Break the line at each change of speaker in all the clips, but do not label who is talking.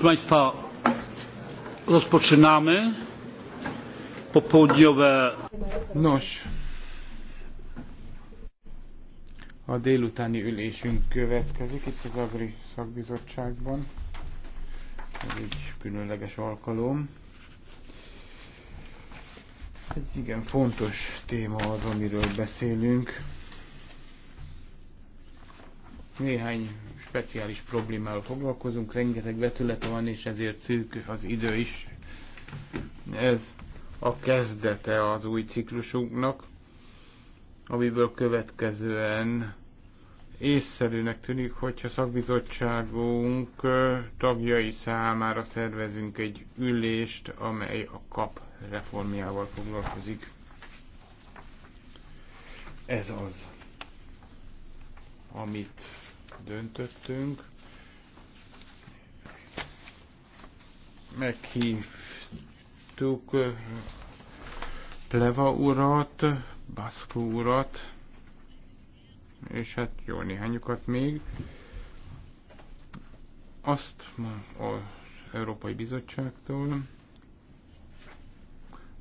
proszę państwa
rozpoczynamy popołudniowe nos a délutáni ülésünk következik itt az Agri szakbizottságban. Ez egy különleges alkalom. Egy igen fontos téma az, amiről beszélünk. Néhány speciális problémával foglalkozunk, rengeteg vetülete van, és ezért szűk az idő is. Ez a kezdete az új ciklusunknak, amiből következően észszerűnek tűnik, hogyha szakbizottságunk tagjai számára szervezünk egy ülést, amely a kap reformjával foglalkozik. Ez az, amit döntöttünk. Meghívtuk Pleva urat, Baszkó urat, és hát jó néhányukat még. Azt az Európai Bizottságtól,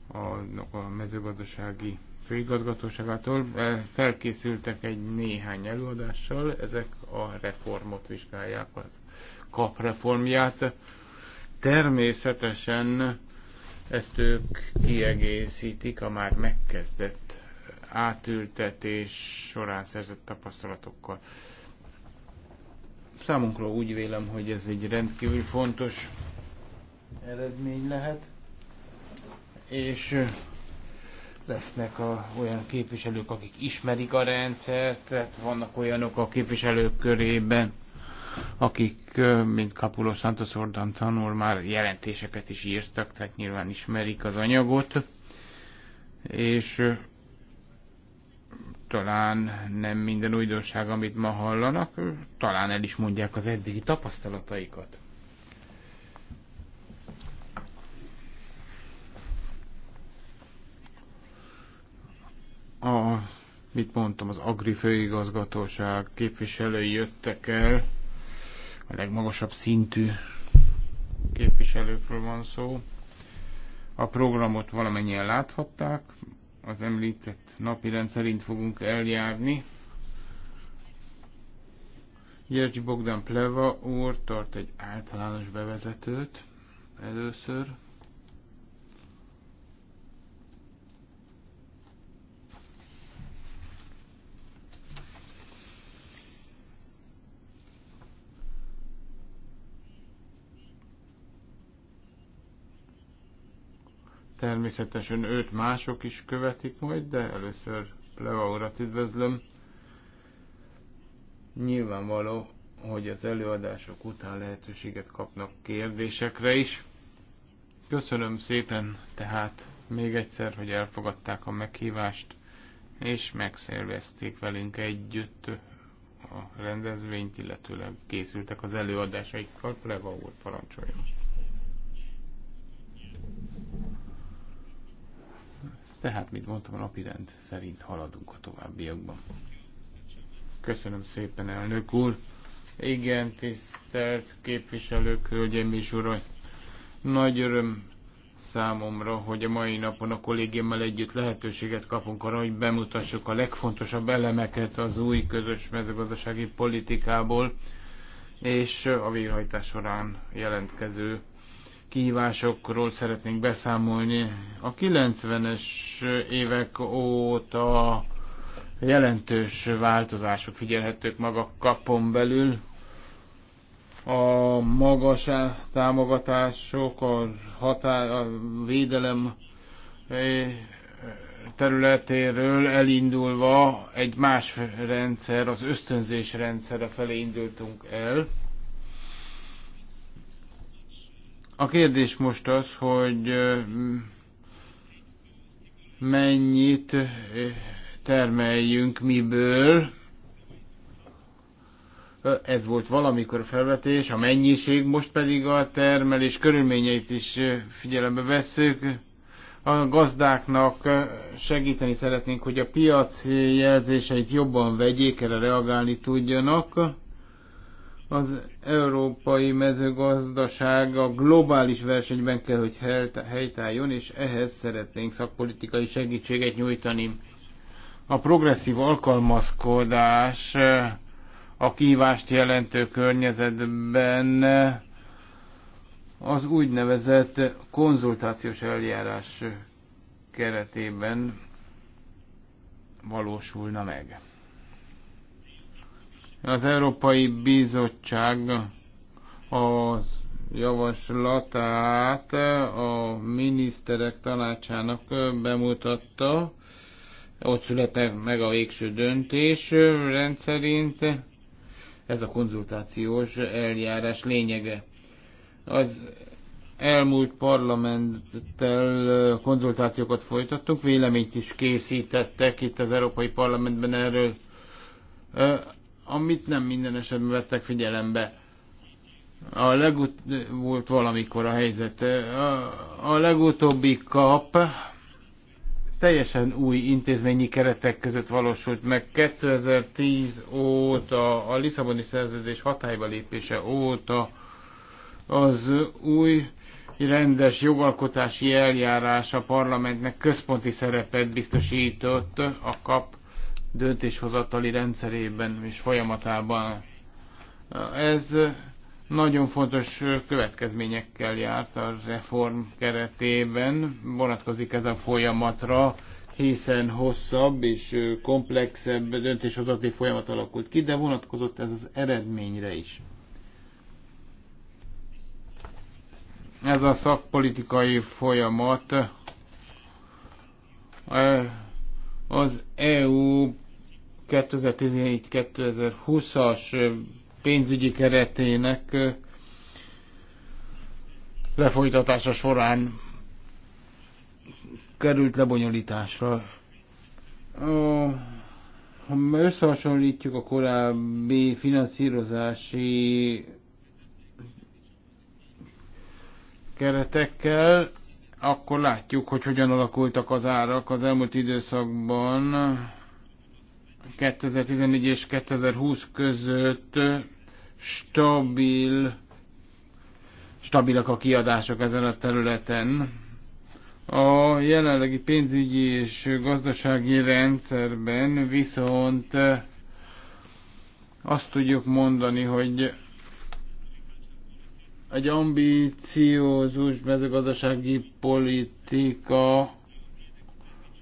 a, a mezőgazdasági főigazgatóságától e, felkészültek egy néhány előadással, ezek a reformot vizsgálják, az kap reformját. Természetesen ezt ők kiegészítik a már megkezdett átültetés során szerzett tapasztalatokkal. Számunkra úgy vélem, hogy ez egy rendkívül fontos eredmény lehet, és lesznek a, olyan képviselők, akik ismerik a rendszert, tehát vannak olyanok a képviselők körében, akik, mint Kapuló Santos Ordan tanul, már jelentéseket is írtak, tehát nyilván ismerik az anyagot, és talán nem minden újdonság, amit ma hallanak, talán el is mondják az eddigi tapasztalataikat. a, mit mondtam, az Agri főigazgatóság képviselői jöttek el, a legmagasabb szintű képviselőkről van szó. A programot valamennyien láthatták, az említett napi rendszerint fogunk eljárni. Gyergyi Bogdan Pleva úr tart egy általános bevezetőt először. Természetesen őt mások is követik majd, de először Pleva urat üdvözlöm. Nyilvánvaló, hogy az előadások után lehetőséget kapnak kérdésekre is. Köszönöm szépen tehát még egyszer, hogy elfogadták a meghívást, és megszervezték velünk együtt a rendezvényt, illetőleg készültek az előadásaikkal. Pleva úr, parancsoljon! Tehát, mint mondtam, a napirend szerint haladunk a továbbiakban. Köszönöm szépen, elnök úr! Igen, tisztelt képviselők, hölgyeim és uraim! Nagy öröm számomra, hogy a mai napon a kollégiummal együtt lehetőséget kapunk arra, hogy bemutassuk a legfontosabb elemeket az új közös mezőgazdasági politikából és a végrehajtás során jelentkező kihívásokról szeretnénk beszámolni. A 90-es évek óta jelentős változások figyelhetők maga kapon belül. A magas támogatások, a, határ, a védelem eh, területéről elindulva egy más rendszer, az ösztönzés rendszere felé indultunk el A kérdés most az, hogy mennyit termeljünk miből. Ez volt valamikor a felvetés, a mennyiség, most pedig a termelés körülményeit is figyelembe vesszük. A gazdáknak segíteni szeretnénk, hogy a piac jelzéseit jobban vegyék, erre reagálni tudjanak az európai mezőgazdaság a globális versenyben kell, hogy helytálljon, és ehhez szeretnénk szakpolitikai segítséget nyújtani. A progresszív alkalmazkodás eh, a kívást jelentő környezetben eh, az úgynevezett konzultációs eljárás keretében valósulna meg. Az Európai Bizottság az javaslatát a miniszterek tanácsának bemutatta. Ott született meg a végső döntés rendszerint. Ez a konzultációs eljárás lényege. Az elmúlt parlamenttel konzultációkat folytattunk, véleményt is készítettek itt az Európai Parlamentben erről amit nem minden esetben vettek figyelembe. A legut volt valamikor a helyzet. A, a legutóbbi kap teljesen új intézményi keretek között valósult meg 2010 óta, a Lisszaboni szerződés hatályba lépése óta az új rendes jogalkotási eljárás a parlamentnek központi szerepet biztosított a kap döntéshozatali rendszerében és folyamatában. Ez nagyon fontos következményekkel járt a reform keretében, vonatkozik ez a folyamatra, hiszen hosszabb és komplexebb döntéshozatali folyamat alakult ki, de vonatkozott ez az eredményre is. Ez a szakpolitikai folyamat eh, az EU 2014-2020-as pénzügyi keretének lefolytatása során került lebonyolításra. Ha összehasonlítjuk a korábbi finanszírozási keretekkel, akkor látjuk, hogy hogyan alakultak az árak az elmúlt időszakban 2014 és 2020 között stabil, stabilak a kiadások ezen a területen. A jelenlegi pénzügyi és gazdasági rendszerben viszont azt tudjuk mondani, hogy egy ambíciózus mezőgazdasági politika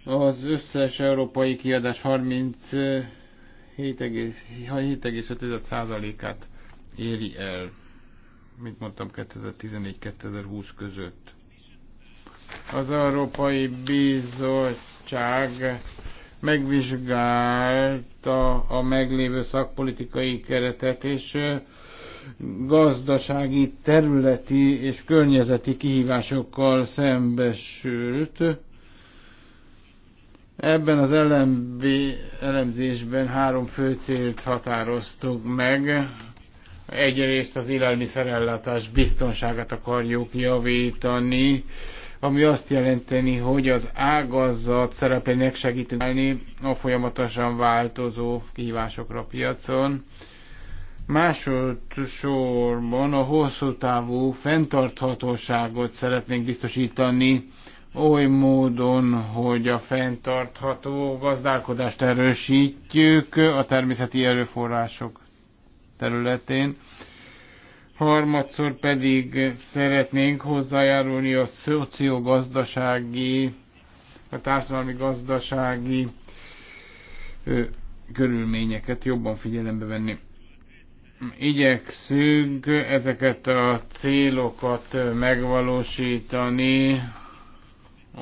az összes európai kiadás 37,5%-át éri el, mint mondtam, 2014-2020 között. Az Európai Bizottság megvizsgálta a meglévő szakpolitikai keretet, és gazdasági, területi és környezeti kihívásokkal szembesült Ebben az LMB elemzésben három fő célt határoztuk meg. Egyrészt az élelmiszerellátás biztonságát akarjuk javítani, ami azt jelenteni, hogy az ágazat szerepének segítünk állni a folyamatosan változó kihívásokra a piacon. Másodszorban a hosszú távú fenntarthatóságot szeretnénk biztosítani oly módon, hogy a fenntartható gazdálkodást erősítjük a természeti erőforrások területén. Harmadszor pedig szeretnénk hozzájárulni a szociogazdasági, a társadalmi gazdasági körülményeket jobban figyelembe venni. Igyekszünk ezeket a célokat megvalósítani,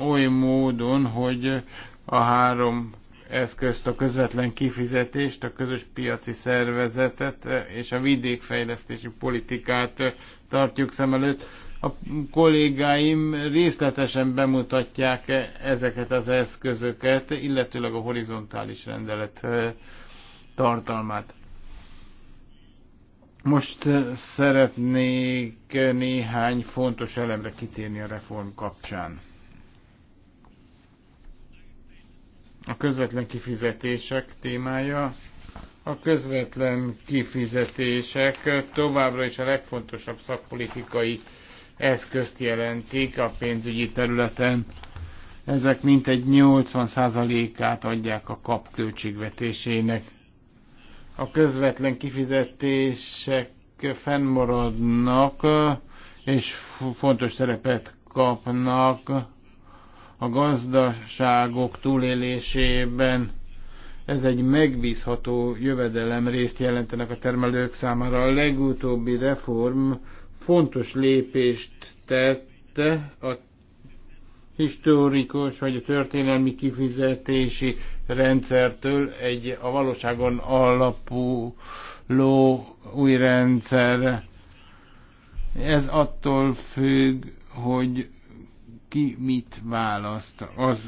oly módon, hogy a három eszközt, a közvetlen kifizetést, a közös piaci szervezetet eh, és a vidékfejlesztési politikát eh, tartjuk szem előtt. A kollégáim részletesen bemutatják eh, ezeket az eszközöket, illetőleg a horizontális rendelet tartalmát. Most szeretnék néhány fontos elemre kitérni a reform kapcsán. a közvetlen kifizetések témája. A közvetlen kifizetések továbbra is a legfontosabb szakpolitikai eszközt jelentik a pénzügyi területen. Ezek mintegy 80%-át adják a kap költségvetésének. A közvetlen kifizetések fennmaradnak, és fontos szerepet kapnak a gazdaságok túlélésében ez egy megbízható jövedelem részt jelentenek a termelők számára. A legutóbbi reform fontos lépést tette a historikus vagy a történelmi kifizetési rendszertől egy a valóságon alapuló új rendszer. Ez attól függ, hogy ki mit választ. Az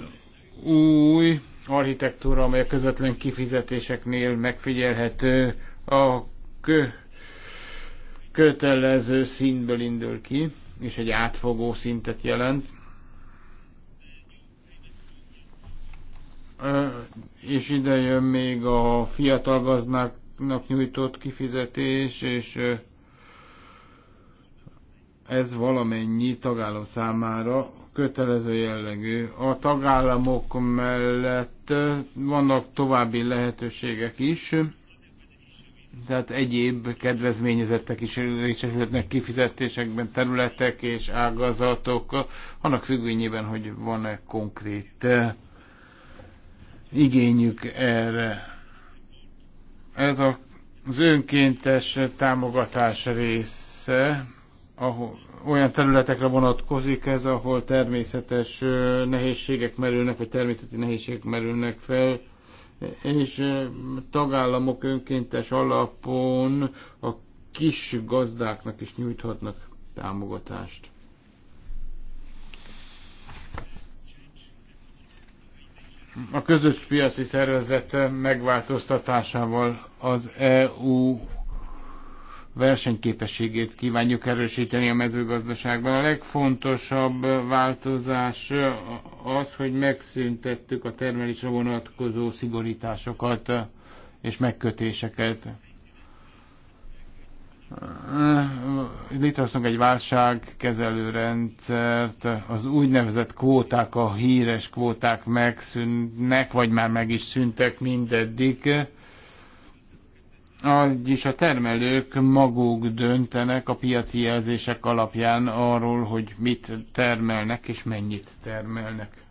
új architektúra, amely a közvetlen kifizetéseknél megfigyelhető, a kö kötelező szintből indul ki, és egy átfogó szintet jelent. És ide jön még a fiatal gazdáknak nyújtott kifizetés, és ez valamennyi tagállam számára kötelező jellegű. A tagállamok mellett vannak további lehetőségek is, tehát egyéb kedvezményezettek is részesülhetnek kifizetésekben, területek és ágazatok, annak függvényében, hogy van-e konkrét eh, igényük erre. Ez a, az önkéntes támogatás része, ahol, olyan területekre vonatkozik ez, ahol természetes nehézségek merülnek, vagy természeti nehézségek merülnek fel, és tagállamok önkéntes alapon a kis gazdáknak is nyújthatnak támogatást. A közös piaci szervezet megváltoztatásával az EU versenyképességét kívánjuk erősíteni a mezőgazdaságban. A legfontosabb változás az, hogy megszüntettük a termelésre vonatkozó szigorításokat és megkötéseket. Létrehoztunk egy válságkezelő rendszert, az úgynevezett kvóták, a híres kvóták megszűnnek, vagy már meg is szűntek mindeddig az is a termelők maguk döntenek a piaci jelzések alapján arról, hogy mit termelnek és mennyit termelnek.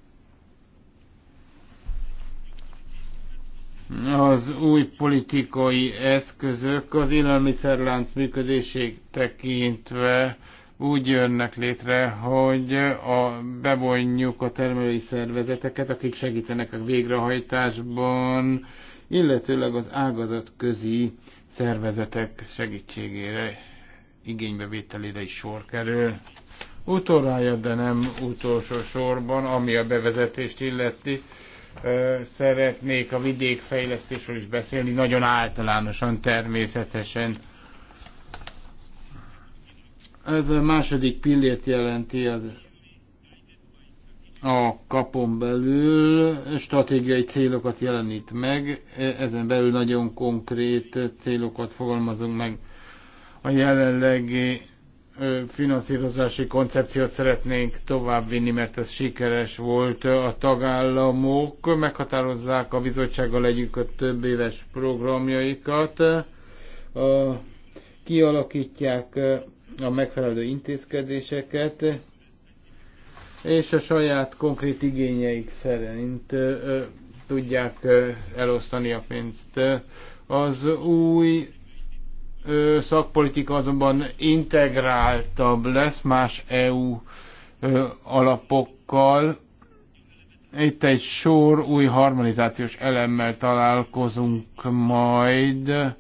az új politikai eszközök az élelmiszerlánc működését tekintve úgy jönnek létre, hogy a, bevonjuk a termelői szervezeteket, akik segítenek a végrehajtásban, illetőleg az ágazat közi szervezetek segítségére, igénybevételére is sor kerül. Utolrája, de nem utolsó sorban, ami a bevezetést illeti, szeretnék a vidékfejlesztésről is beszélni, nagyon általánosan természetesen. Ez a második pillért jelenti az a kapon belül stratégiai célokat jelenít meg, ezen belül nagyon konkrét célokat fogalmazunk meg. A jelenlegi finanszírozási koncepciót szeretnénk továbbvinni, mert ez sikeres volt. A tagállamok meghatározzák a bizottsággal együtt a több éves programjaikat, kialakítják a megfelelő intézkedéseket, és a saját konkrét igényeik szerint ö, tudják ö, elosztani a pénzt. Az új ö, szakpolitika azonban integráltabb lesz más EU ö, alapokkal. Itt egy sor új harmonizációs elemmel találkozunk majd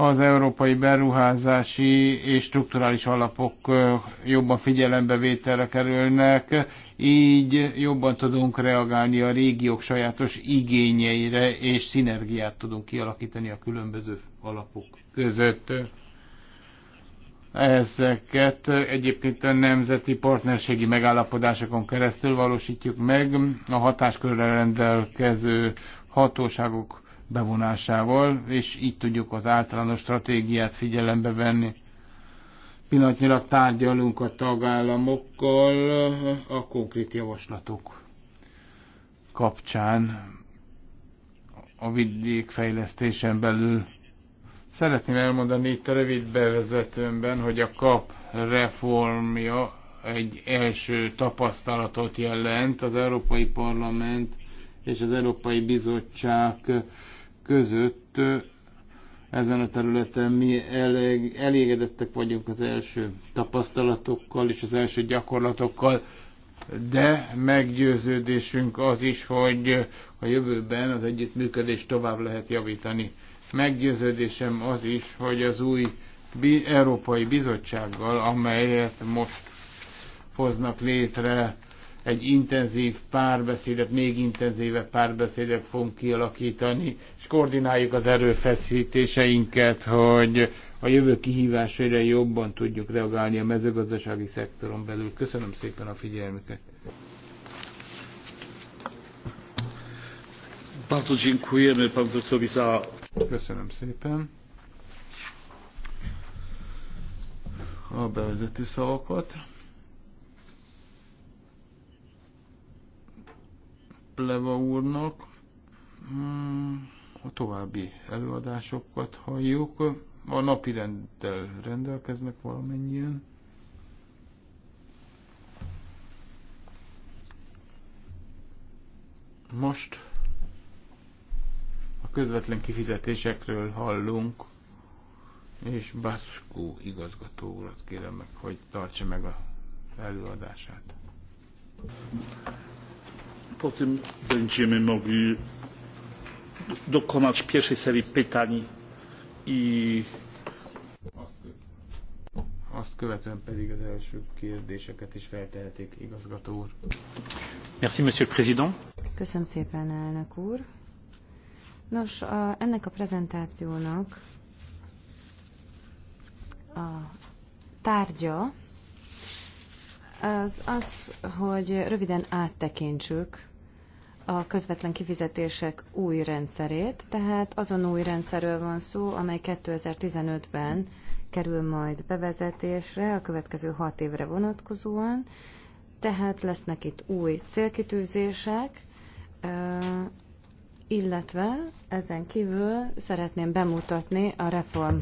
az európai beruházási és strukturális alapok jobban vételre kerülnek, így jobban tudunk reagálni a régiók sajátos igényeire, és szinergiát tudunk kialakítani a különböző alapok között. Ezeket egyébként a nemzeti partnerségi megállapodásokon keresztül valósítjuk meg a hatáskörre rendelkező hatóságok bevonásával, és így tudjuk az általános stratégiát figyelembe venni. Pillanatnyilag tárgyalunk a tagállamokkal a konkrét javaslatok kapcsán a vidékfejlesztésen belül. Szeretném elmondani itt a rövid bevezetőmben, hogy a KAP reformja egy első tapasztalatot jelent az Európai Parlament és az Európai Bizottság között ezen a területen mi elég, elégedettek vagyunk az első tapasztalatokkal és az első gyakorlatokkal, de meggyőződésünk az is, hogy a jövőben az együttműködés tovább lehet javítani. Meggyőződésem az is, hogy az új Európai Bizottsággal, amelyet most hoznak létre, egy intenzív párbeszédet, még intenzívebb párbeszédet fogunk kialakítani, és koordináljuk az erőfeszítéseinket, hogy a jövő kihívásaira jobban tudjuk reagálni a mezőgazdasági szektoron belül. Köszönöm szépen a figyelmüket! Köszönöm szépen a bevezető szavakat. Pleva úrnak. Hmm, a további előadásokat halljuk. A napi renddel rendelkeznek valamennyien. Most a közvetlen kifizetésekről hallunk, és Baszkó igazgató urat kérem meg, hogy tartsa meg a előadását
po tym będziemy mogli dokonać pierwszej serii pytań
i azt követően pedig az első kérdéseket is feltehetik, igazgató úr.
Merci, monsieur le président.
Köszönöm szépen, elnök úr. Nos, a, ennek a prezentációnak a tárgya az az, hogy röviden áttekintsük a közvetlen kifizetések új rendszerét, tehát azon új rendszerről van szó, amely 2015-ben kerül majd bevezetésre a következő hat évre vonatkozóan, tehát lesznek itt új célkitűzések, illetve ezen kívül szeretném bemutatni a reform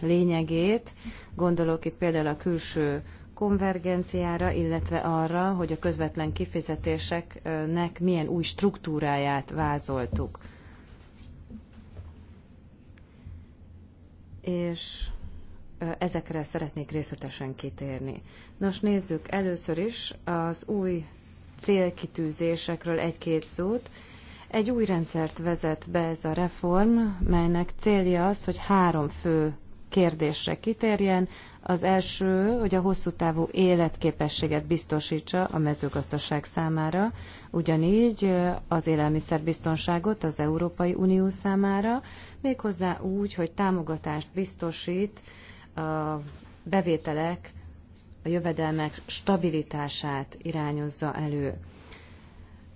lényegét, gondolok itt például a külső konvergenciára, illetve arra, hogy a közvetlen kifizetéseknek milyen új struktúráját vázoltuk. És ezekre szeretnék részletesen kitérni. Nos, nézzük először is az új célkitűzésekről egy-két szót. Egy új rendszert vezet be ez a reform, melynek célja az, hogy három fő kérdésre kitérjen. Az első, hogy a hosszú távú életképességet biztosítsa a mezőgazdaság számára, ugyanígy az élelmiszerbiztonságot az Európai Unió számára, méghozzá úgy, hogy támogatást biztosít a bevételek, a jövedelmek stabilitását irányozza elő.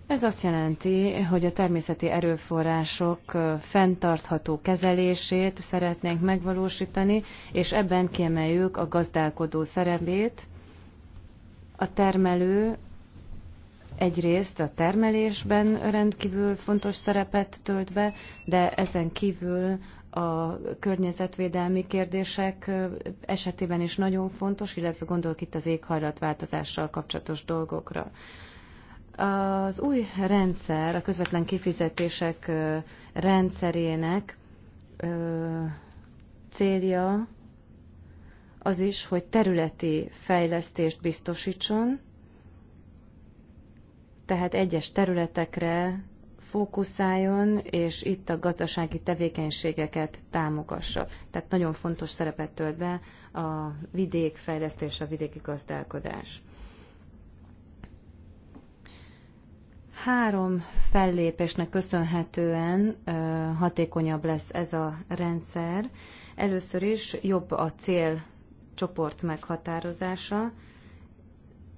Ez azt jelenti, hogy a természeti erőforrások fenntartható kezelését szeretnénk megvalósítani, és ebben kiemeljük a gazdálkodó szerepét. A termelő egyrészt a termelésben rendkívül fontos szerepet tölt be, de ezen kívül a környezetvédelmi kérdések esetében is nagyon fontos, illetve gondolok itt az éghajlatváltozással kapcsolatos dolgokra. Az új rendszer, a közvetlen kifizetések rendszerének célja az is, hogy területi fejlesztést biztosítson, tehát egyes területekre fókuszáljon, és itt a gazdasági tevékenységeket támogassa. Tehát nagyon fontos szerepet tölt be a vidékfejlesztés, a vidéki gazdálkodás. három fellépésnek köszönhetően hatékonyabb lesz ez a rendszer. Először is jobb a cél csoport meghatározása.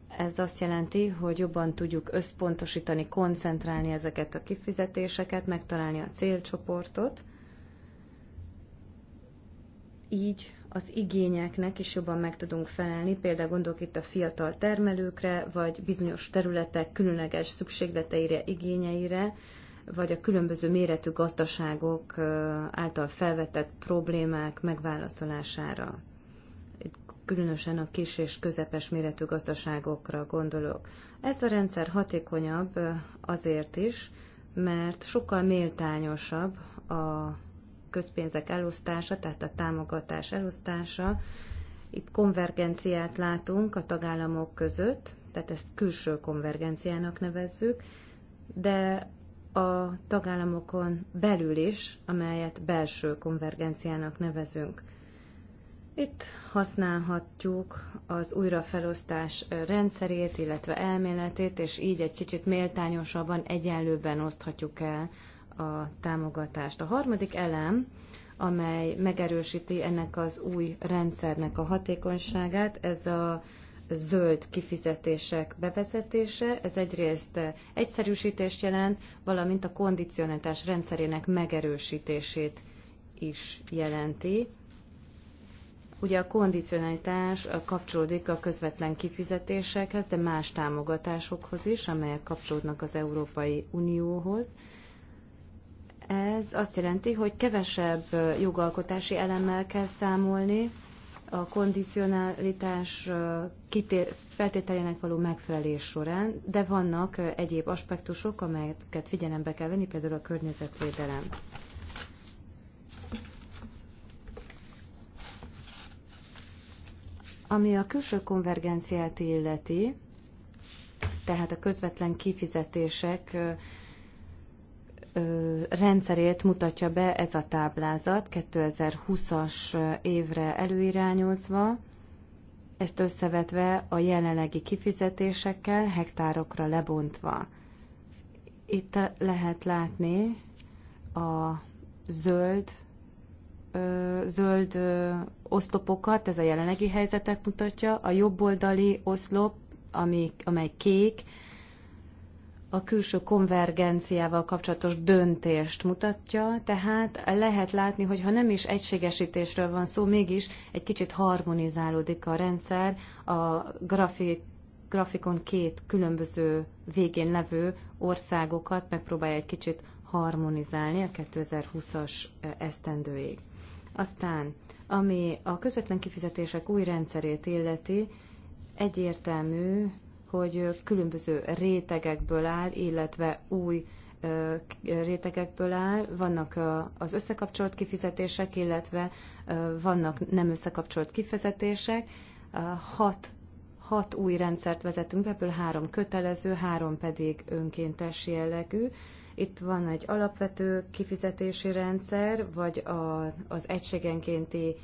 Ez azt jelenti, hogy jobban tudjuk összpontosítani, koncentrálni ezeket a kifizetéseket, megtalálni a célcsoportot. Így az igényeknek is jobban meg tudunk felelni, például gondolok itt a fiatal termelőkre, vagy bizonyos területek különleges szükségleteire, igényeire, vagy a különböző méretű gazdaságok által felvetett problémák megválaszolására. Itt különösen a kis és közepes méretű gazdaságokra gondolok. Ez a rendszer hatékonyabb azért is, mert sokkal méltányosabb a közpénzek elosztása, tehát a támogatás elosztása. Itt konvergenciát látunk a tagállamok között, tehát ezt külső konvergenciának nevezzük, de a tagállamokon belül is, amelyet belső konvergenciának nevezünk. Itt használhatjuk az újrafelosztás rendszerét, illetve elméletét, és így egy kicsit méltányosabban, egyenlőbben oszthatjuk el a támogatást. A harmadik elem, amely megerősíti ennek az új rendszernek a hatékonyságát, ez a zöld kifizetések bevezetése. Ez egyrészt egyszerűsítést jelent, valamint a kondicionálás rendszerének megerősítését is jelenti. Ugye a kondicionalitás kapcsolódik a közvetlen kifizetésekhez, de más támogatásokhoz is, amelyek kapcsolódnak az Európai Unióhoz. Ez azt jelenti, hogy kevesebb jogalkotási elemmel kell számolni, a kondicionalitás feltételének való megfelelés során, de vannak egyéb aspektusok, amelyeket figyelembe kell venni, például a környezetvédelem. Ami a külső konvergenciát illeti, tehát a közvetlen kifizetések rendszerét mutatja be ez a táblázat 2020-as évre előirányozva, ezt összevetve a jelenlegi kifizetésekkel hektárokra lebontva. Itt lehet látni a zöld ö, zöld ö, oszlopokat, ez a jelenlegi helyzetek mutatja, a jobb oldali oszlop, ami, amely kék, a külső konvergenciával kapcsolatos döntést mutatja, tehát lehet látni, hogy ha nem is egységesítésről van szó, mégis egy kicsit harmonizálódik a rendszer a grafik, grafikon két különböző végén levő országokat megpróbálja egy kicsit harmonizálni a 2020-as esztendőig. Aztán, ami a közvetlen kifizetések új rendszerét illeti, egyértelmű hogy különböző rétegekből áll, illetve új rétegekből áll, vannak az összekapcsolt kifizetések, illetve vannak nem összekapcsolt kifizetések. Hat, hat új rendszert vezetünk be, ebből három kötelező, három pedig önkéntes jellegű. Itt van egy alapvető kifizetési rendszer, vagy a, az egységenkénti,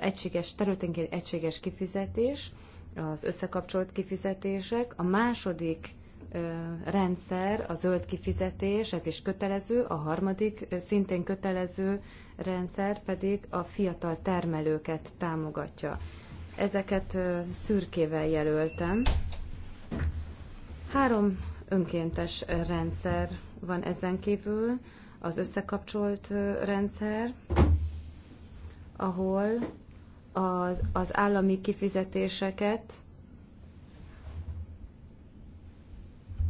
egységes, területenként egységes kifizetés, az összekapcsolt kifizetések. A második rendszer, a zöld kifizetés, ez is kötelező, a harmadik szintén kötelező rendszer pedig a fiatal termelőket támogatja. Ezeket szürkével jelöltem. Három önkéntes rendszer van ezen kívül, az összekapcsolt rendszer, ahol az, az állami kifizetéseket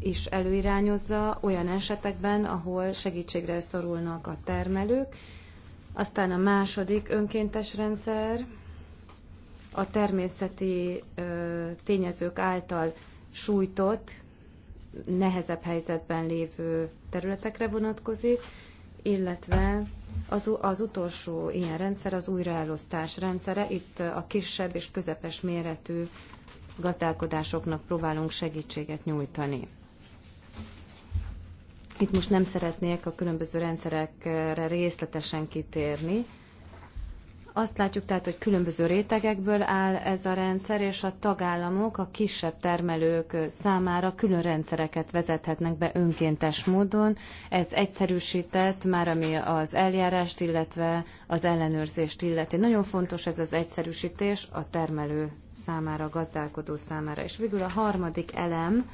is előirányozza olyan esetekben, ahol segítségre szorulnak a termelők. Aztán a második önkéntes rendszer a természeti ö, tényezők által sújtott, nehezebb helyzetben lévő területekre vonatkozik, illetve az, az utolsó ilyen rendszer az újraelosztás rendszere. Itt a kisebb és közepes méretű gazdálkodásoknak próbálunk segítséget nyújtani. Itt most nem szeretnék a különböző rendszerekre részletesen kitérni, azt látjuk tehát, hogy különböző rétegekből áll ez a rendszer, és a tagállamok a kisebb termelők számára külön rendszereket vezethetnek be önkéntes módon. Ez egyszerűsített már, ami az eljárást, illetve az ellenőrzést illeti. Nagyon fontos ez az egyszerűsítés a termelő számára, a gazdálkodó számára. És végül a harmadik elem,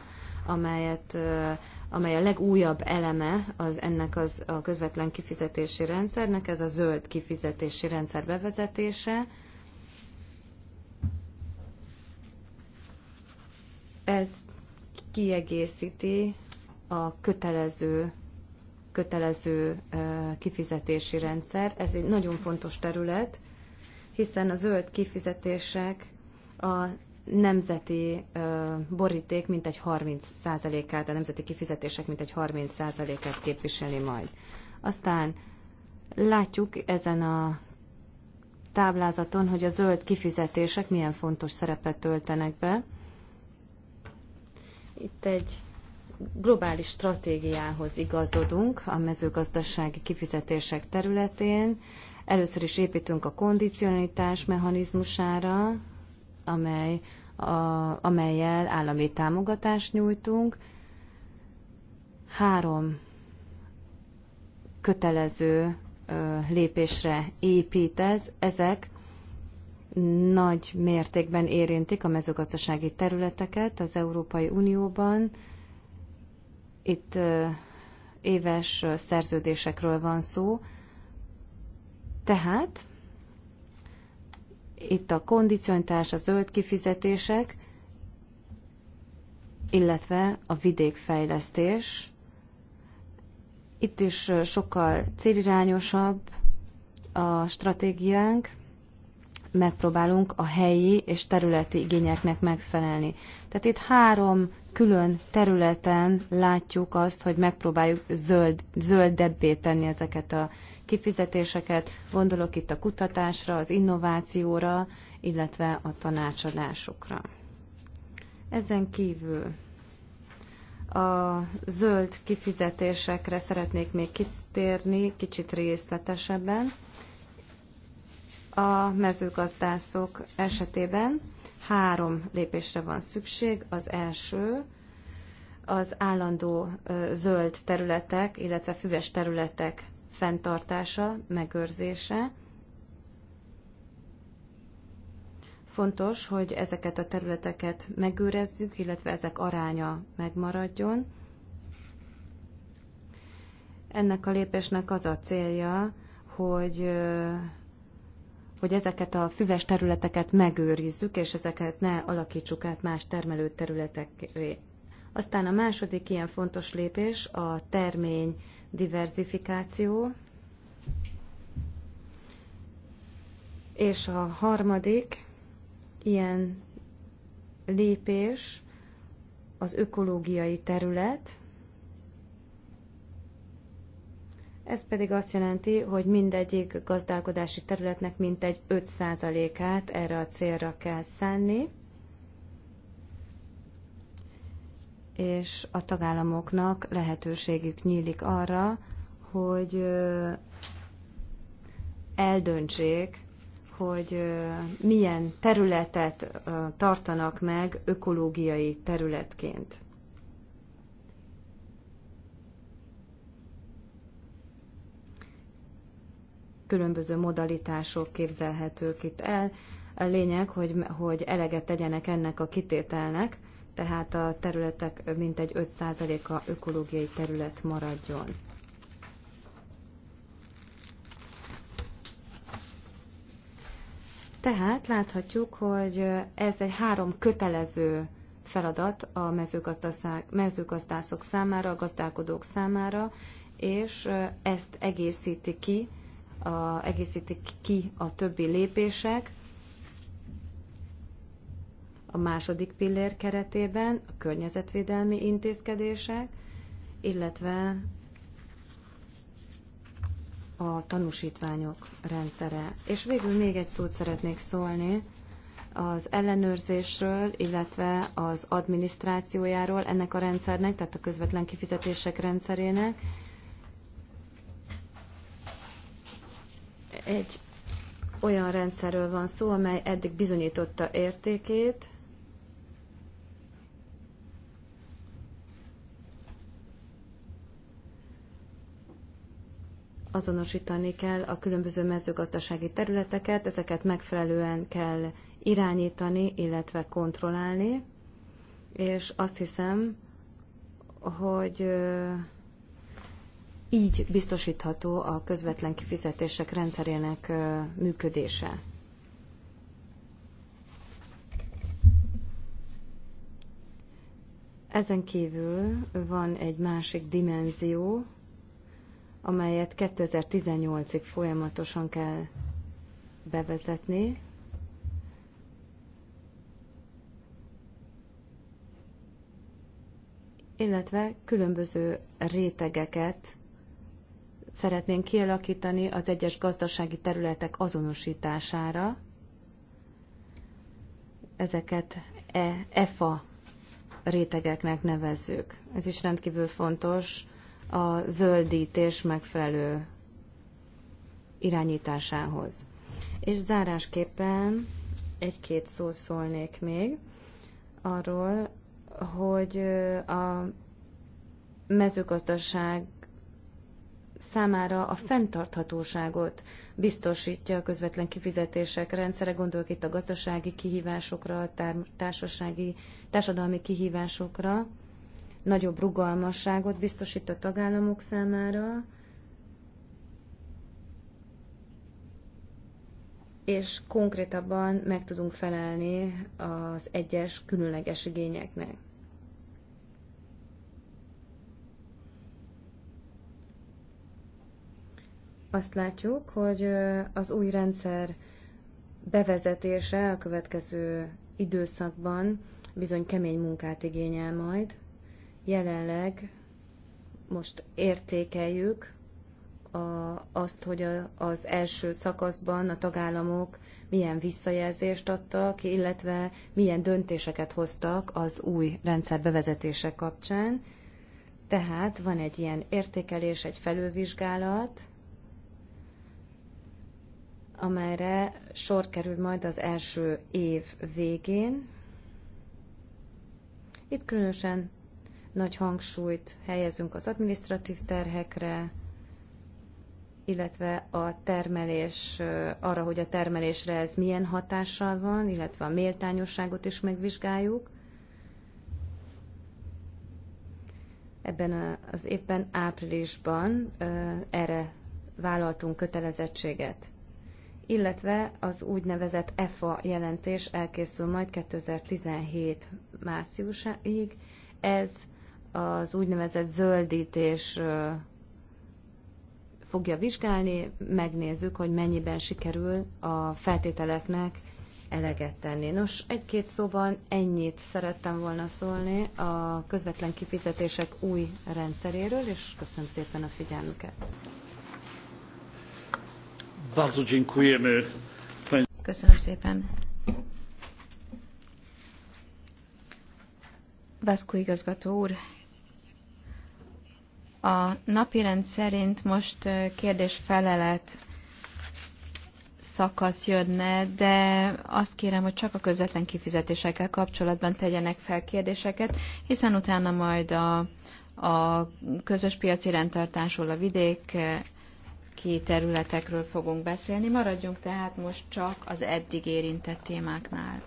amelyet amely a legújabb eleme az ennek az, a közvetlen kifizetési rendszernek, ez a zöld kifizetési rendszer bevezetése. Ez kiegészíti a kötelező kötelező kifizetési rendszer. Ez egy nagyon fontos terület, hiszen a zöld kifizetések a nemzeti boríték mintegy 30%-át, a nemzeti kifizetések mintegy 30%-át képviseli majd. Aztán látjuk ezen a táblázaton, hogy a zöld kifizetések milyen fontos szerepet töltenek be. Itt egy globális stratégiához igazodunk a mezőgazdasági kifizetések területén. Először is építünk a kondicionalitás mechanizmusára, amely, a, amelyel állami támogatást nyújtunk. Három kötelező lépésre épít ez. Ezek nagy mértékben érintik a mezőgazdasági területeket az Európai Unióban. Itt éves szerződésekről van szó. Tehát itt a kondicionitás, a zöld kifizetések, illetve a vidékfejlesztés. Itt is sokkal célirányosabb a stratégiánk, megpróbálunk a helyi és területi igényeknek megfelelni. Tehát itt három külön területen látjuk azt, hogy megpróbáljuk zöld, zöldebbé tenni ezeket a kifizetéseket. Gondolok itt a kutatásra, az innovációra, illetve a tanácsadásokra. Ezen kívül a zöld kifizetésekre szeretnék még kitérni kicsit részletesebben a mezőgazdászok esetében Három lépésre van szükség. Az első az állandó zöld területek, illetve füves területek fenntartása, megőrzése. Fontos, hogy ezeket a területeket megőrezzük, illetve ezek aránya megmaradjon. Ennek a lépésnek az a célja, hogy hogy ezeket a füves területeket megőrizzük, és ezeket ne alakítsuk át más termelő területekre. Aztán a második ilyen fontos lépés a termény diversifikáció, és a harmadik ilyen lépés az ökológiai terület, Ez pedig azt jelenti, hogy mindegyik gazdálkodási területnek mintegy 5%-át erre a célra kell szánni, és a tagállamoknak lehetőségük nyílik arra, hogy eldöntsék, hogy milyen területet tartanak meg ökológiai területként. különböző modalitások képzelhetők itt el. A lényeg, hogy, hogy eleget tegyenek ennek a kitételnek, tehát a területek mintegy 5%-a ökológiai terület maradjon. Tehát láthatjuk, hogy ez egy három kötelező feladat a mezőgazdászok számára, a gazdálkodók számára, és ezt egészíti ki a, egészítik ki a többi lépések a második pillér keretében, a környezetvédelmi intézkedések, illetve a tanúsítványok rendszere. És végül még egy szót szeretnék szólni az ellenőrzésről, illetve az adminisztrációjáról ennek a rendszernek, tehát a közvetlen kifizetések rendszerének egy olyan rendszerről van szó, amely eddig bizonyította értékét, azonosítani kell a különböző mezőgazdasági területeket, ezeket megfelelően kell irányítani, illetve kontrollálni, és azt hiszem, hogy így biztosítható a közvetlen kifizetések rendszerének működése. Ezen kívül van egy másik dimenzió, amelyet 2018-ig folyamatosan kell bevezetni. illetve különböző rétegeket szeretnénk kialakítani az egyes gazdasági területek azonosítására. Ezeket e, EFA rétegeknek nevezzük. Ez is rendkívül fontos a zöldítés megfelelő irányításához. És zárásképpen egy-két szó szólnék még arról, hogy a mezőgazdaság számára a fenntarthatóságot biztosítja a közvetlen kifizetések rendszere. Gondolok itt a gazdasági kihívásokra, a társasági, társadalmi kihívásokra. Nagyobb rugalmasságot biztosít a tagállamok számára. és konkrétabban meg tudunk felelni az egyes különleges igényeknek. azt látjuk, hogy az új rendszer bevezetése a következő időszakban bizony kemény munkát igényel majd. Jelenleg most értékeljük a, azt, hogy a, az első szakaszban a tagállamok milyen visszajelzést adtak, illetve milyen döntéseket hoztak az új rendszer bevezetése kapcsán. Tehát van egy ilyen értékelés, egy felülvizsgálat, amelyre sor kerül majd az első év végén. Itt különösen nagy hangsúlyt helyezünk az administratív terhekre, illetve a termelés, arra, hogy a termelésre ez milyen hatással van, illetve a méltányosságot is megvizsgáljuk. Ebben az éppen áprilisban erre vállaltunk kötelezettséget illetve az úgynevezett EFA jelentés elkészül majd 2017 márciusáig. Ez az úgynevezett zöldítés fogja vizsgálni, megnézzük, hogy mennyiben sikerül a feltételeknek eleget tenni. Nos, egy-két szóban ennyit szerettem volna szólni a közvetlen kifizetések új rendszeréről, és köszönöm szépen a figyelmüket.
Bardzo dziękujemy.
Köszönöm szépen. Vaszkó igazgató úr, a napirend szerint most kérdés-felelet szakasz jönne, de azt kérem, hogy csak a közvetlen kifizetésekkel kapcsolatban tegyenek fel kérdéseket, hiszen utána majd a, a közös piaci rendtartásról, a vidék ki területekről fogunk beszélni. Maradjunk tehát most csak az eddig érintett témáknál.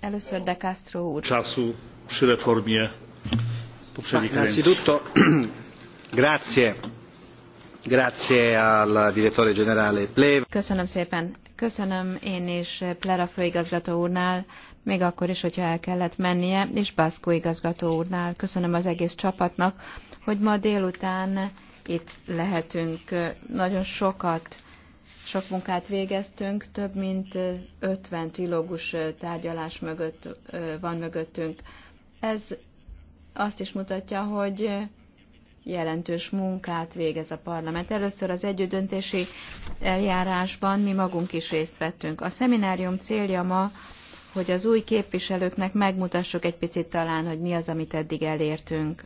Először De Castro úr.
Császú, sireformie. reformie poprzedniej Innanzitutto grazie. Grazie al direttore generale Pleva.
Köszönöm szépen. Köszönöm én is Plera főigazgató úrnál még akkor is, hogyha el kellett mennie, és Baszkó igazgató úrnál köszönöm az egész csapatnak, hogy ma délután itt lehetünk. Nagyon sokat, sok munkát végeztünk, több mint 50 trilógus tárgyalás mögött van mögöttünk. Ez azt is mutatja, hogy jelentős munkát végez a parlament. Először az együttdöntési eljárásban mi magunk is részt vettünk. A szeminárium célja ma hogy az új képviselőknek megmutassuk egy picit talán, hogy mi az, amit eddig elértünk.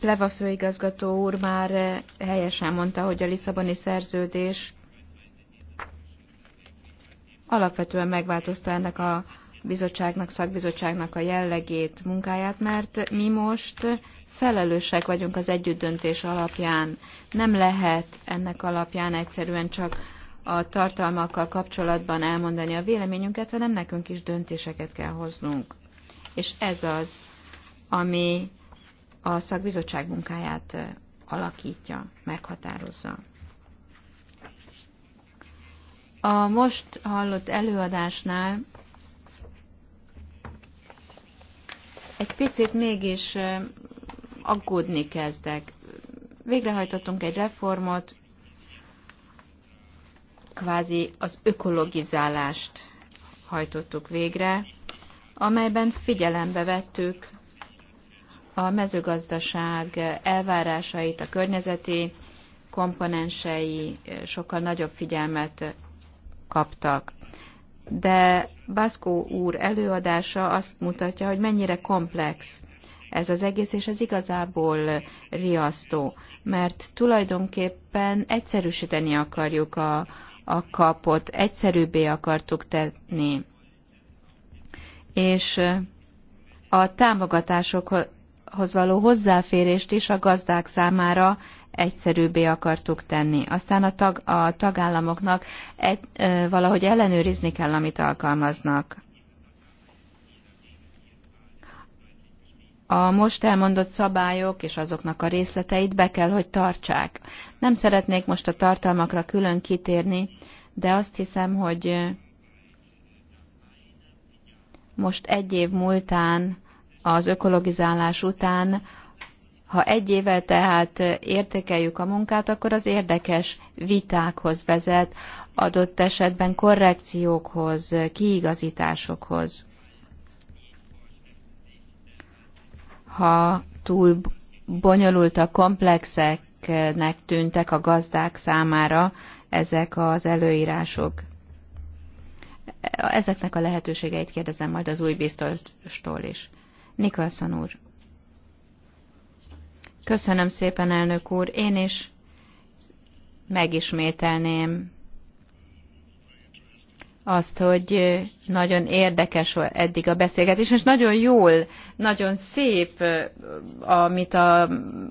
Pleva főigazgató úr már helyesen mondta, hogy a Lisszaboni szerződés alapvetően megváltozta ennek a bizottságnak, szakbizottságnak a jellegét, munkáját, mert mi most felelősek vagyunk az együttdöntés alapján. Nem lehet ennek alapján egyszerűen csak a tartalmakkal kapcsolatban elmondani a véleményünket, hanem nekünk is döntéseket kell hoznunk. És ez az, ami a szakbizottság munkáját alakítja, meghatározza. A most hallott előadásnál egy picit mégis aggódni kezdek. Végrehajtottunk egy reformot, kvázi az ökologizálást hajtottuk végre, amelyben figyelembe vettük a mezőgazdaság elvárásait, a környezeti komponensei sokkal nagyobb figyelmet kaptak. De Baszkó úr előadása azt mutatja, hogy mennyire komplex ez az egész, és ez igazából riasztó, mert tulajdonképpen egyszerűsíteni akarjuk a, a kapot egyszerűbbé akartuk tenni, és a támogatásokhoz való hozzáférést is a gazdák számára egyszerűbbé akartuk tenni. Aztán a, tag, a tagállamoknak egy, valahogy ellenőrizni kell, amit alkalmaznak. a most elmondott szabályok és azoknak a részleteit be kell, hogy tartsák. Nem szeretnék most a tartalmakra külön kitérni, de azt hiszem, hogy most egy év múltán, az ökologizálás után, ha egy évvel tehát értékeljük a munkát, akkor az érdekes vitákhoz vezet, adott esetben korrekciókhoz, kiigazításokhoz. ha túl bonyolultak, komplexeknek tűntek a gazdák számára ezek az előírások. Ezeknek a lehetőségeit kérdezem majd az új biztostól is. Nikolson úr. Köszönöm szépen, elnök úr. Én is megismételném azt, hogy nagyon érdekes eddig a beszélgetés, és nagyon jól, nagyon szép, amit a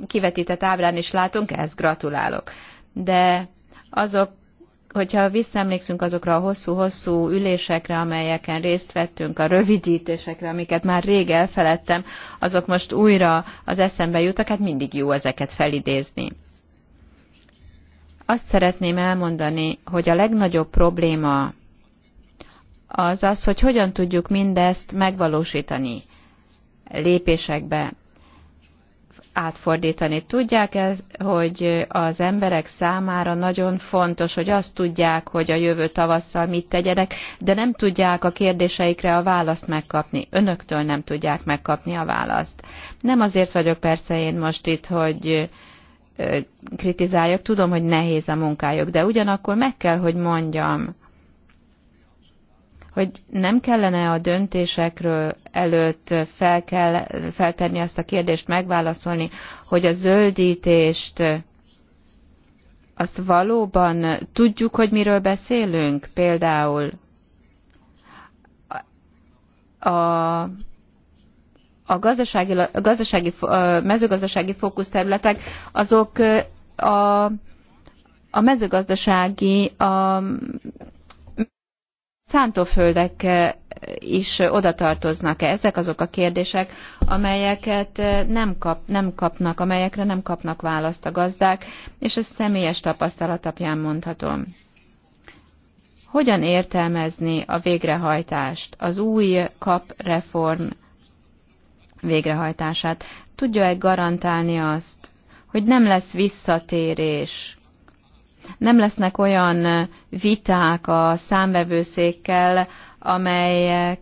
kivetített ábrán is látunk, ezt gratulálok. De azok, hogyha visszaemlékszünk azokra a hosszú-hosszú ülésekre, amelyeken részt vettünk, a rövidítésekre, amiket már rég elfeledtem, azok most újra az eszembe jutak hát mindig jó ezeket felidézni azt szeretném elmondani, hogy a legnagyobb probléma az az, hogy hogyan tudjuk mindezt megvalósítani lépésekbe, átfordítani. Tudják ez, hogy az emberek számára nagyon fontos, hogy azt tudják, hogy a jövő tavasszal mit tegyenek, de nem tudják a kérdéseikre a választ megkapni. Önöktől nem tudják megkapni a választ. Nem azért vagyok persze én most itt, hogy kritizáljak, tudom, hogy nehéz a munkájuk, de ugyanakkor meg kell, hogy mondjam, hogy nem kellene a döntésekről előtt fel kell feltenni azt a kérdést, megválaszolni, hogy a zöldítést azt valóban tudjuk, hogy miről beszélünk, például a a gazdasági, a gazdasági, a mezőgazdasági fókuszterületek, azok a, a mezőgazdasági a szántóföldek eh, is eh, oda tartoznak-e? Ezek azok a kérdések, amelyeket eh, nem, kap, nem kapnak, amelyekre nem kapnak választ a gazdák, és ezt személyes tapasztalat mondhatom. Hogyan értelmezni a végrehajtást, az új kap reform végrehajtását? Tudja-e garantálni azt, hogy nem lesz visszatérés nem lesznek olyan viták a számvevőszékkel, amelyek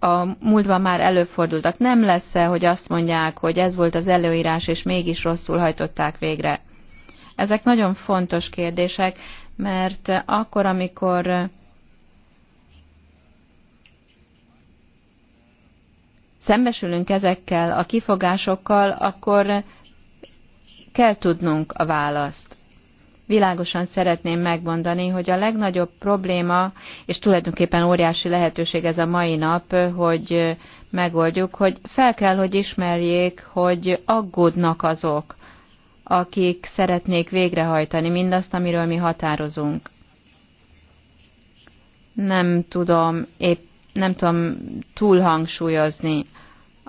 a múltban már előfordultak. Nem lesz -e, hogy azt mondják, hogy ez volt az előírás, és mégis rosszul hajtották végre? Ezek nagyon fontos kérdések, mert akkor, amikor szembesülünk ezekkel a kifogásokkal, akkor kell tudnunk a választ. Világosan szeretném megmondani, hogy a legnagyobb probléma, és tulajdonképpen óriási lehetőség ez a mai nap, hogy megoldjuk, hogy fel kell, hogy ismerjék, hogy aggódnak azok, akik szeretnék végrehajtani mindazt, amiről mi határozunk. Nem tudom, épp nem tudom túlhangsúlyozni.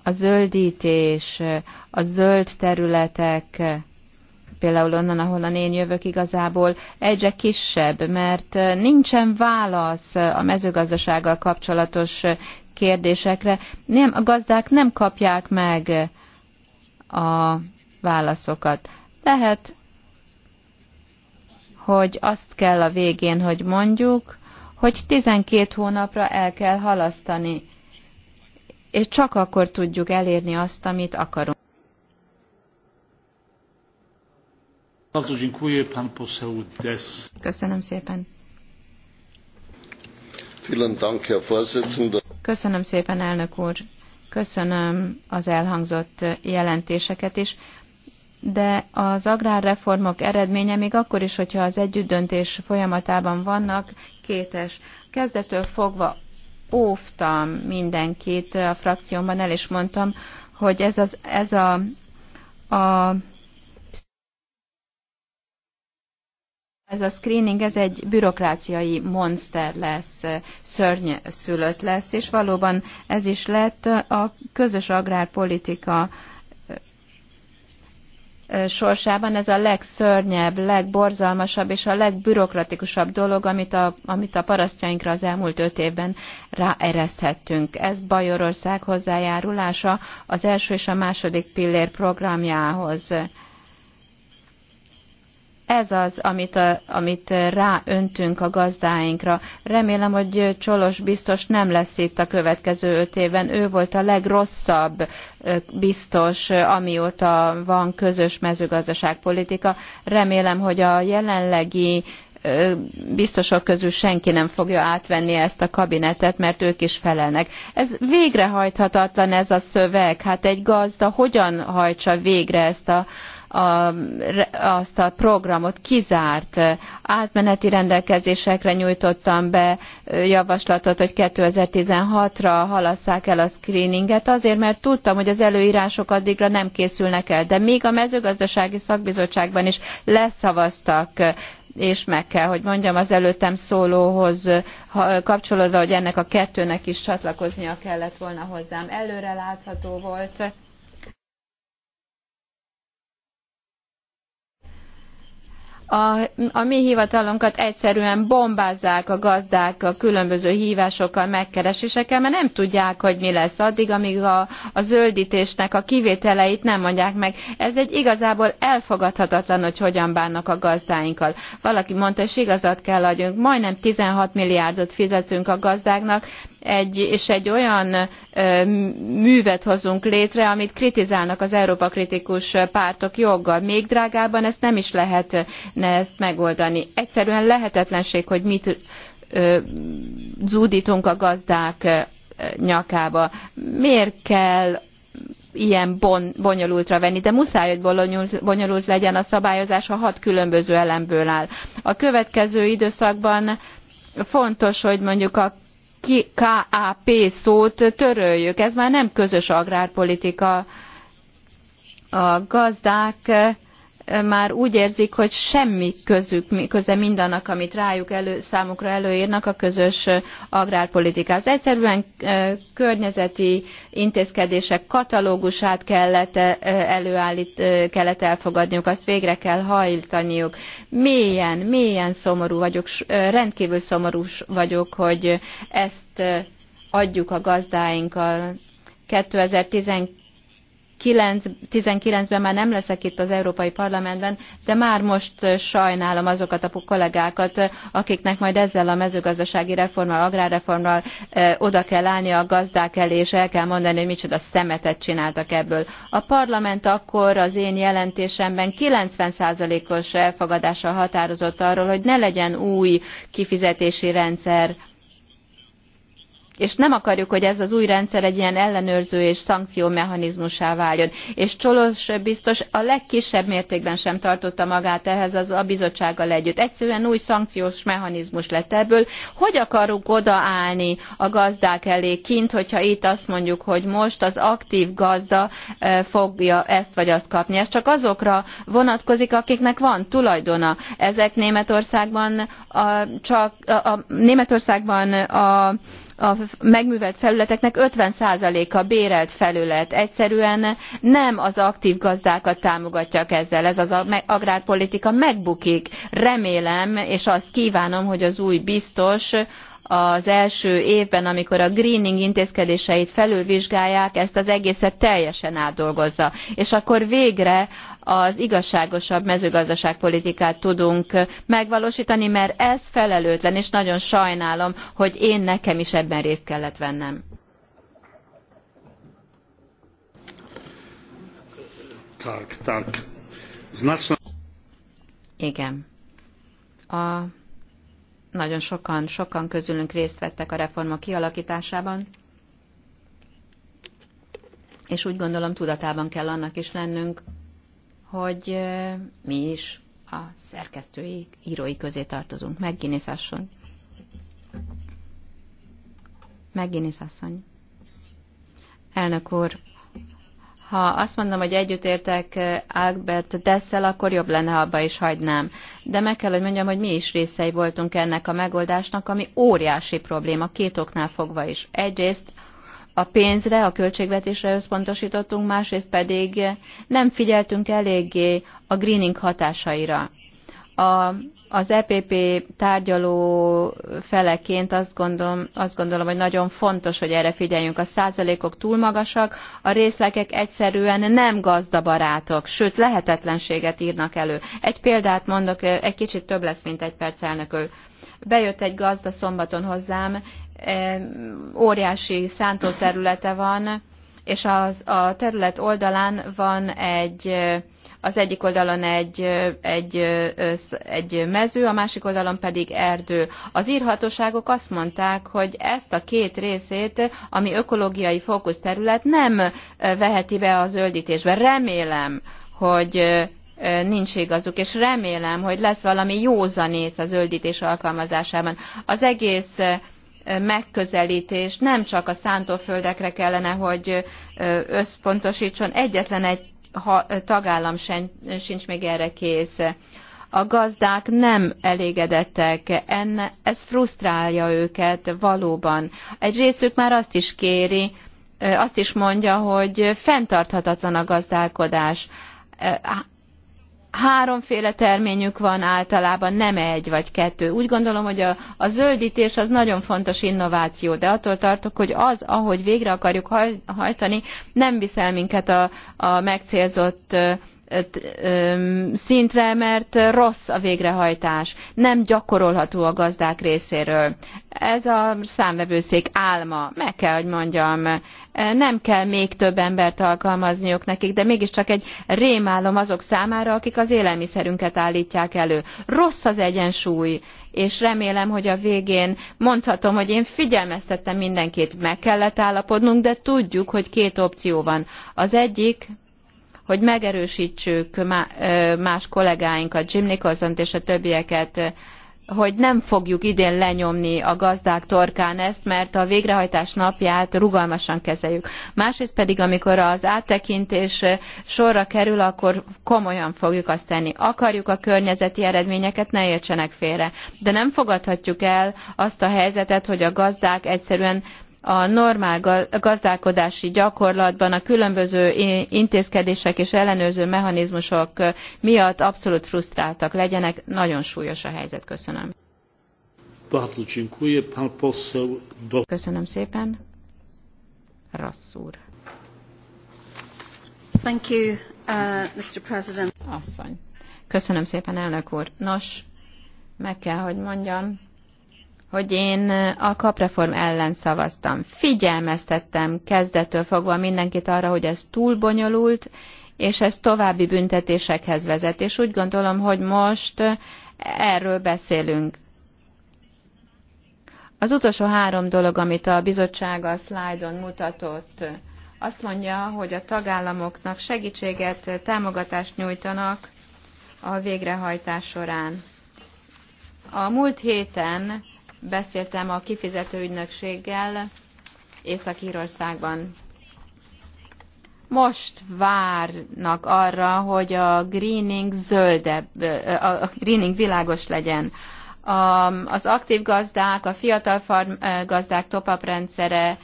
A zöldítés, a zöld területek, például onnan, ahonnan én jövök igazából, egyre kisebb, mert nincsen válasz a mezőgazdasággal kapcsolatos kérdésekre. Nem, a gazdák nem kapják meg a válaszokat. Lehet, hogy azt kell a végén, hogy mondjuk, hogy 12 hónapra el kell halasztani, és csak akkor tudjuk elérni azt, amit akarunk. Köszönöm szépen. Köszönöm szépen, elnök úr. Köszönöm az elhangzott jelentéseket is, de az agrárreformok eredménye még akkor is, hogyha az együttdöntés folyamatában vannak, kétes. Kezdetől fogva óvtam mindenkit a frakciómban, el is mondtam, hogy ez, az, ez a, a Ez a screening, ez egy bürokráciai monster lesz, szörny szülött lesz, és valóban ez is lett a közös agrárpolitika sorsában ez a legszörnyebb, legborzalmasabb és a legbürokratikusabb dolog, amit a, amit a parasztjainkra az elmúlt öt évben ráereszthettünk. Ez Bajorország hozzájárulása az első és a második pillér programjához. Ez az, amit, amit ráöntünk a gazdáinkra. Remélem, hogy Csolos biztos nem lesz itt a következő öt évben. Ő volt a legrosszabb biztos, amióta van közös mezőgazdaságpolitika. Remélem, hogy a jelenlegi biztosok közül senki nem fogja átvenni ezt a kabinetet, mert ők is felelnek. Ez végrehajthatatlan ez a szöveg. Hát egy gazda hogyan hajtsa végre ezt a a, azt a programot kizárt. Átmeneti rendelkezésekre nyújtottam be javaslatot, hogy 2016-ra halasszák el a screeninget, azért mert tudtam, hogy az előírások addigra nem készülnek el. De még a mezőgazdasági szakbizottságban is leszavaztak és meg kell, hogy mondjam az előttem szólóhoz kapcsolódva, hogy ennek a kettőnek is csatlakoznia kellett volna hozzám. Előre látható volt a, a mi hivatalunkat egyszerűen bombázzák a gazdák a különböző hívásokkal, megkeresésekkel, mert nem tudják, hogy mi lesz addig, amíg a, a zöldítésnek a kivételeit nem mondják meg. Ez egy igazából elfogadhatatlan, hogy hogyan bánnak a gazdáinkkal. Valaki mondta, és igazat kell adjunk, majdnem 16 milliárdot fizetünk a gazdáknak, egy, és egy olyan művet hozunk létre, amit kritizálnak az Európa kritikus pártok joggal. Még drágában ezt nem is lehetne ezt megoldani. Egyszerűen lehetetlenség, hogy mit zúdítunk a gazdák nyakába. Miért kell ilyen bon, bonyolultra venni, de muszáj, hogy bonyolult, bonyolult legyen a szabályozás, ha hat különböző elemből áll. A következő időszakban fontos, hogy mondjuk a KAP szót töröljük. Ez már nem közös agrárpolitika. A gazdák már úgy érzik, hogy semmi közük, köze mindannak, amit rájuk elő, számukra előírnak a közös agrárpolitikához. Egyszerűen környezeti intézkedések katalógusát kellett, előállít, kellett elfogadniuk, azt végre kell hajtaniuk. Mélyen, mélyen szomorú vagyok, rendkívül szomorú vagyok, hogy ezt adjuk a gazdáinkkal. 2012 19-ben már nem leszek itt az Európai Parlamentben, de már most sajnálom azokat a kollégákat, akiknek majd ezzel a mezőgazdasági reformmal, agrárreformmal oda kell állni a gazdák elé, és el kell mondani, hogy micsoda szemetet csináltak ebből. A parlament akkor az én jelentésemben 90%-os elfogadással határozott arról, hogy ne legyen új kifizetési rendszer és nem akarjuk, hogy ez az új rendszer egy ilyen ellenőrző és szankciómechanizmussá váljon. És ciolo biztos a legkisebb mértékben sem tartotta magát ehhez az a bizottsággal együtt. Egyszerűen új szankciós mechanizmus lett ebből. Hogy akarunk odaállni a gazdák elé kint, hogyha itt azt mondjuk, hogy most az aktív gazda e, fogja ezt vagy azt kapni. Ez csak azokra vonatkozik, akiknek van tulajdona. Ezek Németországban a, csak a, a Németországban a a megművelt felületeknek 50%-a bérelt felület. Egyszerűen nem az aktív gazdákat támogatják ezzel. Ez az agrárpolitika megbukik. Remélem, és azt kívánom, hogy az új biztos, az első évben, amikor a greening intézkedéseit felülvizsgálják, ezt az egészet teljesen átdolgozza. És akkor végre az igazságosabb mezőgazdaságpolitikát tudunk megvalósítani, mert ez felelőtlen, és nagyon sajnálom, hogy én nekem is ebben részt kellett vennem. Tak, tak. Igen. A nagyon sokan, sokan közülünk részt vettek a reforma kialakításában, és úgy gondolom tudatában kell annak is lennünk, hogy mi is a szerkesztői, írói közé tartozunk. Megginész asszony. Megginész asszony. Elnök úr, ha azt mondom, hogy együttértek eh, Albert Dessel, akkor jobb lenne, ha abba is hagynám. De meg kell, hogy mondjam, hogy mi is részei voltunk ennek a megoldásnak, ami óriási probléma, két oknál fogva is. Egyrészt a pénzre, a költségvetésre összpontosítottunk, másrészt pedig eh, nem figyeltünk eléggé a greening hatásaira. A az EPP tárgyaló feleként azt gondolom, azt gondolom, hogy nagyon fontos, hogy erre figyeljünk. A százalékok túl magasak, a részlekek egyszerűen nem gazdabarátok, sőt lehetetlenséget írnak elő. Egy példát mondok, egy kicsit több lesz, mint egy perc elnökül. Bejött egy gazda szombaton hozzám, e, óriási szántóterülete van, és az, a terület oldalán van egy az egyik oldalon egy, egy, egy mező, a másik oldalon pedig erdő. Az írhatóságok azt mondták, hogy ezt a két részét, ami ökológiai fókuszterület nem veheti be a zöldítésbe. Remélem, hogy nincs igazuk, és remélem, hogy lesz valami józanész a zöldítés alkalmazásában. Az egész megközelítés nem csak a szántóföldekre kellene, hogy összpontosítson, egyetlen egy ha, tagállam sen, sincs még erre kész. A gazdák nem elégedettek, enne, ez frusztrálja őket valóban. Egy részük már azt is kéri, azt is mondja, hogy fenntarthatatlan a gazdálkodás Háromféle terményük van általában, nem egy vagy kettő. Úgy gondolom, hogy a, a zöldítés az nagyon fontos innováció, de attól tartok, hogy az, ahogy végre akarjuk hajtani, nem viszel minket a, a megcélzott szintre, mert rossz a végrehajtás, nem gyakorolható a gazdák részéről. Ez a számvevőszék álma, meg kell, hogy mondjam, nem kell még több embert alkalmazniuk nekik, de mégiscsak egy rémálom azok számára, akik az élelmiszerünket állítják elő. Rossz az egyensúly, és remélem, hogy a végén mondhatom, hogy én figyelmeztettem mindenkit, meg kellett állapodnunk, de tudjuk, hogy két opció van. Az egyik, hogy megerősítsük más kollégáinkat, Jim nicholson és a többieket, hogy nem fogjuk idén lenyomni a gazdák torkán ezt, mert a végrehajtás napját rugalmasan kezeljük. Másrészt pedig, amikor az áttekintés sorra kerül, akkor komolyan fogjuk azt tenni. Akarjuk a környezeti eredményeket, ne értsenek félre. De nem fogadhatjuk el azt a helyzetet, hogy a gazdák egyszerűen a normál gazdálkodási gyakorlatban a különböző intézkedések és ellenőrző mechanizmusok miatt abszolút frusztráltak legyenek. Nagyon súlyos a helyzet. Köszönöm. Köszönöm szépen. Rasszúr. úr. Thank you, uh, Mr. President. Asszony. Köszönöm szépen, elnök úr. Nos, meg kell, hogy mondjam, hogy én a kapreform ellen szavaztam. Figyelmeztettem kezdettől fogva mindenkit arra, hogy ez túl bonyolult, és ez további büntetésekhez vezet. És úgy gondolom, hogy most erről beszélünk. Az utolsó három dolog, amit a bizottság a szlájdon mutatott, azt mondja, hogy a tagállamoknak segítséget, támogatást nyújtanak a végrehajtás során. A múlt héten Beszéltem a kifizető ügynökséggel Észak-Írországban. Most várnak arra, hogy a greening zöldebb, a greening világos legyen. az aktív gazdák, a fiatal farm gazdák top-up rendszere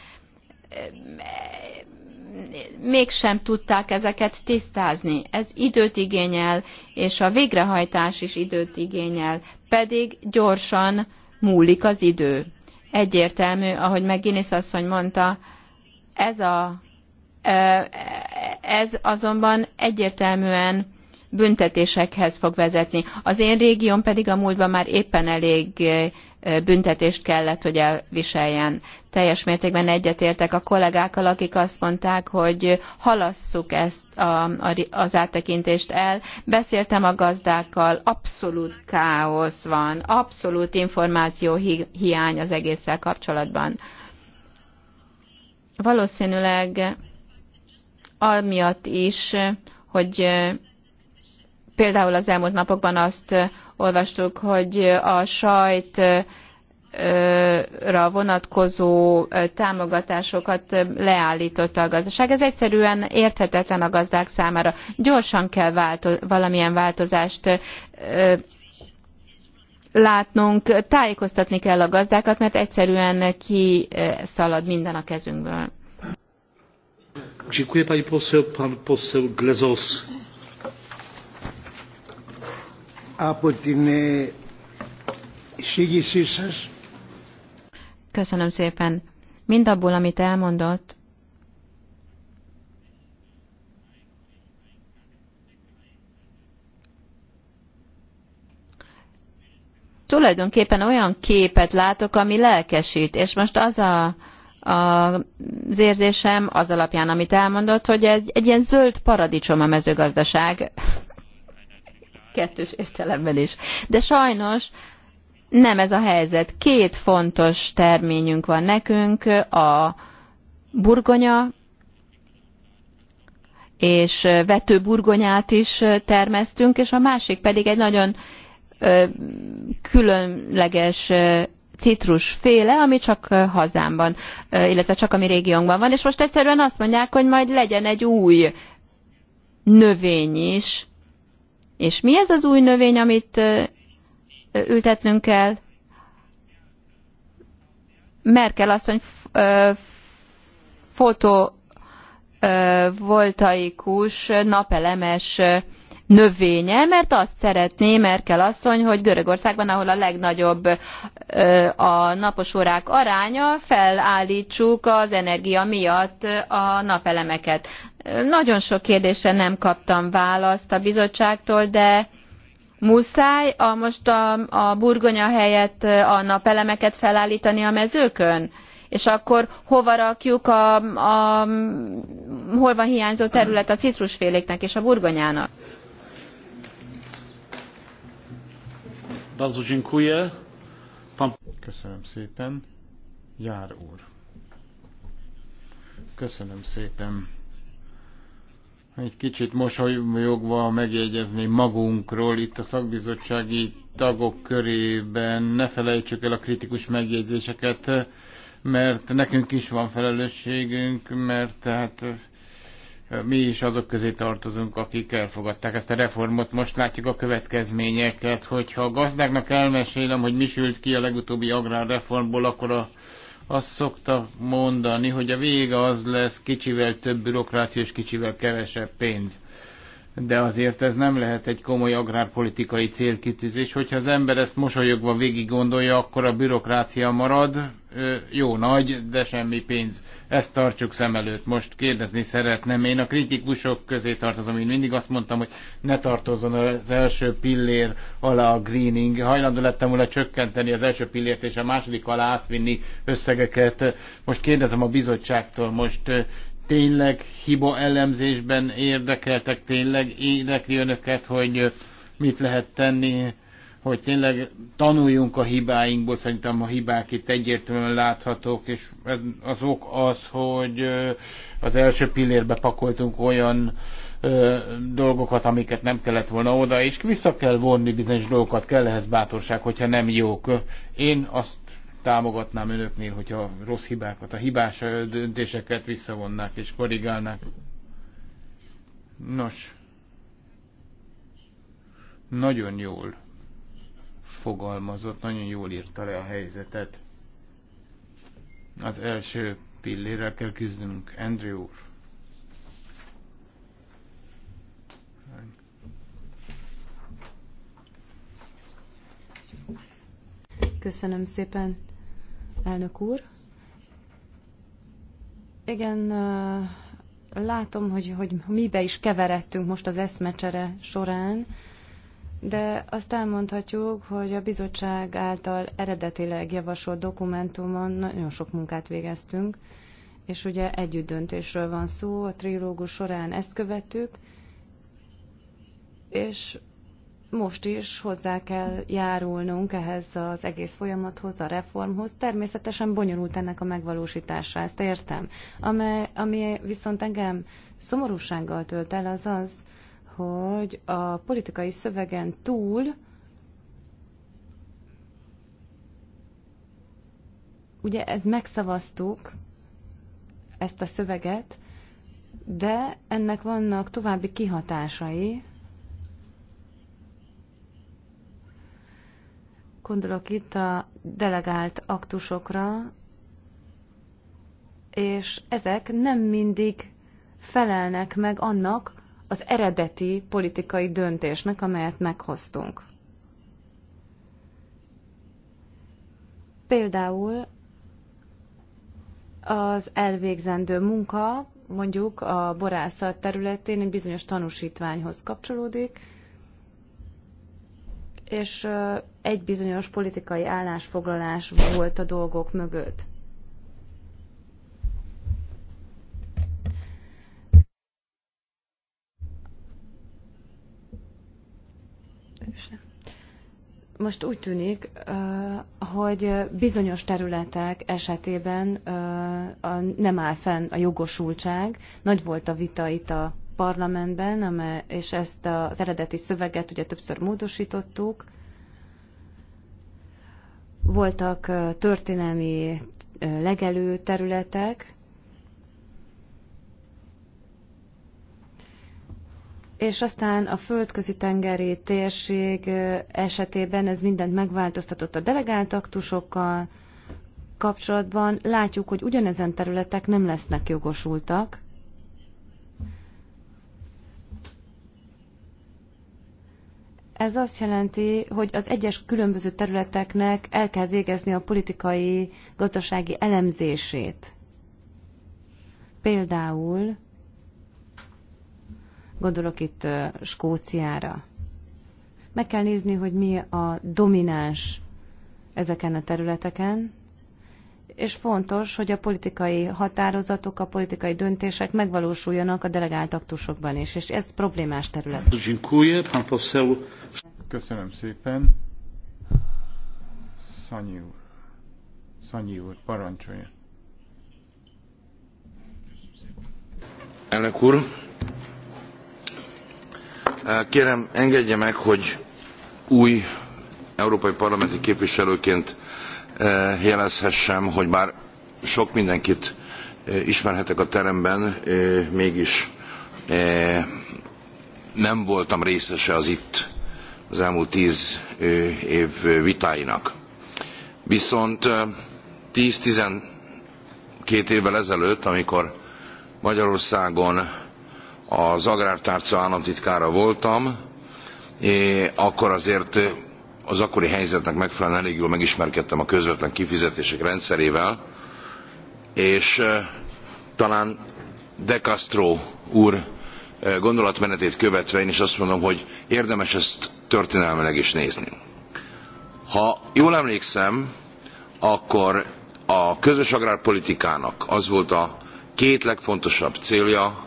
mégsem tudták ezeket tisztázni. Ez időt igényel, és a végrehajtás is időt igényel, pedig gyorsan múlik az idő. Egyértelmű, ahogy meg Guinness asszony mondta, ez, a, ez azonban egyértelműen büntetésekhez fog vezetni. Az én régióm pedig a múltban már éppen elég büntetést kellett, hogy elviseljen. Teljes mértékben egyetértek a kollégákkal, akik azt mondták, hogy halasszuk ezt a, a, az áttekintést el. Beszéltem a gazdákkal, abszolút káosz van, abszolút információ hi, hiány az egésszel kapcsolatban. Valószínűleg amiatt is, hogy Például az elmúlt napokban azt olvastuk, hogy a sajt ra vonatkozó támogatásokat leállította a gazdaság. Ez egyszerűen érthetetlen a gazdák számára. Gyorsan kell válto- valamilyen változást látnunk, tájékoztatni kell a gazdákat, mert egyszerűen ki szalad minden a kezünkből.
Dziękuję pani poseł, pan poseł Glezos από την
εισήγησή σας.
Köszönöm szépen. Mind abból, amit elmondott, tulajdonképpen olyan képet látok, ami lelkesít, és most az a, a, az érzésem az alapján, amit elmondott, hogy egy, egy ilyen zöld paradicsom a mezőgazdaság kettős értelemben is. De sajnos nem ez a helyzet. Két fontos terményünk van nekünk, a burgonya és vetőburgonyát is termesztünk, és a másik pedig egy nagyon különleges citrusféle, ami csak hazámban, illetve csak a mi régiónkban van, és most egyszerűen azt mondják, hogy majd legyen egy új növény is, és mi ez az új növény, amit ültetnünk kell? Merkel asszony fotovoltaikus napelemes növénye, mert azt szeretné Merkel asszony, hogy Görögországban, ahol a legnagyobb a napos órák aránya, felállítsuk az energia miatt a napelemeket. Nagyon sok kérdésre nem kaptam választ a bizottságtól, de muszáj a most a, a burgonya helyett a napelemeket felállítani a mezőkön? és akkor hova rakjuk a, a hol van hiányzó terület a citrusféléknek és a burgonyának?
Bardzo dziękuję.
Pan... Köszönöm szépen. Jár úr. Köszönöm szépen. Egy kicsit mosolyogva megjegyezni magunkról itt a szakbizottsági tagok körében. Ne felejtsük el a kritikus megjegyzéseket, mert nekünk is van felelősségünk, mert tehát mi is azok közé tartozunk, akik elfogadták ezt a reformot. Most látjuk a következményeket, hogyha a gazdáknak elmesélem, hogy mi sült ki a legutóbbi agrárreformból, akkor a, azt szokta mondani, hogy a vége az lesz kicsivel több bürokrácia és kicsivel kevesebb pénz. De azért ez nem lehet egy komoly agrárpolitikai célkitűzés. Hogyha az ember ezt mosolyogva végig gondolja, akkor a bürokrácia marad, jó nagy, de semmi pénz. Ezt tartsuk szem előtt. Most kérdezni szeretném. Én a kritikusok közé tartozom. Én mindig azt mondtam, hogy ne tartozzon az első pillér alá a greening. Hajlandó lettem volna csökkenteni az első pillért és a második alá átvinni összegeket. Most kérdezem a bizottságtól most tényleg hiba elemzésben érdekeltek, tényleg érdekli önöket, hogy mit lehet tenni hogy tényleg tanuljunk a hibáinkból, szerintem a hibák itt egyértelműen láthatók, és az ok az, hogy az első pillérbe pakoltunk olyan dolgokat, amiket nem kellett volna oda, és vissza kell vonni bizonyos dolgokat, kell ehhez bátorság, hogyha nem jók. Én azt támogatnám önöknél, hogyha a rossz hibákat, a hibás döntéseket visszavonnák és korrigálnák. Nos, nagyon jól fogalmazott, nagyon jól írta le a helyzetet. Az első pillérrel kell küzdenünk, Andrew úr.
Köszönöm szépen, elnök úr. Igen, látom, hogy, hogy mi is keveredtünk most az eszmecsere során de azt elmondhatjuk, hogy a bizottság által eredetileg javasolt dokumentumon nagyon sok munkát végeztünk, és ugye együtt döntésről van szó, a trilógus során ezt követtük, és most is hozzá kell járulnunk ehhez az egész folyamathoz, a reformhoz. Természetesen bonyolult ennek a megvalósítása, ezt értem. Ami, ami viszont engem szomorúsággal tölt el, az az, hogy a politikai szövegen túl ugye ez megszavaztuk, ezt a szöveget, de ennek vannak további kihatásai. Gondolok itt a delegált aktusokra, és ezek nem mindig felelnek meg annak, az eredeti politikai döntésnek, amelyet meghoztunk. Például az elvégzendő munka mondjuk a borászat területén egy bizonyos tanúsítványhoz kapcsolódik, és egy bizonyos politikai állásfoglalás volt a dolgok mögött. Most úgy tűnik, uh, hogy bizonyos területek esetében uh, nem áll fenn a jogosultság. Nagy volt a vita itt a parlamentben, és ezt az eredeti szöveget ugye többször módosítottuk. Voltak uh, történelmi legelő területek, és aztán a földközi tengeri térség esetében ez mindent megváltoztatott a delegált aktusokkal kapcsolatban. Látjuk, hogy ugyanezen területek nem lesznek jogosultak. Ez azt jelenti, hogy az egyes különböző területeknek el kell végezni a politikai, gazdasági elemzését. Például Gondolok itt Skóciára. Meg kell nézni, hogy mi a domináns ezeken a területeken, és fontos, hogy a politikai határozatok, a politikai döntések megvalósuljanak a delegált aktusokban is, és ez problémás terület.
Köszönöm szépen. Szanyi úr. Szanyi úr, parancsolja.
Elnök úr, Eh, kérem, engedje meg, hogy új európai parlamenti képviselőként eh, jelezhessem, hogy bár sok mindenkit eh, ismerhetek a teremben, mégis nem voltam részese az itt az elmúlt tíz év vitáinak. Viszont ten twelve évvel ezelőtt, amikor Magyarországon az agrártárca államtitkára voltam, akkor azért az akkori helyzetnek megfelelően elég jól megismerkedtem a közvetlen kifizetések rendszerével, és talán De Castro úr gondolatmenetét követve én is azt mondom, hogy érdemes ezt történelmileg is nézni. Ha jól emlékszem, akkor a közös agrárpolitikának az volt a két legfontosabb célja,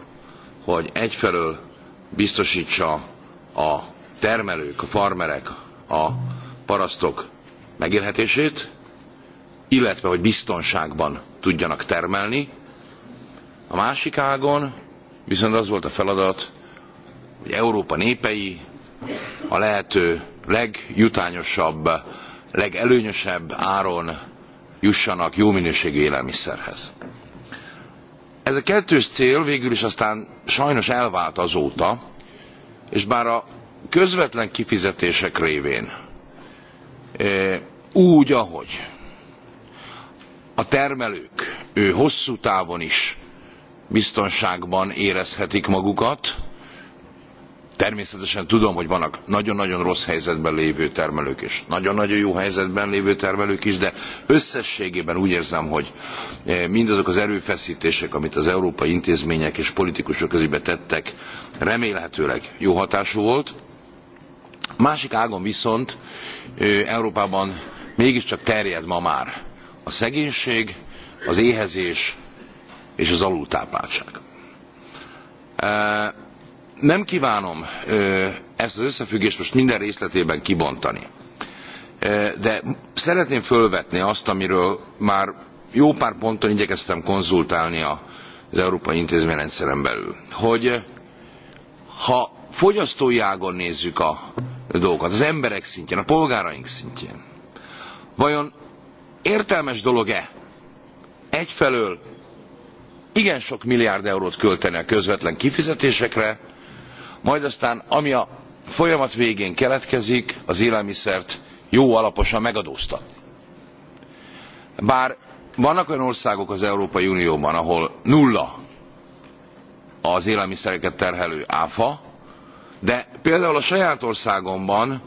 hogy egyfelől biztosítsa a termelők, a farmerek, a parasztok megélhetését, illetve hogy biztonságban tudjanak termelni. A másik ágon viszont az volt a feladat, hogy Európa népei a lehető legjutányosabb, legelőnyösebb áron jussanak jó minőségű élelmiszerhez ez a kettős cél végül is aztán sajnos elvált azóta és bár a közvetlen kifizetések révén e, úgy ahogy a termelők hosszú távon is biztonságban érezhetik magukat természetesen tudom hogy vannak nagyon nagyon rossz helyzetben lévő termelők és nagyon nagyon jó helyzetben lévő termelők is de összességében úgy érzem hogy eh, mindazok az erőfesztések amit az európai intézmények és politikusok közébe tettek remélhetőleg jó hatású volt. másik ágon viszont eh, európában mégiscsak terjed ma már a szegénység az éhezés és az alultápláltság eh, nem kívánom ezt az összefüggést most minden részletében kibontani de szeretném fölvetni azt amiről már jó pár ponton igyekeztem konzultálni az európai intézményrendszeren belül hogy ha fogyasztói ágon nézzük a dolgokat az emberek szintjén a polgáraink szintjén vajon értelmes dolog e egyfelől igen sok milliárd eurót költeni a közvetlen kifizetésekre majd aztán ami a folyamat végén keletkezik az élelmiszert jó alaposan megadóztatni. bár vannak olyan országok az európai unióban ahol nulla az élelmiszereket terhelő áfa de például a saját országomban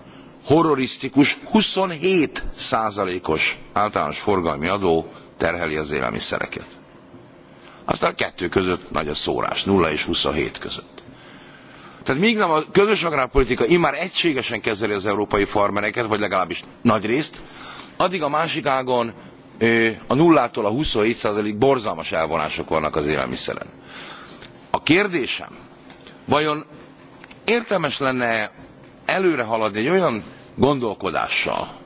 horrorisztikus twenty seven os általános forgalmi adó terheli az élelmiszereket. aztán a kettő között nagy a szórás nulla és twenty seven között tehát mg nem a közös agrárpolitika immár egységesen kezeli az európai farmereket vagy legalábbis nagyrészt addig a másik ágon a nullától a twenty seven ig borzalmas elvonások vannak az élelmiszeren. a kérdésem vajon értelmes lenne előre haladni egy olyan gondolkodással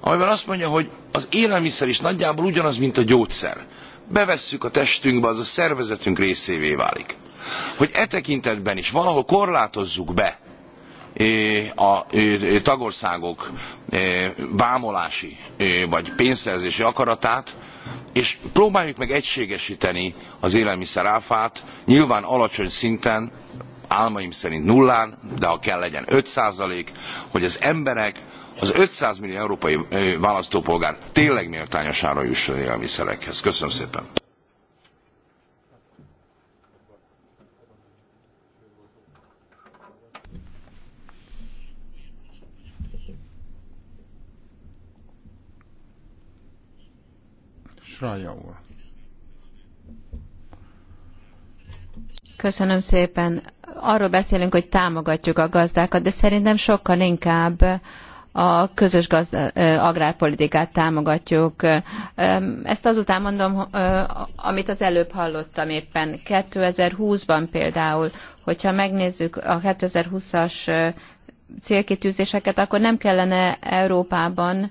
amelyben azt mondja hogy az élelmiszer is nagyjából ugyanaz mint a gyógyszer bevesszük a testünkbe az a szervezetünk részévé válik hogy e tekintetben is valahol korlátozzuk be e, a e, e, tagországok vámolási vagy pénzszerzési akaratát és próbáljuk meg egységesíteni az élelmiszeráfát nyilván alacsony szinten álmaim szerint nullán de ha kell legyen 5%, hogy az emberek az 500 millió európai választópolgár tényleg méltányosára jusson élelmiszerekhez. Köszönöm szépen!
Köszönöm szépen. Arról beszélünk, hogy támogatjuk a gazdákat, de szerintem sokkal inkább a közös gazda, agrárpolitikát támogatjuk. Ezt azután mondom, amit az előbb hallottam éppen. 2020-ban például, hogyha megnézzük a 2020-as célkitűzéseket, akkor nem kellene Európában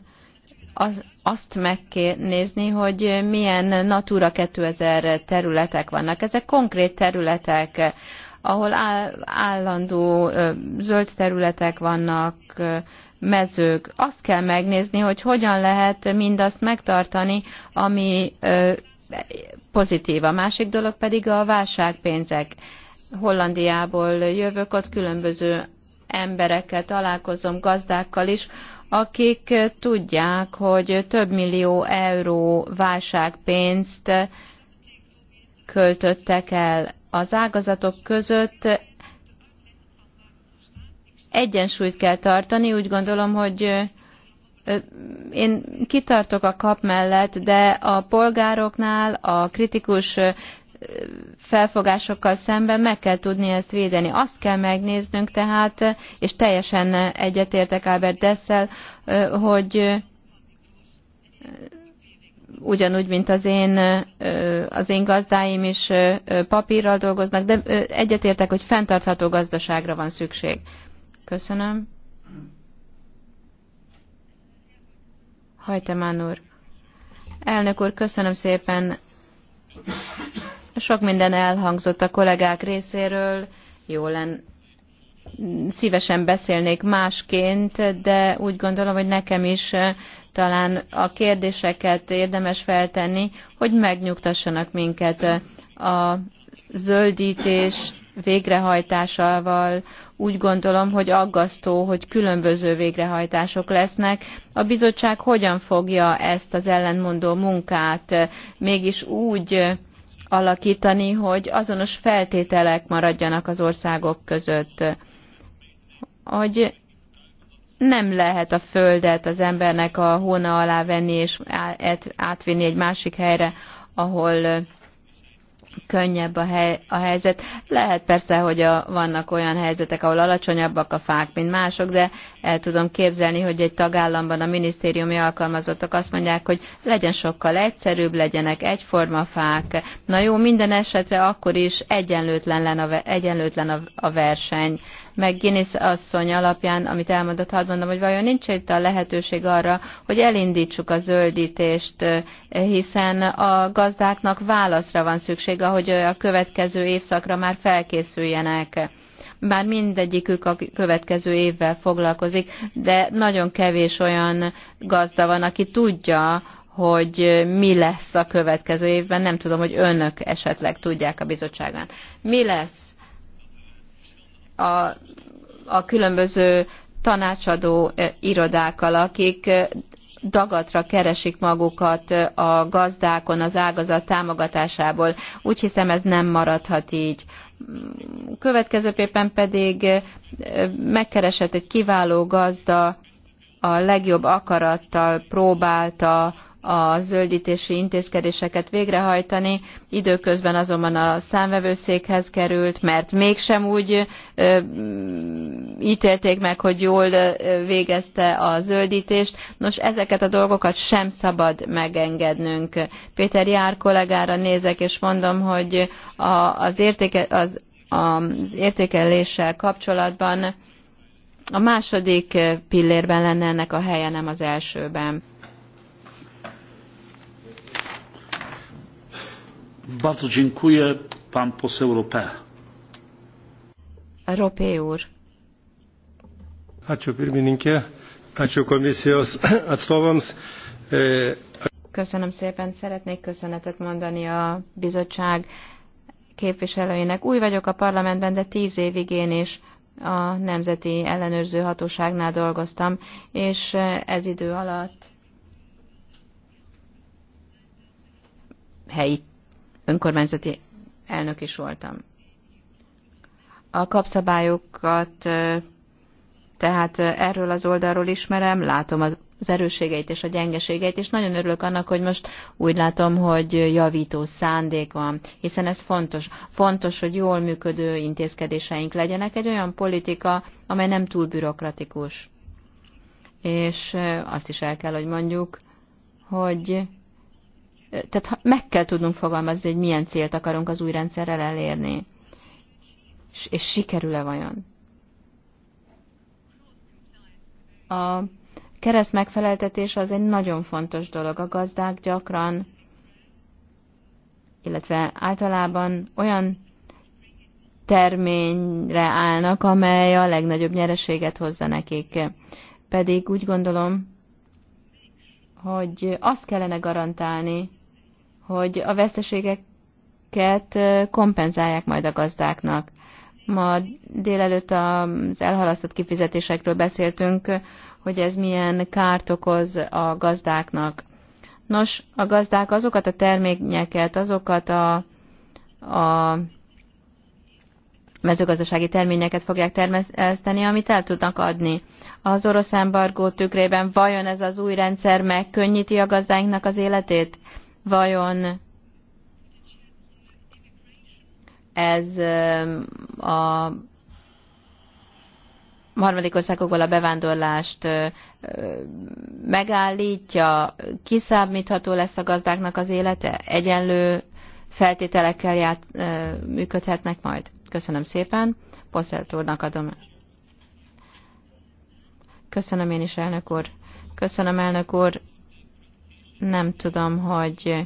az, azt megnézni, hogy milyen Natura 2000 területek vannak. Ezek konkrét területek, ahol állandó zöld területek vannak, mezők. Azt kell megnézni, hogy hogyan lehet mindazt megtartani, ami pozitív. A másik dolog pedig a válságpénzek. Hollandiából jövök, ott különböző emberekkel találkozom, gazdákkal is, akik tudják, hogy több millió euró válságpénzt költöttek el. Az ágazatok között egyensúlyt kell tartani, úgy gondolom, hogy én kitartok a kap mellett, de a polgároknál, a kritikus felfogásokkal szemben meg kell tudni ezt védeni. Azt kell megnéznünk tehát, és teljesen egyetértek Albert Dessel, hogy ugyanúgy, mint az én, az én gazdáim is papírral dolgoznak, de egyetértek, hogy fenntartható gazdaságra van szükség. Köszönöm. Hajtemán úr. Elnök úr, köszönöm szépen. Sok minden elhangzott a kollégák részéről, jó lenne, szívesen beszélnék másként, de úgy gondolom, hogy nekem is eh, talán a kérdéseket érdemes feltenni, hogy megnyugtassanak minket eh, a zöldítés végrehajtásával. Úgy gondolom, hogy aggasztó, hogy különböző végrehajtások lesznek. A bizottság hogyan fogja ezt az ellenmondó munkát eh, mégis úgy alakítani, hogy azonos feltételek maradjanak az országok között, hogy nem lehet a földet az embernek a hóna alá venni és átvinni egy másik helyre, ahol könnyebb a, hely, a helyzet. Lehet persze, hogy a, vannak olyan helyzetek, ahol alacsonyabbak a fák, mint mások, de el tudom képzelni, hogy egy tagállamban a minisztériumi alkalmazottak azt mondják, hogy legyen sokkal egyszerűbb, legyenek egyforma fák. Na jó, minden esetre akkor is egyenlőtlen, a, egyenlőtlen a, a verseny meg Guinness asszony alapján, amit elmondott, hadd mondom, hogy vajon nincs itt a lehetőség arra, hogy elindítsuk a zöldítést, hiszen a gazdáknak válaszra van szükség, ahogy a következő évszakra már felkészüljenek már mindegyikük a következő évvel foglalkozik, de nagyon kevés olyan gazda van, aki tudja, hogy mi lesz a következő évben. Nem tudom, hogy önök esetleg tudják a bizottságán. Mi lesz a, a különböző tanácsadó e, irodákkal, akik e, dagatra keresik magukat e, a gazdákon, az ágazat támogatásából. Úgy hiszem, ez nem maradhat így. Következőképpen pedig megkeresett egy kiváló gazda, a legjobb akarattal próbálta a zöldítési intézkedéseket végrehajtani, időközben azonban a számvevőszékhez került, mert mégsem úgy ö, mm, ítélték meg, hogy jól végezte a zöldítést. Nos, ezeket a dolgokat sem szabad megengednünk. Péter Jár kollégára nézek, és mondom, hogy a, az, értéke, az, az értékeléssel kapcsolatban a második pillérben lenne ennek a helye, nem az elsőben.
Bardzo dziękuję, pan poseł Ropé.
Ropé úr.
Ačiū pirmininkė, ačiū komisijos atstovams. E,
Köszönöm szépen, szeretnék köszönetet mondani a bizottság képviselőinek. Új vagyok a parlamentben, de tíz évig én is a Nemzeti Ellenőrző Hatóságnál dolgoztam, és ez idő alatt helyi önkormányzati elnök is voltam. A kapszabályokat tehát erről az oldalról ismerem, látom az erősségeit és a gyengeségeit, és nagyon örülök annak, hogy most úgy látom, hogy javító szándék van, hiszen ez fontos. Fontos, hogy jól működő intézkedéseink legyenek, egy olyan politika, amely nem túl bürokratikus. És azt is el kell, hogy mondjuk, hogy tehát meg kell tudnunk fogalmazni, hogy milyen célt akarunk az új rendszerrel elérni. És, és sikerül-e vajon? A kereszt megfeleltetés az egy nagyon fontos dolog. A gazdák gyakran, illetve általában olyan terményre állnak, amely a legnagyobb nyereséget hozza nekik. Pedig úgy gondolom, hogy azt kellene garantálni, hogy a veszteségeket kompenzálják majd a gazdáknak. Ma délelőtt az elhalasztott kifizetésekről beszéltünk, hogy ez milyen kárt okoz a gazdáknak. Nos, a gazdák azokat a terményeket, azokat a, a mezőgazdasági terményeket fogják termeszteni, amit el tudnak adni. Az orosz embargó tükrében vajon ez az új rendszer megkönnyíti a gazdáinknak az életét? vajon ez a harmadik országokból a bevándorlást megállítja, kiszámítható lesz a gazdáknak az élete, egyenlő feltételekkel ját, működhetnek majd. Köszönöm szépen, Poszelt úrnak adom. Köszönöm én is, elnök úr. Köszönöm, elnök úr nem tudom, hogy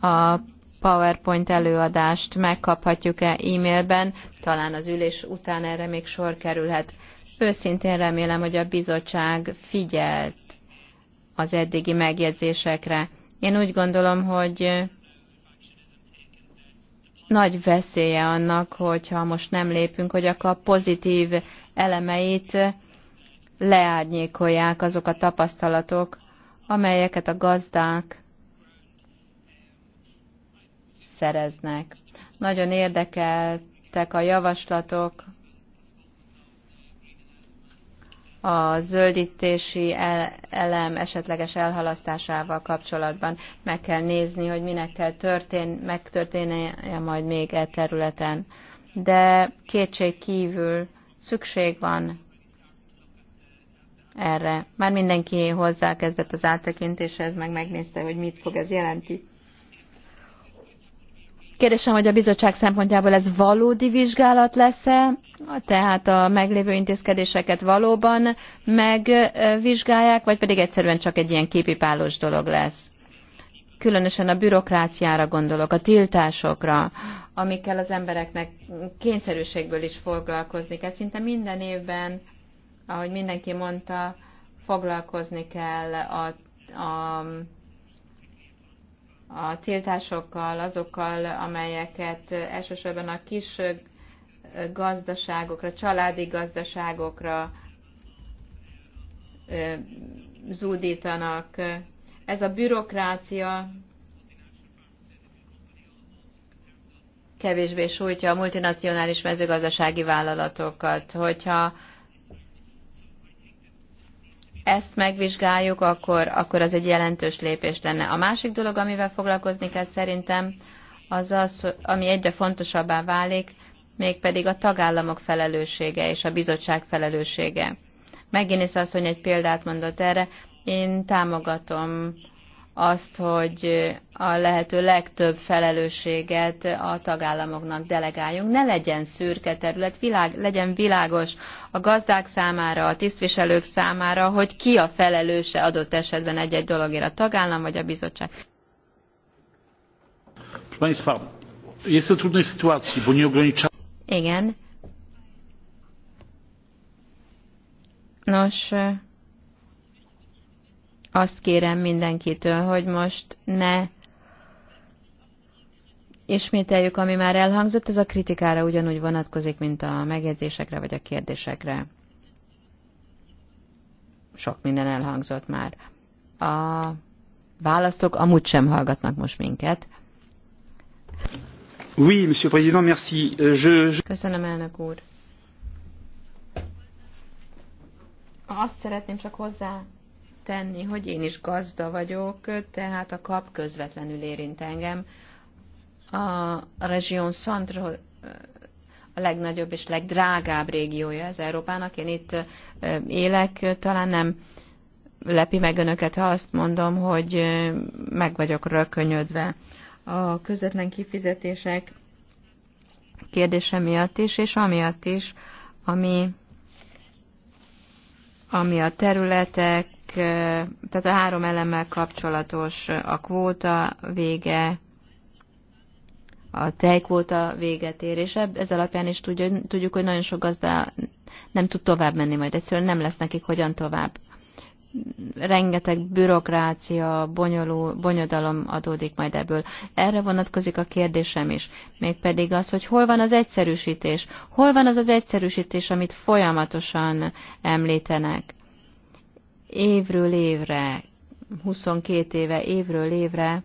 a PowerPoint előadást megkaphatjuk-e e-mailben, talán az ülés után erre még sor kerülhet. Őszintén remélem, hogy a bizottság figyelt az eddigi megjegyzésekre. Én úgy gondolom, hogy nagy veszélye annak, hogyha most nem lépünk, hogy akkor a pozitív elemeit leárnyékolják azok a tapasztalatok, amelyeket a gazdák szereznek. Nagyon érdekeltek a javaslatok a zöldítési elem esetleges elhalasztásával kapcsolatban. Meg kell nézni, hogy minek kell történ, megtörténnie majd még e területen. De kétség kívül szükség van erre. Már mindenki hozzákezdett az áttekintéshez, meg megnézte, hogy mit fog ez jelenti. Kérdésem, hogy a bizottság szempontjából ez valódi vizsgálat lesz-e, tehát a meglévő intézkedéseket valóban megvizsgálják, vagy pedig egyszerűen csak egy ilyen képipálós dolog lesz? Különösen a bürokráciára gondolok, a tiltásokra, amikkel az embereknek kényszerűségből is foglalkozni kell. Szinte minden évben ahogy mindenki mondta, foglalkozni kell a, a, a tiltásokkal, azokkal, amelyeket elsősorban a kis gazdaságokra, családi gazdaságokra zúdítanak. Ez a bürokrácia kevésbé sújtja a multinacionális mezőgazdasági vállalatokat, hogyha ezt megvizsgáljuk, akkor, akkor az egy jelentős lépés lenne. A másik dolog, amivel foglalkozni kell szerintem, az az, ami egyre fontosabbá válik, mégpedig a tagállamok felelőssége és a bizottság felelőssége. Megint is hogy egy példát mondott erre. Én támogatom azt, hogy a lehető legtöbb felelősséget a tagállamoknak delegáljunk. Ne legyen szürke terület, világ, legyen világos a gazdák számára, a tisztviselők számára, hogy ki a felelőse adott esetben egy-egy dologért a tagállam vagy a bizottság. Igen. Nos, azt kérem mindenkitől, hogy most ne ismételjük, ami már elhangzott, ez a kritikára ugyanúgy vonatkozik, mint a megjegyzésekre vagy a kérdésekre. Sok minden elhangzott már. A választók amúgy sem hallgatnak most minket. Oui, monsieur président, merci. Euh, je, je... Köszönöm, elnök úr. Azt szeretném csak hozzá tenni, hogy én is gazda vagyok, tehát a kap közvetlenül érint engem. A Region Centre a legnagyobb és legdrágább régiója az Európának. Én itt élek, talán nem lepi meg önöket, ha azt mondom, hogy meg vagyok rökönyödve a közvetlen kifizetések kérdése miatt is, és amiatt is, ami, ami a területek, tehát a három elemmel kapcsolatos a kvóta vége, a tejkvóta véget ér, és ez alapján is tudja, tudjuk, hogy nagyon sok gazda nem tud tovább menni, majd egyszerűen nem lesz nekik hogyan tovább. Rengeteg bürokrácia, bonyolul, bonyodalom adódik majd ebből. Erre vonatkozik a kérdésem is, mégpedig az, hogy hol van az egyszerűsítés. Hol van az az egyszerűsítés, amit folyamatosan említenek? évről évre, 22 éve, évről évre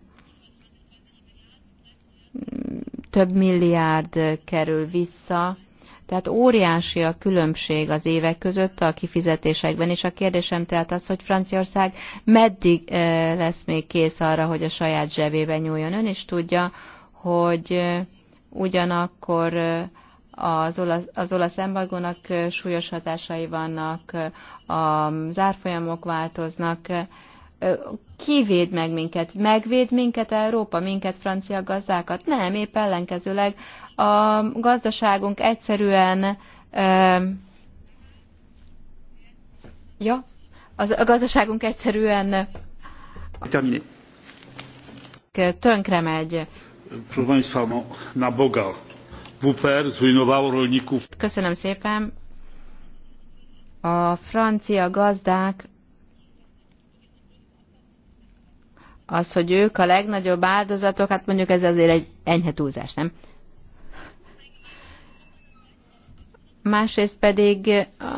több milliárd kerül vissza, tehát óriási a különbség az évek között a kifizetésekben, és a kérdésem tehát az, hogy Franciaország meddig eh, lesz még kész arra, hogy a saját zsebébe nyúljon. Ön is tudja, hogy eh, ugyanakkor eh, az olasz, az olasz embargónak súlyos hatásai vannak, a zárfolyamok változnak. Kivéd meg minket? Megvéd minket Európa, minket francia gazdákat? Nem, épp ellenkezőleg a gazdaságunk egyszerűen. Ja, az, a gazdaságunk egyszerűen. Terminé. Tönkre megy.
Proszę is na Boga,
Köszönöm szépen. A francia gazdák az, hogy ők a legnagyobb áldozatok, hát mondjuk ez azért egy enyhe túlzás, nem? Másrészt pedig,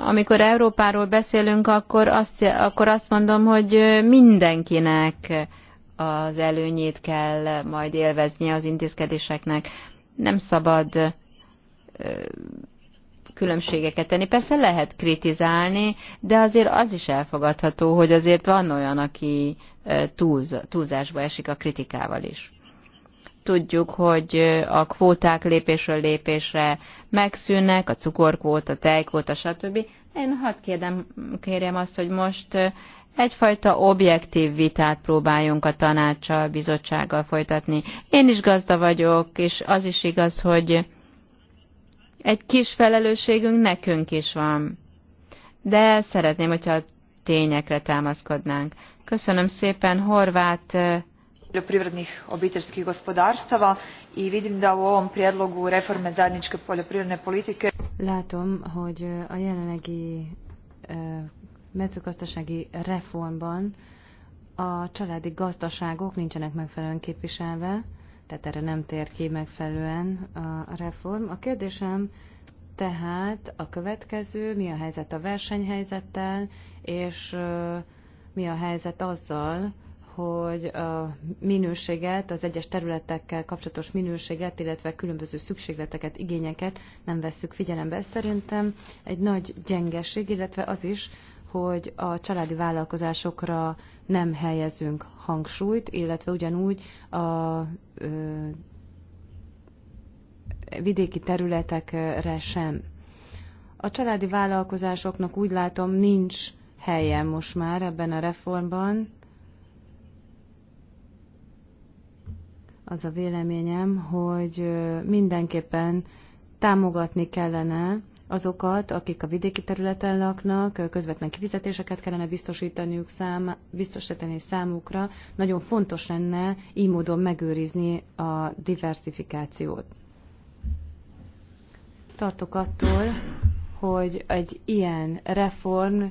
amikor Európáról beszélünk, akkor azt, akkor azt mondom, hogy mindenkinek az előnyét kell majd élvezni az intézkedéseknek nem szabad különbségeket tenni. Persze lehet kritizálni, de azért az is elfogadható, hogy azért van olyan, aki túlz, túlzásba esik a kritikával is. Tudjuk, hogy a kvóták lépésről lépésre megszűnnek, a cukorkvóta, tejkvóta, stb. Én hadd kérdem, kérjem azt, hogy most egyfajta objektív vitát próbáljunk a tanácssal, bizottsággal folytatni. Én is gazda vagyok, és az is igaz, hogy egy kis felelősségünk nekünk is van. De szeretném, hogyha a tényekre támaszkodnánk. Köszönöm szépen, Horvát
poljoprivrednih obiteljskih gospodarstava i vidim da u ovom prijedlogu reforme zajedničke poljoprivredne politike
Látom, hogy a jelenlegi mezőgazdasági reformban a családi gazdaságok nincsenek megfelelően képviselve, tehát erre nem tér ki megfelelően a reform. A kérdésem tehát a következő, mi a helyzet a versenyhelyzettel, és mi a helyzet azzal, hogy a minőséget, az egyes területekkel kapcsolatos minőséget, illetve különböző szükségleteket, igényeket nem vesszük figyelembe. Ez szerintem egy nagy gyengeség, illetve az is, hogy a családi vállalkozásokra nem helyezünk hangsúlyt, illetve ugyanúgy a ö, vidéki területekre sem. A családi vállalkozásoknak úgy látom nincs helye most már ebben a reformban. Az a véleményem, hogy mindenképpen támogatni kellene azokat, akik a vidéki területen laknak, közvetlen kifizetéseket kellene biztosítaniuk szám, biztosítani számukra. Nagyon fontos lenne így módon megőrizni a diversifikációt. Tartok attól, hogy egy ilyen reform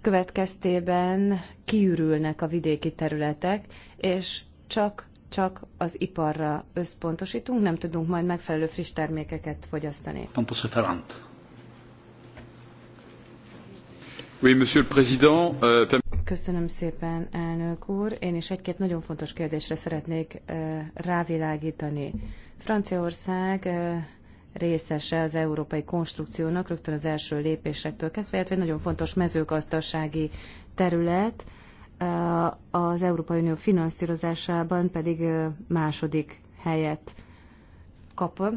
következtében kiürülnek a vidéki területek, és csak csak az iparra összpontosítunk, nem tudunk majd megfelelő friss termékeket fogyasztani.
Ferrand. Euh,
Köszönöm szépen, elnök úr. Én is egy-két nagyon fontos kérdésre szeretnék rávilágítani. Franciaország részese az európai konstrukciónak rögtön az első lépésektől kezdve, illetve egy nagyon fontos mezőgazdasági terület, az Európai Unió finanszírozásában pedig második helyet kap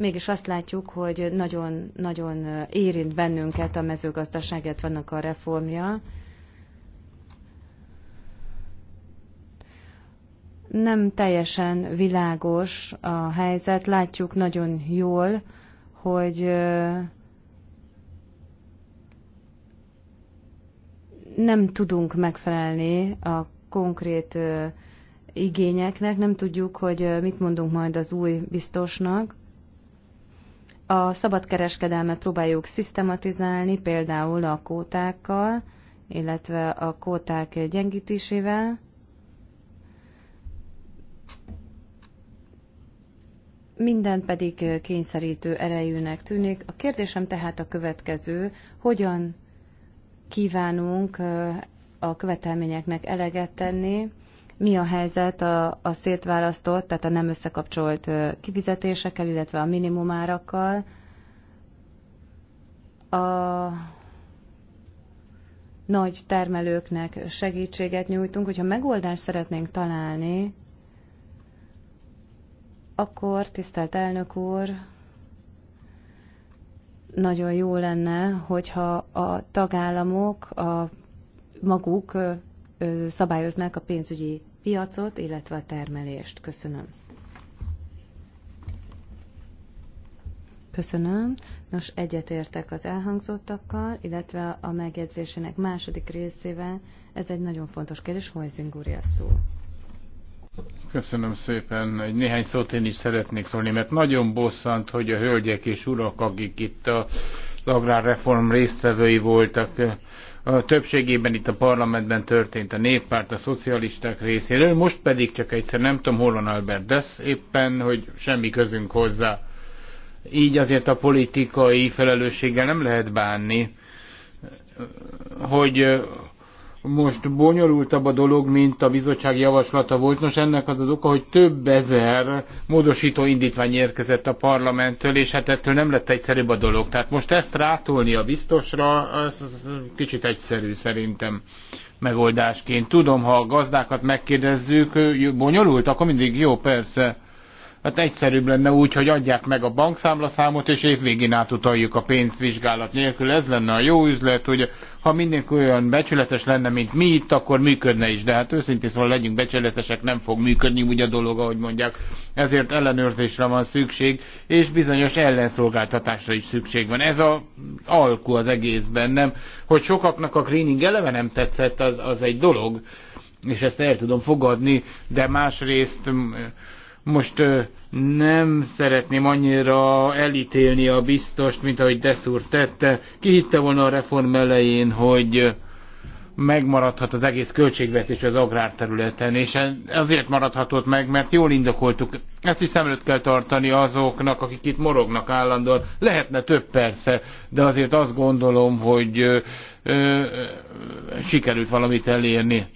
mégis azt látjuk, hogy nagyon-nagyon érint bennünket a mezőgazdaságet, vannak a reformja. Nem teljesen világos a helyzet, látjuk nagyon jól, hogy nem tudunk megfelelni a konkrét igényeknek, nem tudjuk, hogy mit mondunk majd az új biztosnak. A szabadkereskedelmet próbáljuk szisztematizálni, például a kótákkal, illetve a kóták gyengítésével. Minden pedig kényszerítő erejűnek tűnik. A kérdésem tehát a következő, hogyan kívánunk a követelményeknek eleget tenni, mi a helyzet a, a szétválasztott, tehát a nem összekapcsolt kifizetésekkel, illetve a minimumárakkal. A nagy termelőknek segítséget nyújtunk, hogyha megoldást szeretnénk találni, akkor, tisztelt elnök úr, nagyon jó lenne, hogyha a tagállamok a maguk szabályoznák a pénzügyi piacot, illetve a termelést. Köszönöm. Köszönöm. Nos, egyetértek az elhangzottakkal, illetve a megjegyzésének második részével. Ez egy nagyon fontos kérdés, Hojzing úr a szó.
Köszönöm szépen. Egy néhány szót én is szeretnék szólni, mert nagyon bosszant, hogy a hölgyek és urak, akik itt a az agrárreform résztvevői voltak, többségében itt a parlamentben történt a néppárt, a szocialisták részéről, most pedig csak egyszer nem tudom, hol van Albert Dess éppen, hogy semmi közünk hozzá. Így azért a politikai felelősséggel nem lehet bánni, hogy most bonyolultabb a dolog, mint a bizottság javaslata volt. Nos, ennek az az oka, hogy több ezer módosító indítvány érkezett a parlamenttől, és hát ettől nem lett egyszerűbb a dolog. Tehát most ezt rátolni a biztosra, az, az kicsit egyszerű szerintem megoldásként. Tudom, ha a gazdákat megkérdezzük, bonyolult, akkor mindig jó, persze Hát egyszerűbb lenne úgy, hogy adják meg a bankszámlaszámot, és évvégén átutaljuk a pénzt vizsgálat nélkül. Ez lenne a jó üzlet, hogy ha mindenki olyan becsületes lenne, mint mi itt, akkor működne is. De hát őszintén szóval legyünk becsületesek, nem fog működni úgy a dolog, ahogy mondják. Ezért ellenőrzésre van szükség, és bizonyos ellenszolgáltatásra is szükség van. Ez a alkú az egészben, nem? Hogy sokaknak a greening eleve nem tetszett, az, az egy dolog, és ezt el tudom fogadni, de másrészt most nem szeretném annyira elítélni a biztost, mint ahogy Deszúr tette. Ki hitte volna a reform elején, hogy megmaradhat az egész költségvetés az agrárterületen, és azért maradhatott meg, mert jól indokoltuk. Ezt is szem előtt kell tartani azoknak, akik itt morognak állandóan. Lehetne több persze, de azért azt gondolom, hogy ö, ö, sikerült valamit elérni.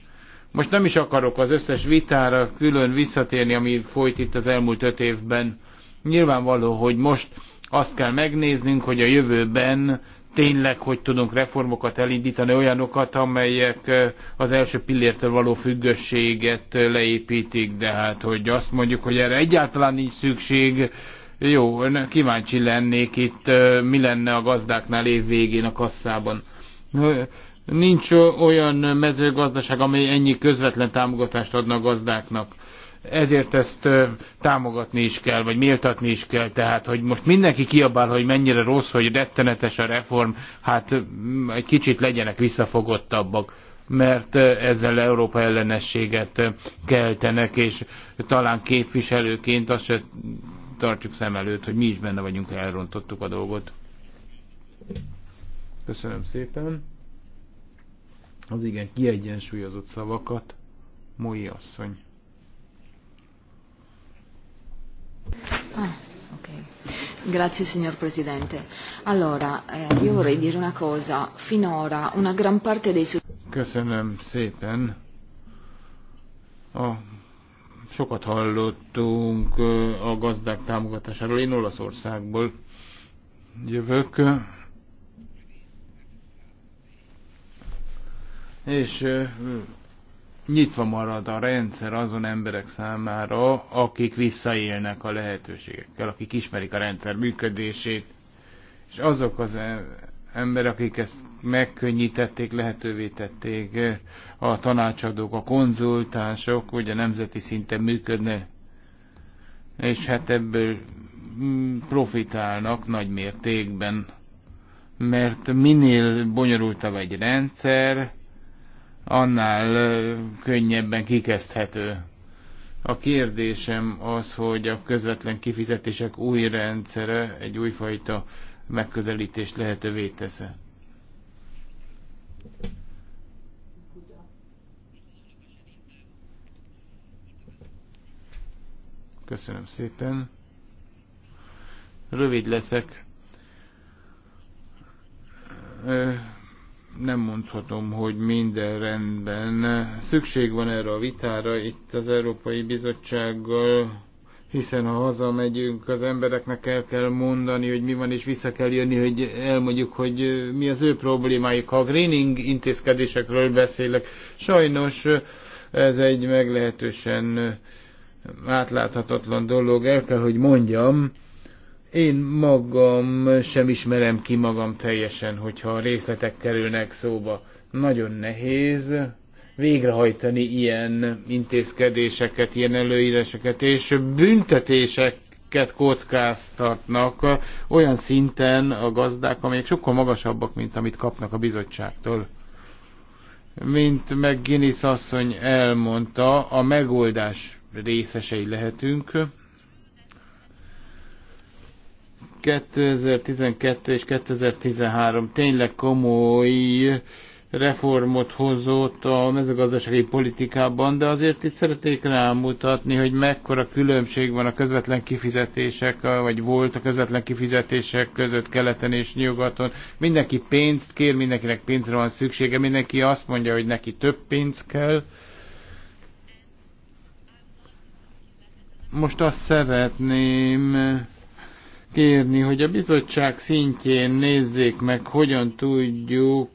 Most nem is akarok az összes vitára külön visszatérni, ami folyt itt az elmúlt öt évben. Nyilvánvaló, hogy most azt kell megnéznünk, hogy a jövőben tényleg hogy tudunk reformokat elindítani, olyanokat, amelyek az első pillértől való függőséget leépítik, de hát hogy azt mondjuk, hogy erre egyáltalán nincs szükség, jó, kíváncsi lennék itt, mi lenne a gazdáknál évvégén a kasszában. Nincs olyan mezőgazdaság, amely ennyi közvetlen támogatást adna a gazdáknak. Ezért ezt támogatni is kell, vagy méltatni is kell. Tehát, hogy most mindenki kiabál, hogy mennyire rossz, hogy rettenetes a reform, hát egy kicsit legyenek visszafogottabbak mert ezzel Európa ellenességet keltenek, és talán képviselőként azt se tartjuk szem előtt, hogy mi is benne vagyunk, elrontottuk a dolgot. Köszönöm szépen az igen kiegyensúlyozott szavakat. Mói asszony.
Ah, Grazie signor Presidente. Allora, eh, io vorrei dire una cosa.
Finora una gran parte dei...
Köszönöm szépen. A sokat hallottunk eh, a gazdák támogatásáról. Én Olaszországból jövök. és nyitva marad a rendszer azon emberek számára, akik visszaélnek a lehetőségekkel, akik ismerik a rendszer működését, és azok az e, emberek, akik ezt megkönnyítették, lehetővé tették, a tanácsadók, a konzultánsok, ugye nemzeti szinten működne, és hát ebből mm, profitálnak nagy mértékben, mert minél bonyolultabb egy rendszer, annál könnyebben kikezdhető. A kérdésem az, hogy a közvetlen kifizetések új rendszere egy újfajta megközelítést lehetővé tesz -e. Köszönöm szépen. Rövid leszek nem mondhatom, hogy minden rendben. Szükség van erre a vitára itt az Európai Bizottsággal, hiszen ha hazamegyünk, az embereknek el kell mondani, hogy mi van, és vissza kell jönni, hogy elmondjuk, hogy mi az ő problémáik. Ha a greening intézkedésekről beszélek, sajnos ez egy meglehetősen átláthatatlan dolog, el kell, hogy mondjam, én magam sem ismerem ki magam teljesen, hogyha a részletek kerülnek szóba. Nagyon nehéz végrehajtani ilyen intézkedéseket, ilyen előíreseket, és büntetéseket kockáztatnak olyan szinten a gazdák, amelyek sokkal magasabbak, mint amit kapnak a bizottságtól. Mint meg Guinness asszony elmondta, a megoldás részesei lehetünk, 2012 és 2013 tényleg komoly reformot hozott a mezőgazdasági politikában, de azért itt szeretnék rámutatni, hogy mekkora különbség van a közvetlen kifizetések, vagy volt a közvetlen kifizetések között keleten és nyugaton. Mindenki pénzt kér, mindenkinek pénzre van szüksége, mindenki azt mondja, hogy neki több pénz kell. Most azt szeretném kérni, hogy a bizottság szintjén nézzék meg, hogyan tudjuk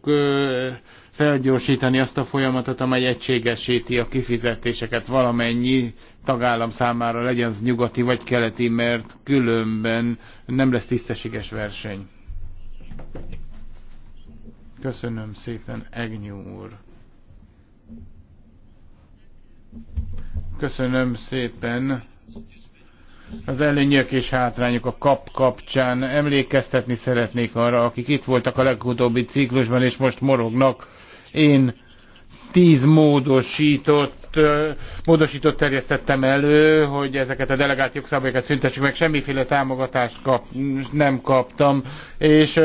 felgyorsítani azt a folyamatot, amely egységesíti a kifizetéseket valamennyi tagállam számára, legyen az nyugati vagy keleti, mert különben nem lesz tisztességes verseny. Köszönöm szépen, Egnyú úr. Köszönöm szépen az előnyök és hátrányok a kap kapcsán. Emlékeztetni szeretnék arra, akik itt voltak a legutóbbi ciklusban, és most morognak. Én tíz módosított, módosított terjesztettem elő, hogy ezeket a delegált jogszabályokat szüntessük meg, semmiféle támogatást kap, nem kaptam, és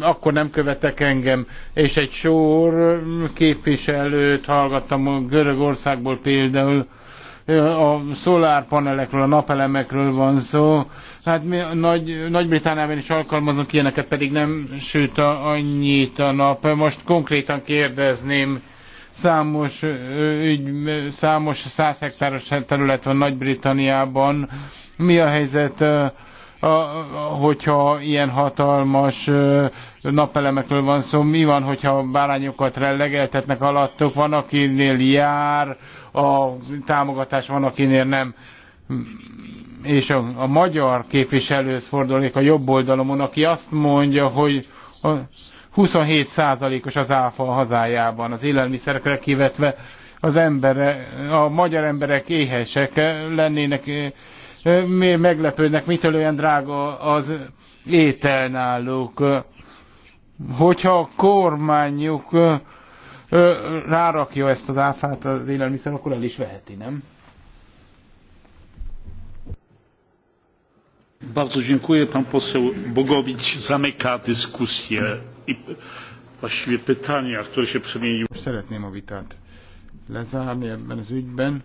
akkor nem követtek engem, és egy sor képviselőt hallgattam Görögországból például, a szolárpanelekről, a napelemekről van szó. Hát mi Nagy, Nagy-Britániában is alkalmaznak ilyeneket, pedig nem süt a, annyit a nap. Most konkrétan kérdezném, számos, ügy, számos 100 hektáros terület van Nagy-Britanniában. Mi a helyzet a, hogyha ilyen hatalmas napelemekről van szó, mi van, hogyha bárányokat rellegeltetnek alattok, van akinél jár, a támogatás, van akinél nem. És a, a magyar képviselőhöz fordulnék a jobb oldalomon, aki azt mondja, hogy a 27%-os az áfa a hazájában, az élelmiszerekre kivetve az embere, a magyar emberek éhesek lennének, meglepődnek, mitől olyan drága az étel náluk. Hogyha a kormányuk ö, rárakja ezt az áfát az élelmiszer, akkor el is veheti, nem?
Bardzo dziękuję. Pan poseł Bogowicz zamyka dyskusję i właściwie
pytania, które się przemieniły. Szeretnie a vitát lezárni ebben az ügyben.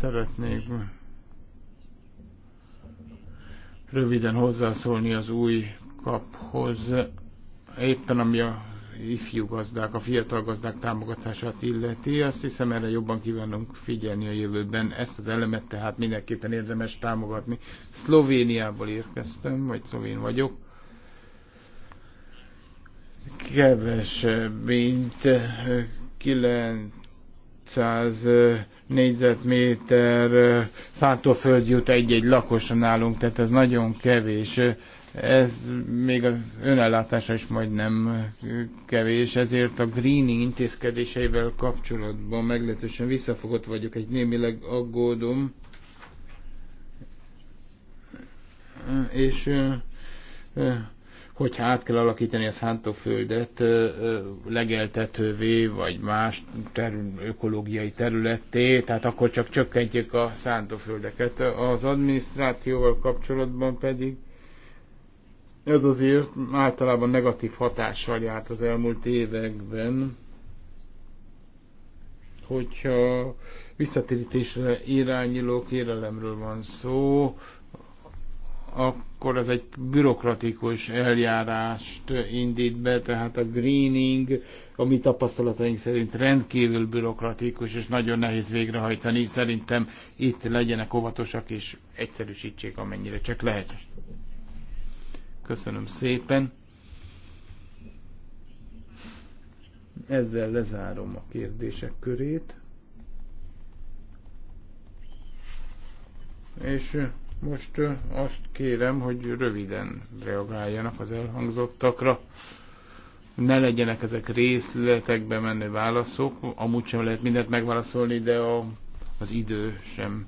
Szeretnék röviden hozzászólni az új kaphoz, éppen ami a ifjú gazdák, a fiatal gazdák támogatását illeti, azt hiszem erre jobban kívánunk figyelni a jövőben. Ezt az elemet tehát mindenképpen érdemes támogatni. Szlovéniából érkeztem, vagy szlovén vagyok. Kevesebb, mint 9 200 négyzetméter szántóföld jut egy-egy lakosra nálunk, tehát ez nagyon kevés. Ez még az önellátása is majdnem kevés, ezért a greening intézkedéseivel kapcsolatban meglehetősen visszafogott vagyok, egy némileg aggódom. És hogyha át kell alakítani a szántóföldet legeltetővé, vagy más terül, ökológiai területté, tehát akkor csak csökkentjük a szántóföldeket. Az adminisztrációval kapcsolatban pedig ez azért általában negatív hatással járt az elmúlt években, hogyha visszatérítésre irányuló kérelemről van szó, akkor ez egy bürokratikus eljárást indít be, tehát a greening a mi tapasztalataink szerint rendkívül bürokratikus, és nagyon nehéz végrehajtani. Szerintem itt legyenek óvatosak, és egyszerűsítsék amennyire csak lehet. Köszönöm szépen. Ezzel lezárom a kérdések körét. És most azt kérem, hogy röviden reagáljanak az elhangzottakra. Ne legyenek ezek részletekbe menő válaszok, amúgy sem lehet mindent megválaszolni, de a, az idő sem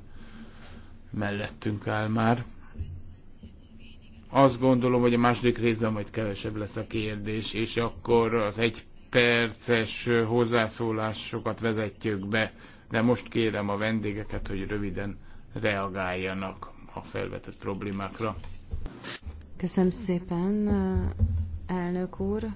mellettünk áll már. Azt gondolom, hogy a második részben majd kevesebb lesz a kérdés, és akkor az egy perces hozzászólásokat vezetjük be, de most kérem a vendégeket, hogy röviden reagáljanak a felvetett problémákra.
Köszönöm szépen, elnök úr.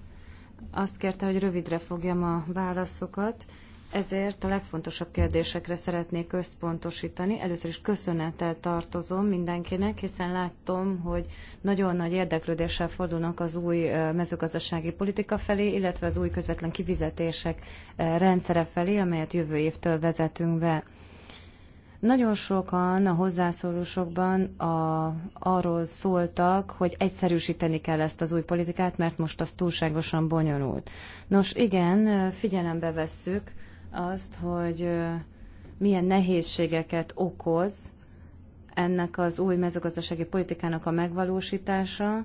Azt kérte, hogy rövidre fogjam a válaszokat, ezért a legfontosabb kérdésekre szeretnék összpontosítani. Először is köszönettel tartozom mindenkinek, hiszen láttam, hogy nagyon nagy érdeklődéssel fordulnak az új mezőgazdasági politika felé, illetve az új közvetlen kivizetések rendszere felé, amelyet jövő évtől vezetünk be. Nagyon sokan a hozzászólósokban a, arról szóltak, hogy egyszerűsíteni kell ezt az új politikát, mert most az túlságosan bonyolult. Nos igen, figyelembe vesszük azt, hogy milyen nehézségeket okoz ennek az új mezőgazdasági politikának a megvalósítása.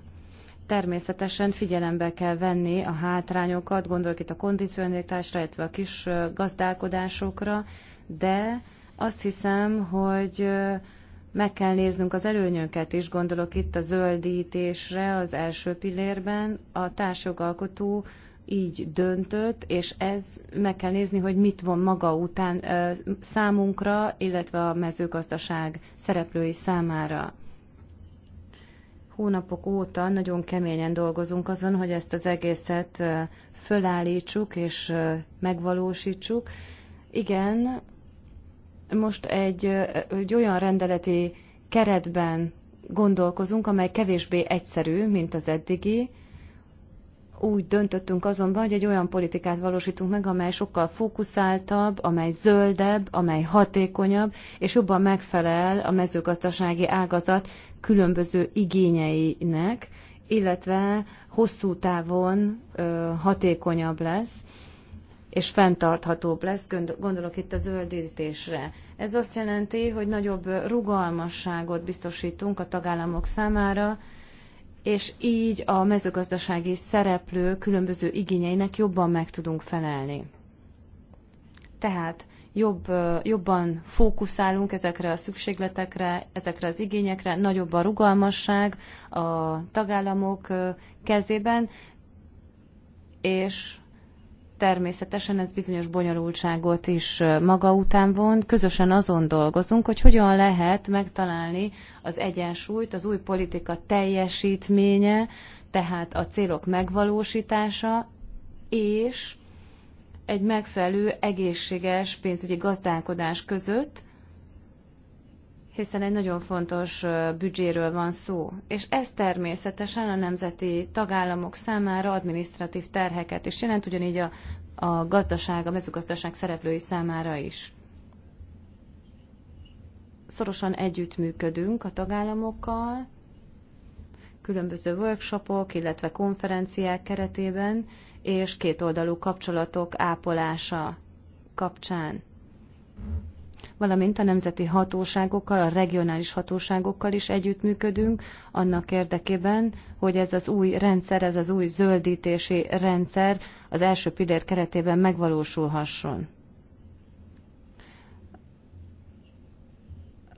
Természetesen figyelembe kell venni a hátrányokat, gondolok itt a kondicionalitásra, illetve a kis gazdálkodásokra, de azt hiszem, hogy meg kell néznünk az előnyöket is, gondolok itt a zöldítésre az első pillérben. A társjogalkotó így döntött, és ez meg kell nézni, hogy mit von maga után számunkra, illetve a mezőgazdaság szereplői számára. Hónapok óta nagyon keményen dolgozunk azon, hogy ezt az egészet fölállítsuk és megvalósítsuk. Igen, most egy, egy olyan rendeleti keretben gondolkozunk, amely kevésbé egyszerű, mint az eddigi. Úgy döntöttünk azonban, hogy egy olyan politikát valósítunk meg, amely sokkal fókuszáltabb, amely zöldebb, amely hatékonyabb, és jobban megfelel a mezőgazdasági ágazat különböző igényeinek, illetve hosszú távon ö, hatékonyabb lesz és fenntarthatóbb lesz, gondolok itt a zöldítésre. Ez azt jelenti, hogy nagyobb rugalmasságot biztosítunk a tagállamok számára, és így a mezőgazdasági szereplő különböző igényeinek jobban meg tudunk felelni. Tehát jobb, jobban fókuszálunk ezekre a szükségletekre, ezekre az igényekre, nagyobb a rugalmasság a tagállamok kezében, és Természetesen ez bizonyos bonyolultságot is maga után von. Közösen azon dolgozunk, hogy hogyan lehet megtalálni az egyensúlyt, az új politika teljesítménye, tehát a célok megvalósítása és egy megfelelő egészséges pénzügyi gazdálkodás között, hiszen egy nagyon fontos büdzséről van szó, és ez természetesen a nemzeti tagállamok számára administratív terheket is jelent, ugyanígy a, a gazdaság, a mezőgazdaság szereplői számára is. Szorosan együttműködünk a tagállamokkal, különböző workshopok, illetve konferenciák keretében, és kétoldalú kapcsolatok ápolása kapcsán valamint a nemzeti hatóságokkal, a regionális hatóságokkal is együttműködünk annak érdekében, hogy ez az új rendszer, ez az új zöldítési rendszer az első pillér keretében megvalósulhasson.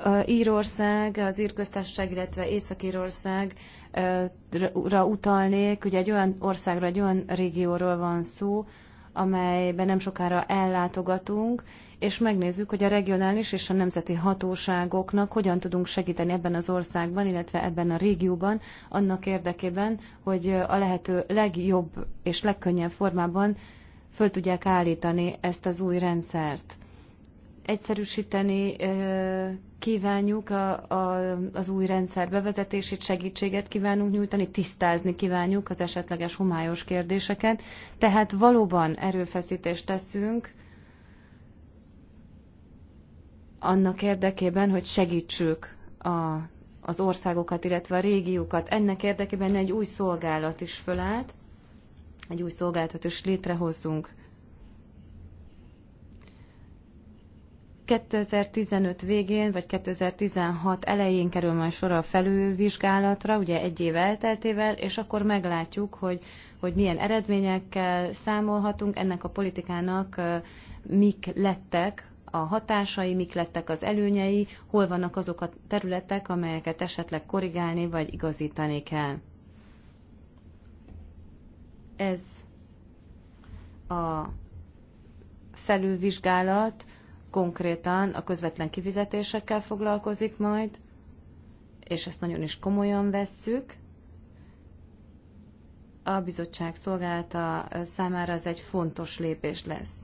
A Írország, az Írköztársaság, illetve Észak-Írországra utalnék. Ugye egy olyan országra, egy olyan régióról van szó, amelyben nem sokára ellátogatunk, és megnézzük, hogy a regionális és a nemzeti hatóságoknak hogyan tudunk segíteni ebben az országban, illetve ebben a régióban, annak érdekében, hogy a lehető legjobb és legkönnyebb formában föl tudják állítani ezt az új rendszert. Egyszerűsíteni kívánjuk a, a, az új rendszer bevezetését, segítséget kívánunk nyújtani, tisztázni kívánjuk az esetleges homályos kérdéseket. Tehát valóban erőfeszítést teszünk, annak érdekében, hogy segítsük a, az országokat, illetve a régiókat. Ennek érdekében egy új szolgálat is fölállt, egy új szolgálatot is létrehozzunk. 2015 végén, vagy 2016 elején kerül majd sor a felülvizsgálatra, ugye egy év elteltével, és akkor meglátjuk, hogy, hogy milyen eredményekkel számolhatunk, ennek a politikának mik lettek a hatásai, mik lettek az előnyei, hol vannak azok a területek, amelyeket esetleg korrigálni vagy igazítani kell. Ez a felülvizsgálat konkrétan a közvetlen kifizetésekkel foglalkozik majd, és ezt nagyon is komolyan vesszük. A bizottság szolgálata számára ez egy fontos lépés lesz.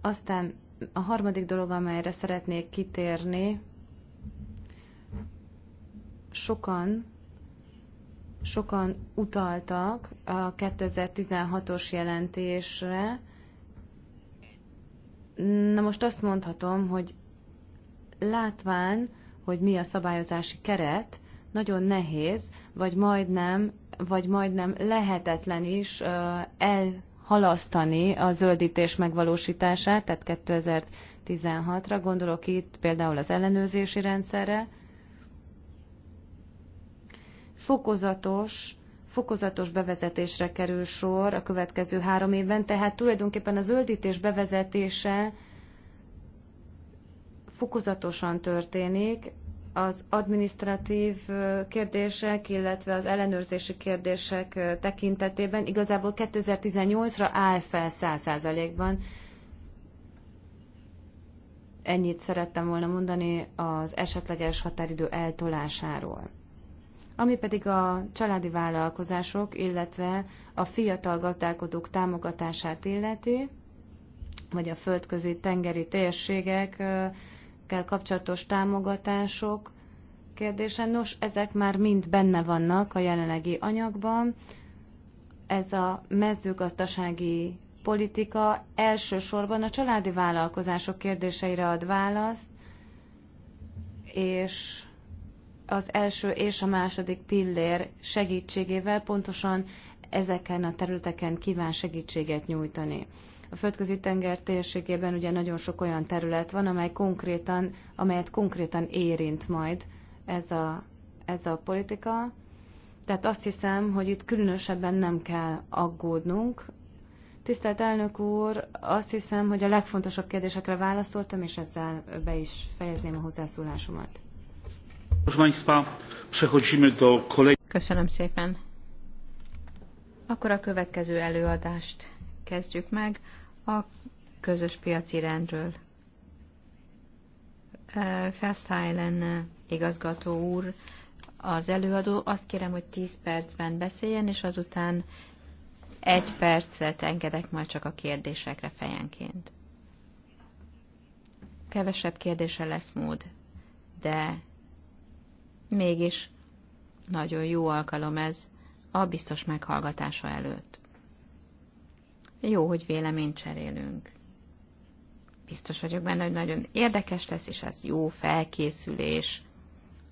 Aztán a harmadik dolog, amelyre szeretnék kitérni, sokan sokan utaltak a 2016-os jelentésre. Na most azt mondhatom, hogy látván, hogy mi a szabályozási keret, nagyon nehéz, vagy majdnem, vagy majdnem lehetetlen is el halasztani a zöldítés megvalósítását, tehát 2016-ra, gondolok itt például az ellenőrzési rendszerre. Fokozatos, fokozatos bevezetésre kerül sor a következő három évben, tehát tulajdonképpen a zöldítés bevezetése fokozatosan történik, az administratív kérdések, illetve az ellenőrzési kérdések tekintetében igazából 2018-ra áll fel 100%-ban. Ennyit szerettem volna mondani az esetleges határidő eltolásáról. Ami pedig a családi vállalkozások, illetve a fiatal gazdálkodók támogatását illeti, vagy a földközi tengeri térségek kell kapcsolatos támogatások kérdése. Nos, ezek már mind benne vannak a jelenlegi anyagban. Ez a mezőgazdasági politika elsősorban a családi vállalkozások kérdéseire ad választ, és az első és a második pillér segítségével pontosan ezeken a területeken kíván segítséget nyújtani. A földközi tenger térségében ugye nagyon sok olyan terület van, amely konkrétan, amelyet konkrétan érint majd ez a, ez a politika. Tehát azt hiszem, hogy itt különösebben nem kell aggódnunk. Tisztelt elnök úr, azt hiszem, hogy a legfontosabb kérdésekre válaszoltam, és ezzel be is fejezném a hozzászólásomat.
Köszönöm szépen. Akkor a következő előadást kezdjük meg a közös piaci rendről. Festheilen igazgató úr az előadó. Azt kérem, hogy 10 percben beszéljen, és azután egy percet engedek majd csak a kérdésekre fejenként. Kevesebb kérdése lesz mód, de mégis nagyon jó alkalom ez a biztos meghallgatása előtt. Jó, hogy véleményt cserélünk. Biztos vagyok benne, hogy nagyon érdekes lesz, és ez jó felkészülés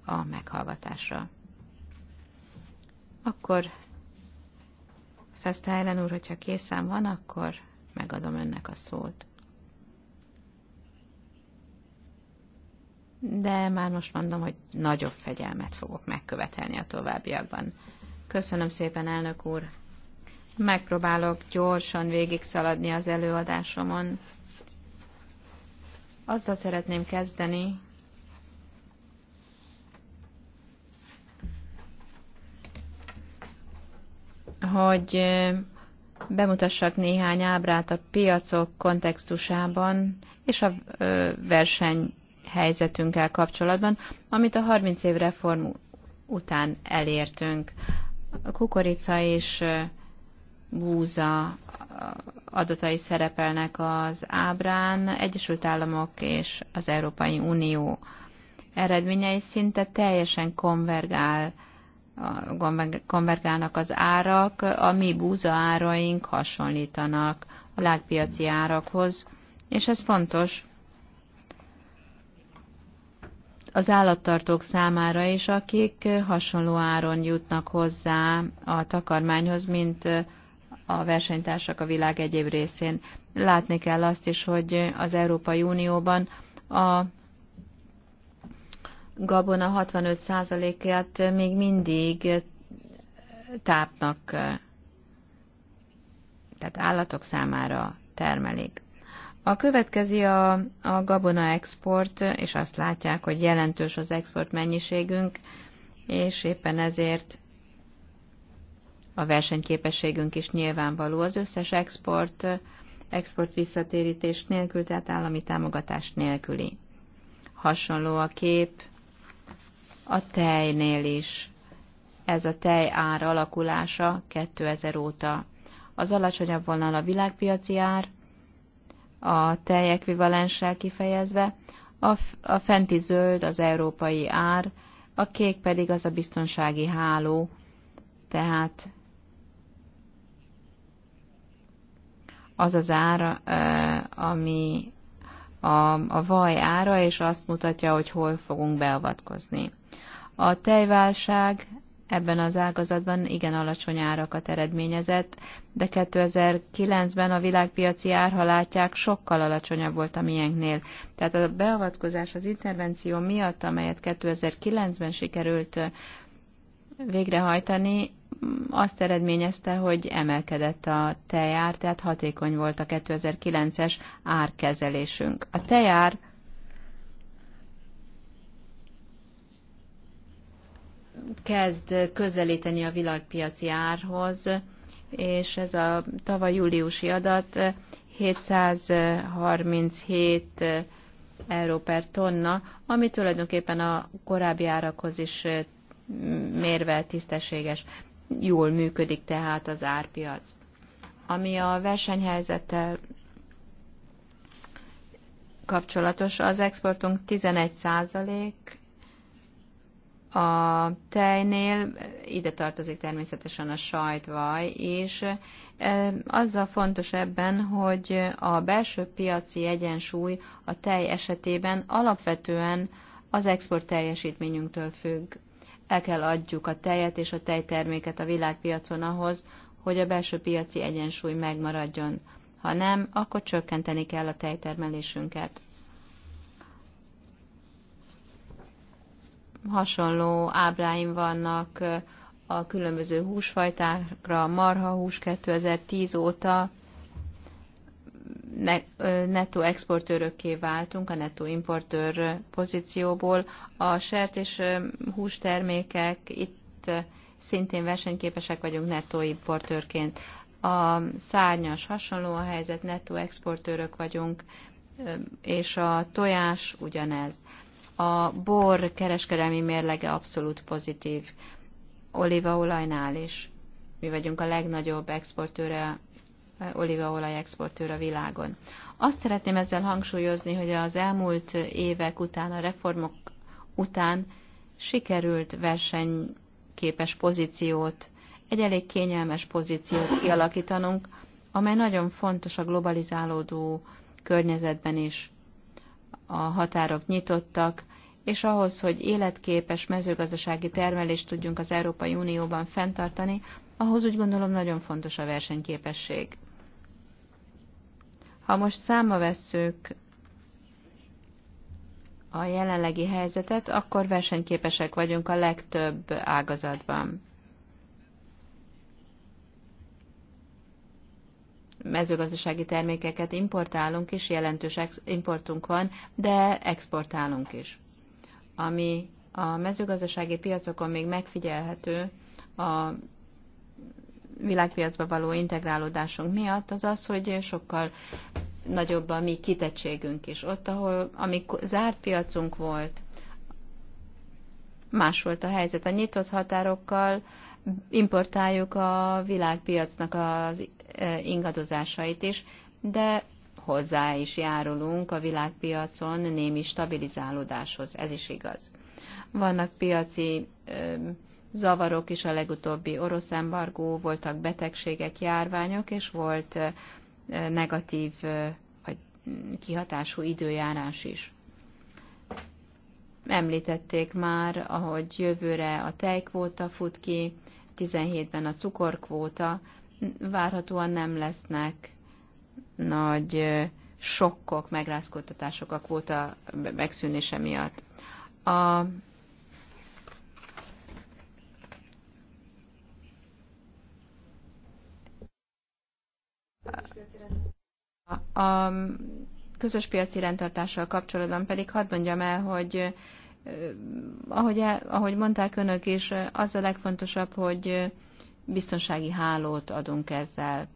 a meghallgatásra. Akkor Fesztájlen úr, hogyha készen van, akkor megadom önnek a szót. De már most mondom, hogy nagyobb fegyelmet fogok megkövetelni a továbbiakban. Köszönöm szépen, elnök úr! Megpróbálok gyorsan végigszaladni az előadásomon. Azzal szeretném kezdeni, hogy bemutassak néhány ábrát a piacok kontextusában és a versenyhelyzetünkkel kapcsolatban, amit a 30 év reform után elértünk. A kukorica és búza eh, adatai szerepelnek az ábrán, Egyesült Államok és az Európai Unió eredményei szinte teljesen konvergál, konvergálnak az árak, a mi búza áraink hasonlítanak a lágpiaci árakhoz, és ez fontos az állattartók számára is, akik hasonló áron jutnak hozzá a takarmányhoz, mint a versenytársak a világ egyéb részén. Látni kell azt is, hogy az Európai Unióban a gabona 65%-át még mindig tápnak, tehát állatok számára termelik. A következő a, a gabona export, és azt látják, hogy jelentős az export mennyiségünk, és éppen ezért a versenyképességünk is nyilvánvaló. Az összes export, export visszatérítés nélkül, tehát állami támogatás nélküli. Hasonló a kép a tejnél is. Ez a tej ár alakulása 2000 óta. Az alacsonyabb vonal a világpiaci ár, a tej ekvivalenssel kifejezve, a, a fenti zöld az európai ár, a kék pedig az a biztonsági háló, tehát az az ára, ami a, a vaj ára, és azt mutatja, hogy hol fogunk beavatkozni. A tejválság ebben az ágazatban igen alacsony árakat eredményezett, de 2009-ben a világpiaci ár, ha látják, sokkal alacsonyabb volt a miénknél. Tehát a beavatkozás az intervenció miatt, amelyet 2009-ben sikerült végrehajtani, azt eredményezte, hogy emelkedett a tejár, tehát hatékony volt a 2009-es árkezelésünk. A tejár kezd közelíteni a világpiaci árhoz, és ez a tavaly júliusi adat 737 euró per tonna, ami tulajdonképpen a korábbi árakhoz is mérve tisztességes. Jól működik tehát az árpiac. Ami a versenyhelyzettel kapcsolatos, az exportunk 11 százalék, a tejnél ide tartozik természetesen a sajtvaj, és az a fontos ebben, hogy a belső piaci egyensúly a tej esetében alapvetően az export teljesítményünktől függ el kell adjuk a tejet és a tejterméket a világpiacon ahhoz, hogy a belső piaci egyensúly megmaradjon. Ha nem, akkor csökkenteni kell a tejtermelésünket. Hasonló ábráim vannak a különböző húsfajtákra, marha hús 2010 óta netto exportőrökké váltunk a netto importőr pozícióból. A sert és hústermékek itt szintén versenyképesek vagyunk netto importőrként. A szárnyas hasonló a helyzet, netto exportőrök vagyunk, és a tojás ugyanez. A bor kereskedelmi mérlege abszolút pozitív, olívaolajnál is. Mi vagyunk a legnagyobb exportőre olívaolaj exportőr a világon. Azt szeretném ezzel hangsúlyozni, hogy az elmúlt évek után, a reformok után sikerült versenyképes pozíciót, egy elég kényelmes pozíciót kialakítanunk, amely nagyon fontos a globalizálódó környezetben is. A határok nyitottak, és ahhoz, hogy életképes mezőgazdasági termelést tudjunk az Európai Unióban fenntartani, ahhoz úgy gondolom nagyon fontos a versenyképesség. Ha most száma vesszük a jelenlegi helyzetet, akkor versenyképesek vagyunk a legtöbb ágazatban. Mezőgazdasági termékeket importálunk is, jelentős importunk van, de exportálunk is. Ami a mezőgazdasági piacokon még megfigyelhető, a világpiacba való integrálódásunk miatt az az, hogy sokkal nagyobb a mi kitettségünk is. Ott, ahol amikor zárt piacunk volt, más volt a helyzet. A nyitott határokkal importáljuk a világpiacnak az e, ingadozásait is, de hozzá is járulunk a világpiacon némi stabilizálódáshoz. Ez is igaz. Vannak piaci e, zavarok is, a legutóbbi orosz embargó, voltak betegségek, járványok, és volt negatív vagy kihatású időjárás is. Említették már, ahogy jövőre a tejkvóta fut ki, 17-ben a cukorkvóta, várhatóan nem lesznek nagy sokkok, megrázkódtatások a kvóta megszűnése miatt. A A közös piaci rendtartással kapcsolatban pedig hadd mondjam el, hogy eh, ahogy, ahogy mondták önök is, az a legfontosabb, hogy biztonsági hálót adunk ezzel.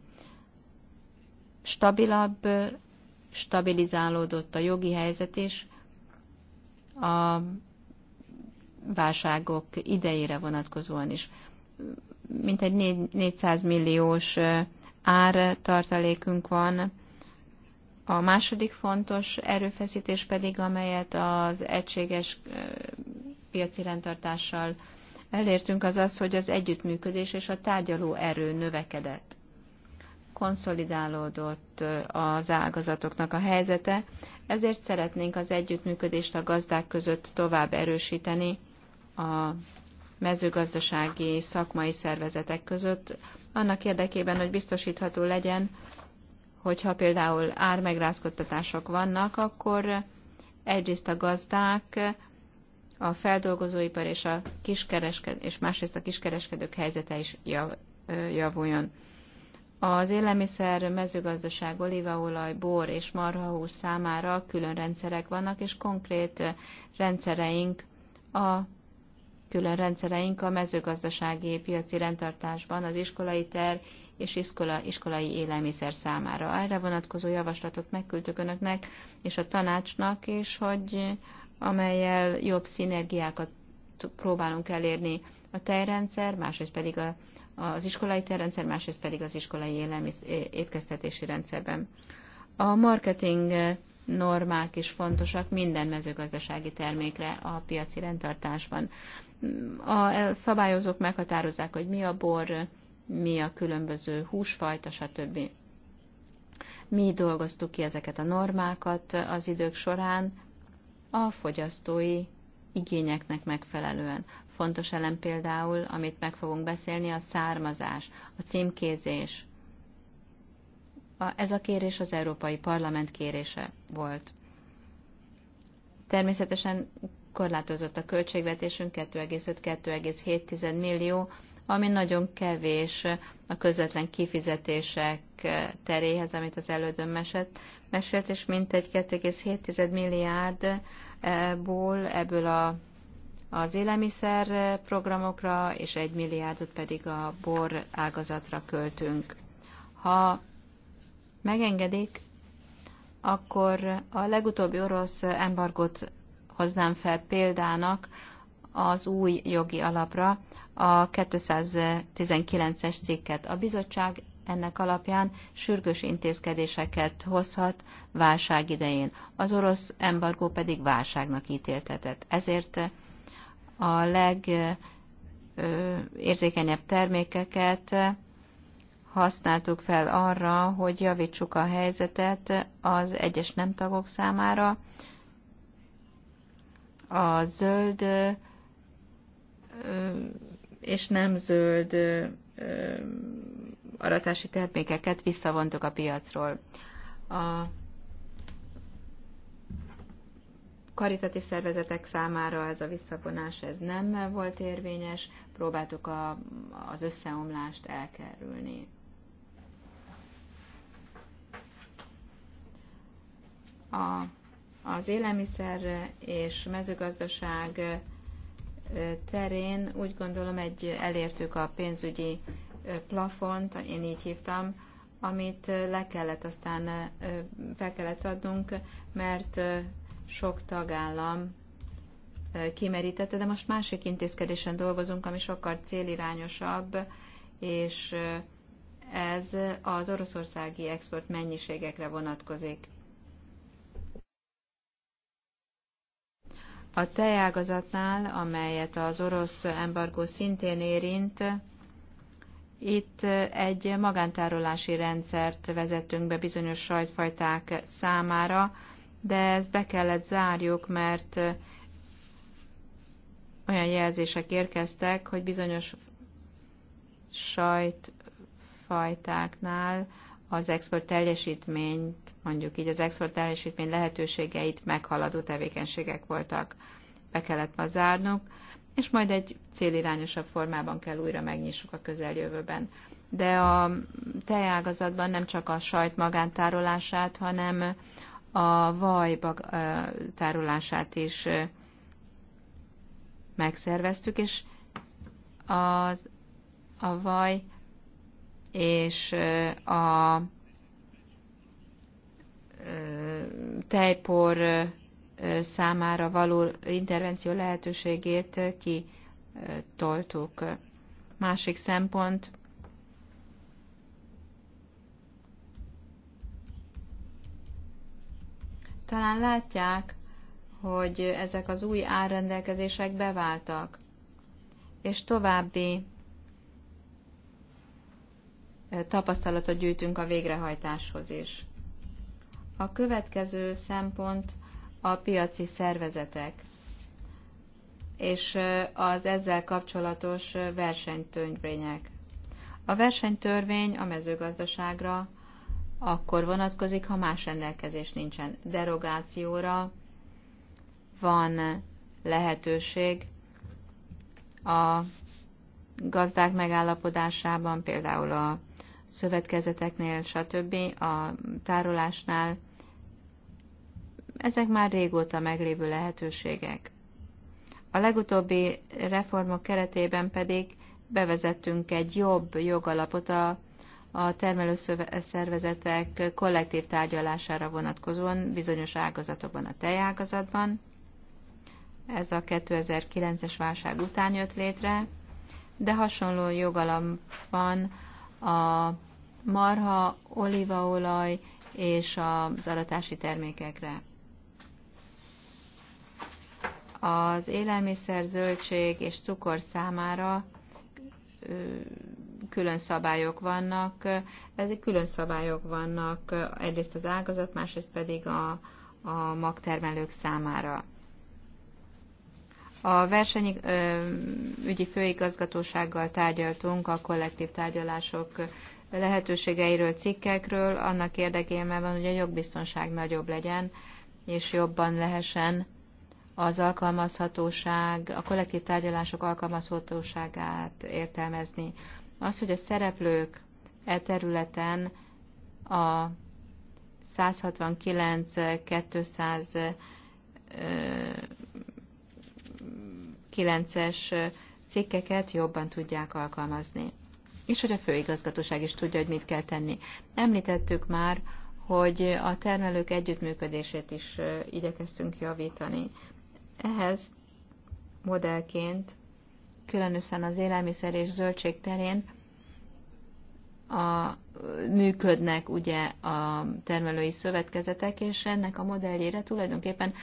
Stabilabb, stabilizálódott a jogi helyzet is a válságok idejére vonatkozóan is. mint egy 400 milliós eh, ártartalékunk van. A második fontos erőfeszítés pedig, amelyet az egységes piaci rendtartással elértünk, az az, hogy az együttműködés és a tárgyaló erő növekedett. Konszolidálódott az ágazatoknak a helyzete, ezért szeretnénk az együttműködést a gazdák között tovább erősíteni a mezőgazdasági szakmai szervezetek között, annak érdekében, hogy biztosítható legyen, hogyha például ármegrázkodtatások vannak, akkor egyrészt a gazdák, a feldolgozóipar és, a kiskeresked- és másrészt a kiskereskedők helyzete is javuljon. Az élelmiszer, mezőgazdaság, olívaolaj, bor és marhahús számára külön rendszerek vannak, és konkrét rendszereink a külön rendszereink a mezőgazdasági piaci rendtartásban az iskolai ter és iskola, iskolai élelmiszer számára. Erre vonatkozó javaslatot megküldtük önöknek és a tanácsnak is, hogy amelyel jobb szinergiákat próbálunk elérni a tejrendszer, másrészt pedig a, az iskolai tejrendszer, másrészt pedig az iskolai élelmiszer, étkeztetési rendszerben. A marketing normák is fontosak minden mezőgazdasági termékre a piaci rendtartásban a szabályozók meghatározzák, hogy mi a bor, mi a különböző húsfajta, stb. Mi dolgoztuk ki ezeket a normákat az idők során a fogyasztói igényeknek megfelelően. Fontos elem például, amit meg fogunk beszélni, a származás, a címkézés. A, ez a kérés az Európai Parlament kérése volt. Természetesen korlátozott a költségvetésünk 2,5-2,7 millió, ami nagyon kevés a közvetlen kifizetések teréhez, amit az elődön mesett, mesélt, és mintegy 2,7 milliárdból ebből a, az élelmiszer programokra, és 1 milliárdot pedig a bor ágazatra költünk. Ha megengedik, akkor a legutóbbi orosz embargot hoznám fel példának az új jogi alapra a 219-es cikket. A bizottság ennek alapján sürgős intézkedéseket hozhat válság idején. Az orosz embargó pedig válságnak ítéltetett. Ezért a legérzékenyebb termékeket használtuk fel arra, hogy javítsuk a helyzetet az egyes nem tagok számára, a zöld és nem zöld aratási termékeket visszavontuk a piacról. A karitatív szervezetek számára ez a visszavonás ez nem volt érvényes, próbáltuk a, az összeomlást elkerülni. A az élelmiszer és mezőgazdaság terén úgy gondolom egy elértük a pénzügyi plafont, én így hívtam, amit le kellett aztán fel kellett adnunk, mert sok tagállam kimerítette, de most másik intézkedésen dolgozunk, ami sokkal célirányosabb, és ez az oroszországi export mennyiségekre vonatkozik. A tejágazatnál, amelyet az orosz embargó szintén érint, itt egy magántárolási rendszert vezetünk be bizonyos sajtfajták számára, de ezt be kellett zárjuk, mert olyan jelzések érkeztek, hogy bizonyos sajtfajtáknál az export teljesítményt, mondjuk így az export teljesítmény lehetőségeit meghaladó tevékenységek voltak. Be kellett ma zárnunk, és majd egy célirányosabb formában kell újra megnyissuk a közeljövőben. De a tejágazatban nem csak a sajt magántárolását, hanem a vaj tárolását is megszerveztük, és az, a vaj és a tejpor számára való intervenció lehetőségét kitoltuk. Másik szempont, talán látják, hogy ezek az új árrendelkezések beváltak, és további tapasztalatot gyűjtünk a végrehajtáshoz is. A következő szempont a piaci szervezetek és az ezzel kapcsolatos versenytörvények. A versenytörvény a mezőgazdaságra akkor vonatkozik, ha más rendelkezés nincsen. Derogációra van lehetőség a gazdák megállapodásában, például a szövetkezeteknél, stb. a tárolásnál. Ezek már régóta meglévő lehetőségek. A legutóbbi reformok keretében pedig bevezettünk egy jobb jogalapot a, a termelőszervezetek kollektív tárgyalására vonatkozóan bizonyos ágazatokban, a tejágazatban. Ez a 2009-es válság után jött létre, de hasonló jogalapban a marha, olívaolaj és az aratási termékekre. Az élelmiszer, zöldség és cukor számára külön szabályok vannak. Ezek külön szabályok vannak egyrészt az ágazat, másrészt pedig a, a magtermelők számára. A versenyügyi főigazgatósággal tárgyaltunk a kollektív tárgyalások lehetőségeiről, cikkekről, annak érdekében van, hogy a jogbiztonság nagyobb legyen, és jobban lehessen az alkalmazhatóság, a kollektív tárgyalások alkalmazhatóságát értelmezni. Az, hogy a szereplők e területen a 169-200 9-es cikkeket jobban tudják alkalmazni. És hogy a főigazgatóság is tudja, hogy mit kell tenni. Említettük már, hogy a termelők együttműködését is igyekeztünk javítani. Ehhez modellként, különösen az élelmiszer és zöldség terén a, működnek ugye a termelői szövetkezetek, és ennek a modelljére tulajdonképpen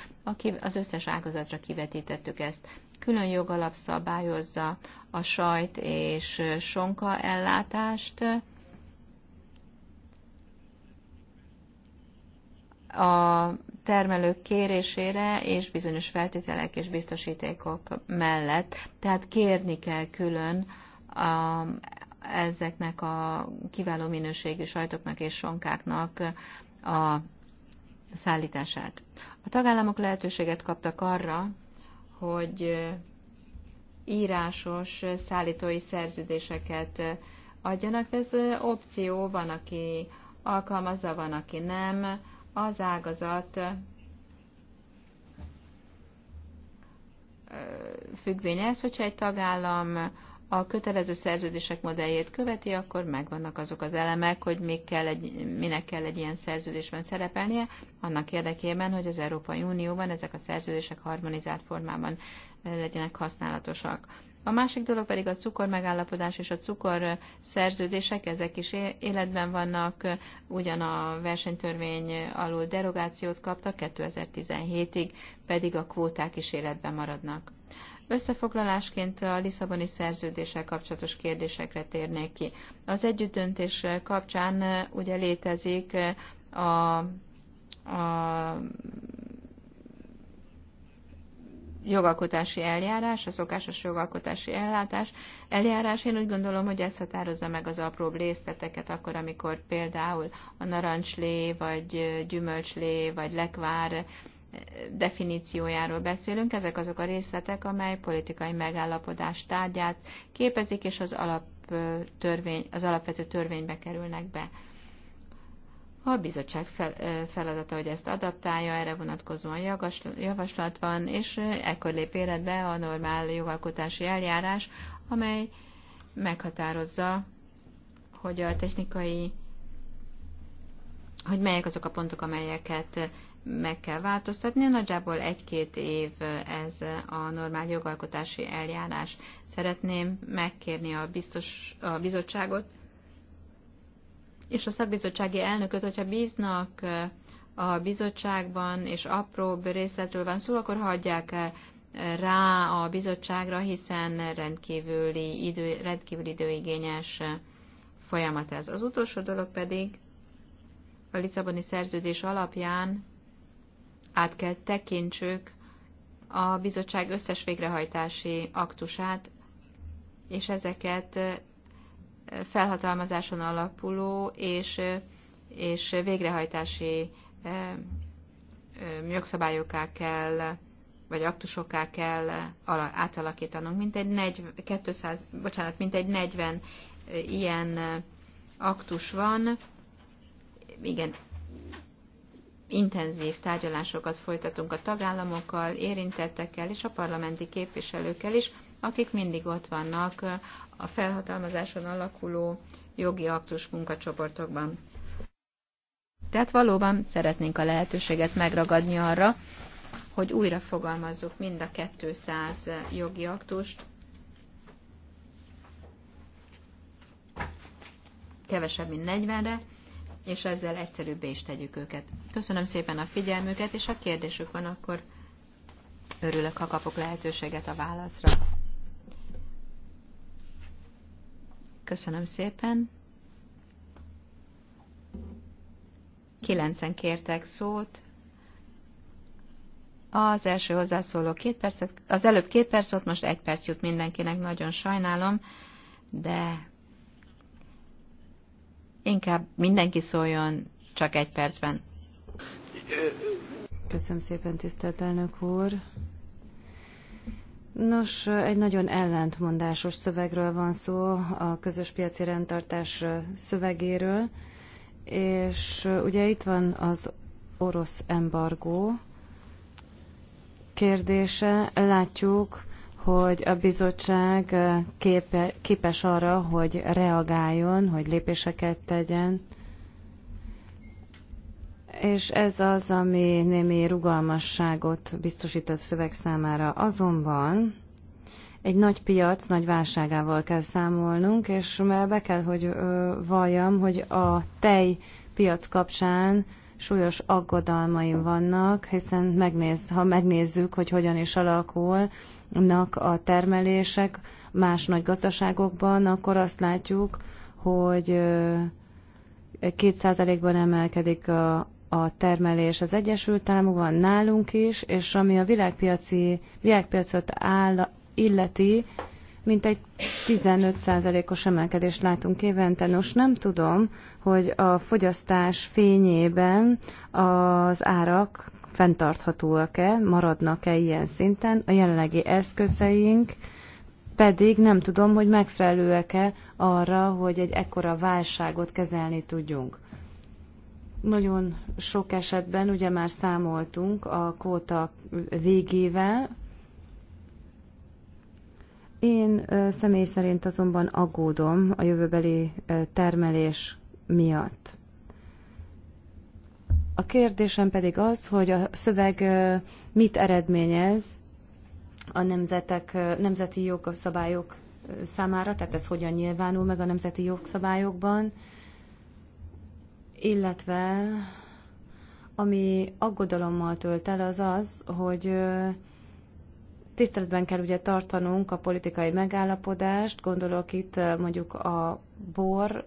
az összes ágazatra kivetítettük ezt külön jogalap szabályozza a sajt és sonka ellátást, a termelők kérésére és bizonyos feltételek és biztosítékok mellett. Tehát kérni kell külön a, ezeknek a kiváló minőségű sajtoknak és sonkáknak a szállítását. A tagállamok lehetőséget kaptak arra, hogy írásos szállítói szerződéseket adjanak, ez opció, van, aki alkalmazza, van, aki nem. Az ágazat függvénye ez, hogyha egy tagállam a kötelező szerződések modelljét követi, akkor megvannak azok az elemek, hogy még kell egy, minek kell egy ilyen szerződésben szerepelnie, annak érdekében, hogy az Európai Unióban ezek a szerződések harmonizált formában eh, legyenek használatosak. A másik dolog pedig a cukor megállapodás és a cukor eh, szerződések, ezek is életben vannak, eh, ugyan a versenytörvény alól derogációt kaptak, 2017-ig pedig a kvóták is életben maradnak. Összefoglalásként a Lisszaboni szerződéssel kapcsolatos kérdésekre térnék ki. Az együttdöntés kapcsán eh, ugye létezik eh, a, a jogalkotási eljárás, a szokásos jogalkotási ellátás eljárás. Én úgy gondolom, hogy ez határozza meg az apró részleteket akkor, amikor például a narancslé, vagy gyümölcslé, vagy lekvár definíciójáról beszélünk, ezek azok a részletek, amely politikai megállapodás tárgyát képezik, és az, alap törvény, az alapvető törvénybe kerülnek be. A bizottság feladata, hogy ezt adaptálja, erre vonatkozóan javaslat van, és ekkor lép életbe a normál jogalkotási eljárás, amely meghatározza, hogy a technikai, hogy melyek azok a pontok, amelyeket meg kell változtatni. Nagyjából egy-két év ez a normál jogalkotási eljárás. Szeretném megkérni a, biztos, a bizottságot és a szakbizottsági elnököt, hogyha bíznak eh, a bizottságban, és apróbb részletről van szó, akkor hagyják el eh, rá a bizottságra, hiszen rendkívüli idő, rendkívül időigényes eh, folyamat ez. Az utolsó dolog pedig a Lisszaboni szerződés alapján át kell a bizottság összes végrehajtási aktusát, és ezeket felhatalmazáson alapuló és, és végrehajtási jogszabályokká kell, vagy aktusokká kell átalakítanunk. egy 40, 200, bocsánat, egy 40 ilyen aktus van. Igen, intenzív tárgyalásokat folytatunk a tagállamokkal, érintettekkel és a parlamenti képviselőkkel is, akik mindig ott vannak a felhatalmazáson alakuló jogi aktus munkacsoportokban. Tehát valóban szeretnénk a lehetőséget megragadni arra, hogy újra fogalmazzuk mind a 200 jogi aktust, kevesebb, mint 40-re, és ezzel egyszerűbbé is tegyük őket. Köszönöm szépen a figyelmüket, és ha kérdésük van, akkor örülök, ha kapok lehetőséget a válaszra. Köszönöm szépen. Kilencen kértek szót. Az első hozzászóló két percet, az előbb két perc volt, most egy perc jut mindenkinek, nagyon sajnálom, de Inkább mindenki szóljon csak egy percben. Köszönöm szépen,
tisztelt elnök úr. Nos, egy nagyon ellentmondásos szövegről van szó, a közös piaci rendtartás szövegéről, és ugye itt van az orosz embargó kérdése. Látjuk, hogy a bizottság képe, képes arra, hogy reagáljon, hogy lépéseket tegyen, és ez az, ami némi rugalmasságot biztosít a szöveg számára. Azonban egy nagy piac nagy válságával kell számolnunk, és be kell, hogy valljam, hogy a tej piac kapcsán súlyos aggodalmaim vannak, hiszen megnéz, ha megnézzük, hogy hogyan is alakulnak a termelések más nagy gazdaságokban, akkor azt látjuk, hogy két ban emelkedik a, a termelés az Egyesült Államokban, nálunk is, és ami a világpiaci, világpiacot áll, illeti, mintegy 15%-os emelkedést látunk évente. Nos, nem tudom, hogy a fogyasztás fényében az árak fenntarthatóak-e, maradnak-e ilyen szinten, a jelenlegi eszközeink pedig nem tudom, hogy megfelelőek-e arra, hogy egy ekkora válságot kezelni tudjunk. Nagyon sok esetben ugye már számoltunk a kóta végével, én személy szerint azonban aggódom a jövőbeli termelés miatt. A kérdésem pedig az, hogy a szöveg mit eredményez a nemzetek, nemzeti jogszabályok számára, tehát ez hogyan nyilvánul meg a nemzeti jogszabályokban, illetve ami aggodalommal tölt el, az az, hogy Tiszteletben kell ugye tartanunk a politikai megállapodást, gondolok itt mondjuk a bor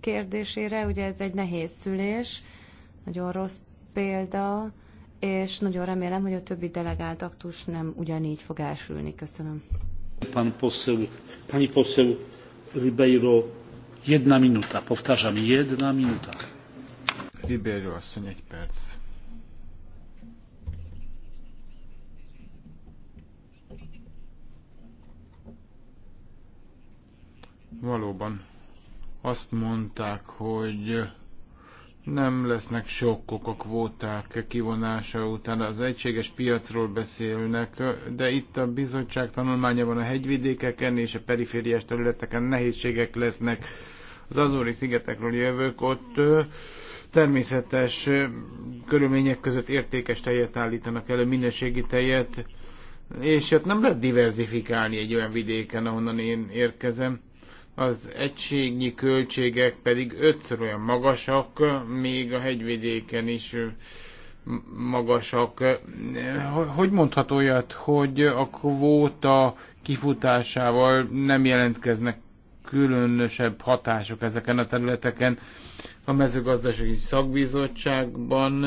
kérdésére, ugye ez egy nehéz szülés, nagyon rossz példa, és nagyon remélem, hogy a többi delegált aktus nem ugyanígy fog elsülni. Köszönöm.
Pan poseł, pani poseł Ribeiro, jedna minuta, powtarzam, jedna
minuta. Ribeiro asszony, egy perc. Valóban azt mondták, hogy nem lesznek sokkok a kvóták kivonása után. Az egységes piacról beszélnek, de itt a bizottság van a hegyvidékeken és a perifériás területeken nehézségek lesznek. Az Azori szigetekről jövök, ott természetes körülmények között értékes tejet állítanak elő, minőségi tejet, és hát nem lehet diversifikálni egy olyan vidéken, ahonnan én érkezem az egységnyi költségek pedig ötször olyan magasak, még a hegyvidéken is magasak. Hogy mondhat olyat, hogy a kvóta kifutásával nem jelentkeznek különösebb hatások ezeken a területeken? A mezőgazdasági szakbizottságban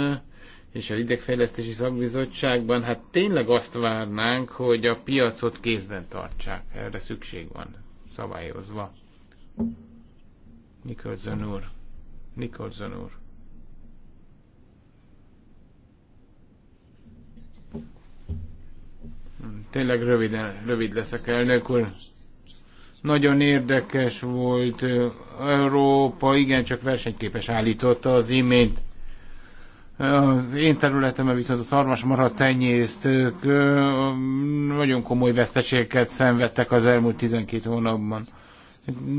és a idegfejlesztési szakbizottságban, hát tényleg azt várnánk, hogy a piacot kézben tartsák. Erre szükség van szabályozva. Nikolson úr. Nikolson úr. Tényleg röviden, rövid leszek, elnök úr. Nagyon érdekes volt. Európa igencsak versenyképes állította az imént. Az én területemben viszont a szarvasmarha tenyésztők nagyon komoly veszteségeket szenvedtek az elmúlt 12 hónapban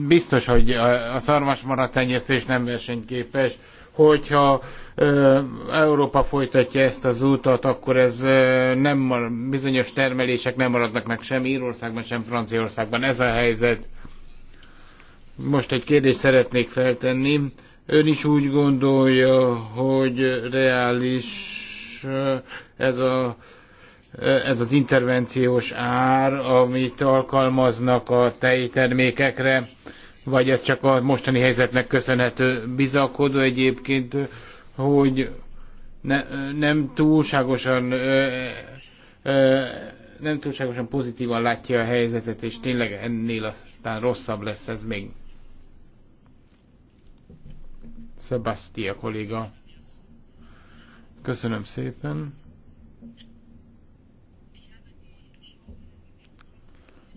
Biztos, hogy a szarvasmarat tenyésztés nem versenyképes. Hogyha ö, Európa folytatja ezt az útat, akkor ez ö, nem bizonyos termelések nem maradnak meg sem Írországban, sem Franciaországban. Ez a helyzet. Most egy kérdést szeretnék feltenni. Ön is úgy gondolja, hogy reális ez a ez az intervenciós ár, amit alkalmaznak a tejtermékekre, vagy ez csak a mostani helyzetnek köszönhető bizakodó egyébként, hogy ne, nem túlságosan nem túlságosan pozitívan látja a helyzetet, és tényleg ennél aztán rosszabb lesz ez még. Sebastia kolléga. Köszönöm szépen.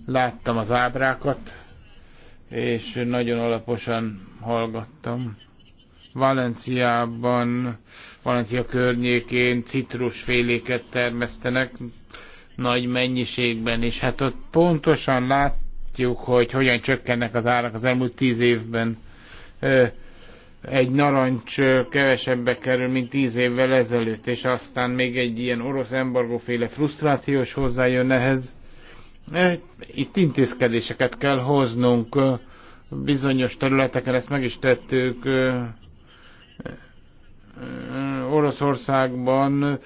láttam az ábrákat, és nagyon alaposan hallgattam. Valenciában, Valencia környékén citrusféléket termesztenek nagy mennyiségben, és hát ott pontosan látjuk, hogy hogyan csökkennek az árak az elmúlt tíz évben. Egy narancs kevesebbe kerül, mint tíz évvel ezelőtt, és aztán még egy ilyen orosz embargóféle frusztrációs hozzájön ehhez itt intézkedéseket kell hoznunk, bizonyos területeken ezt meg is tettük. Oroszországban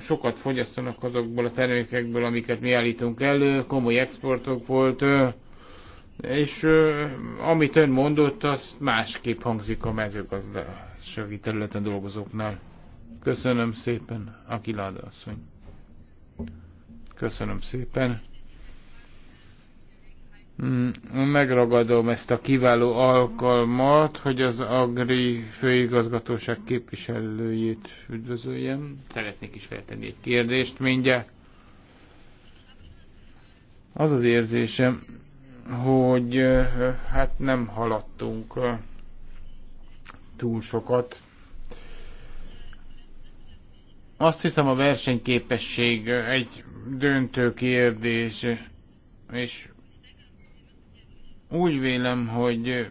sokat fogyasztanak azokból a termékekből, amiket mi állítunk elő, komoly exportok volt, és amit ön mondott, az másképp hangzik a mezőgazdasági területen dolgozóknál. Köszönöm szépen, Akilada asszony. Köszönöm szépen. Hmm, megragadom ezt a kiváló alkalmat, hogy az Agri főigazgatóság képviselőjét üdvözöljem. Szeretnék is feltenni egy kérdést mindjárt. Az az érzésem, hogy eh, hát nem haladtunk eh, túl sokat azt hiszem a versenyképesség egy döntő kérdés, és úgy vélem, hogy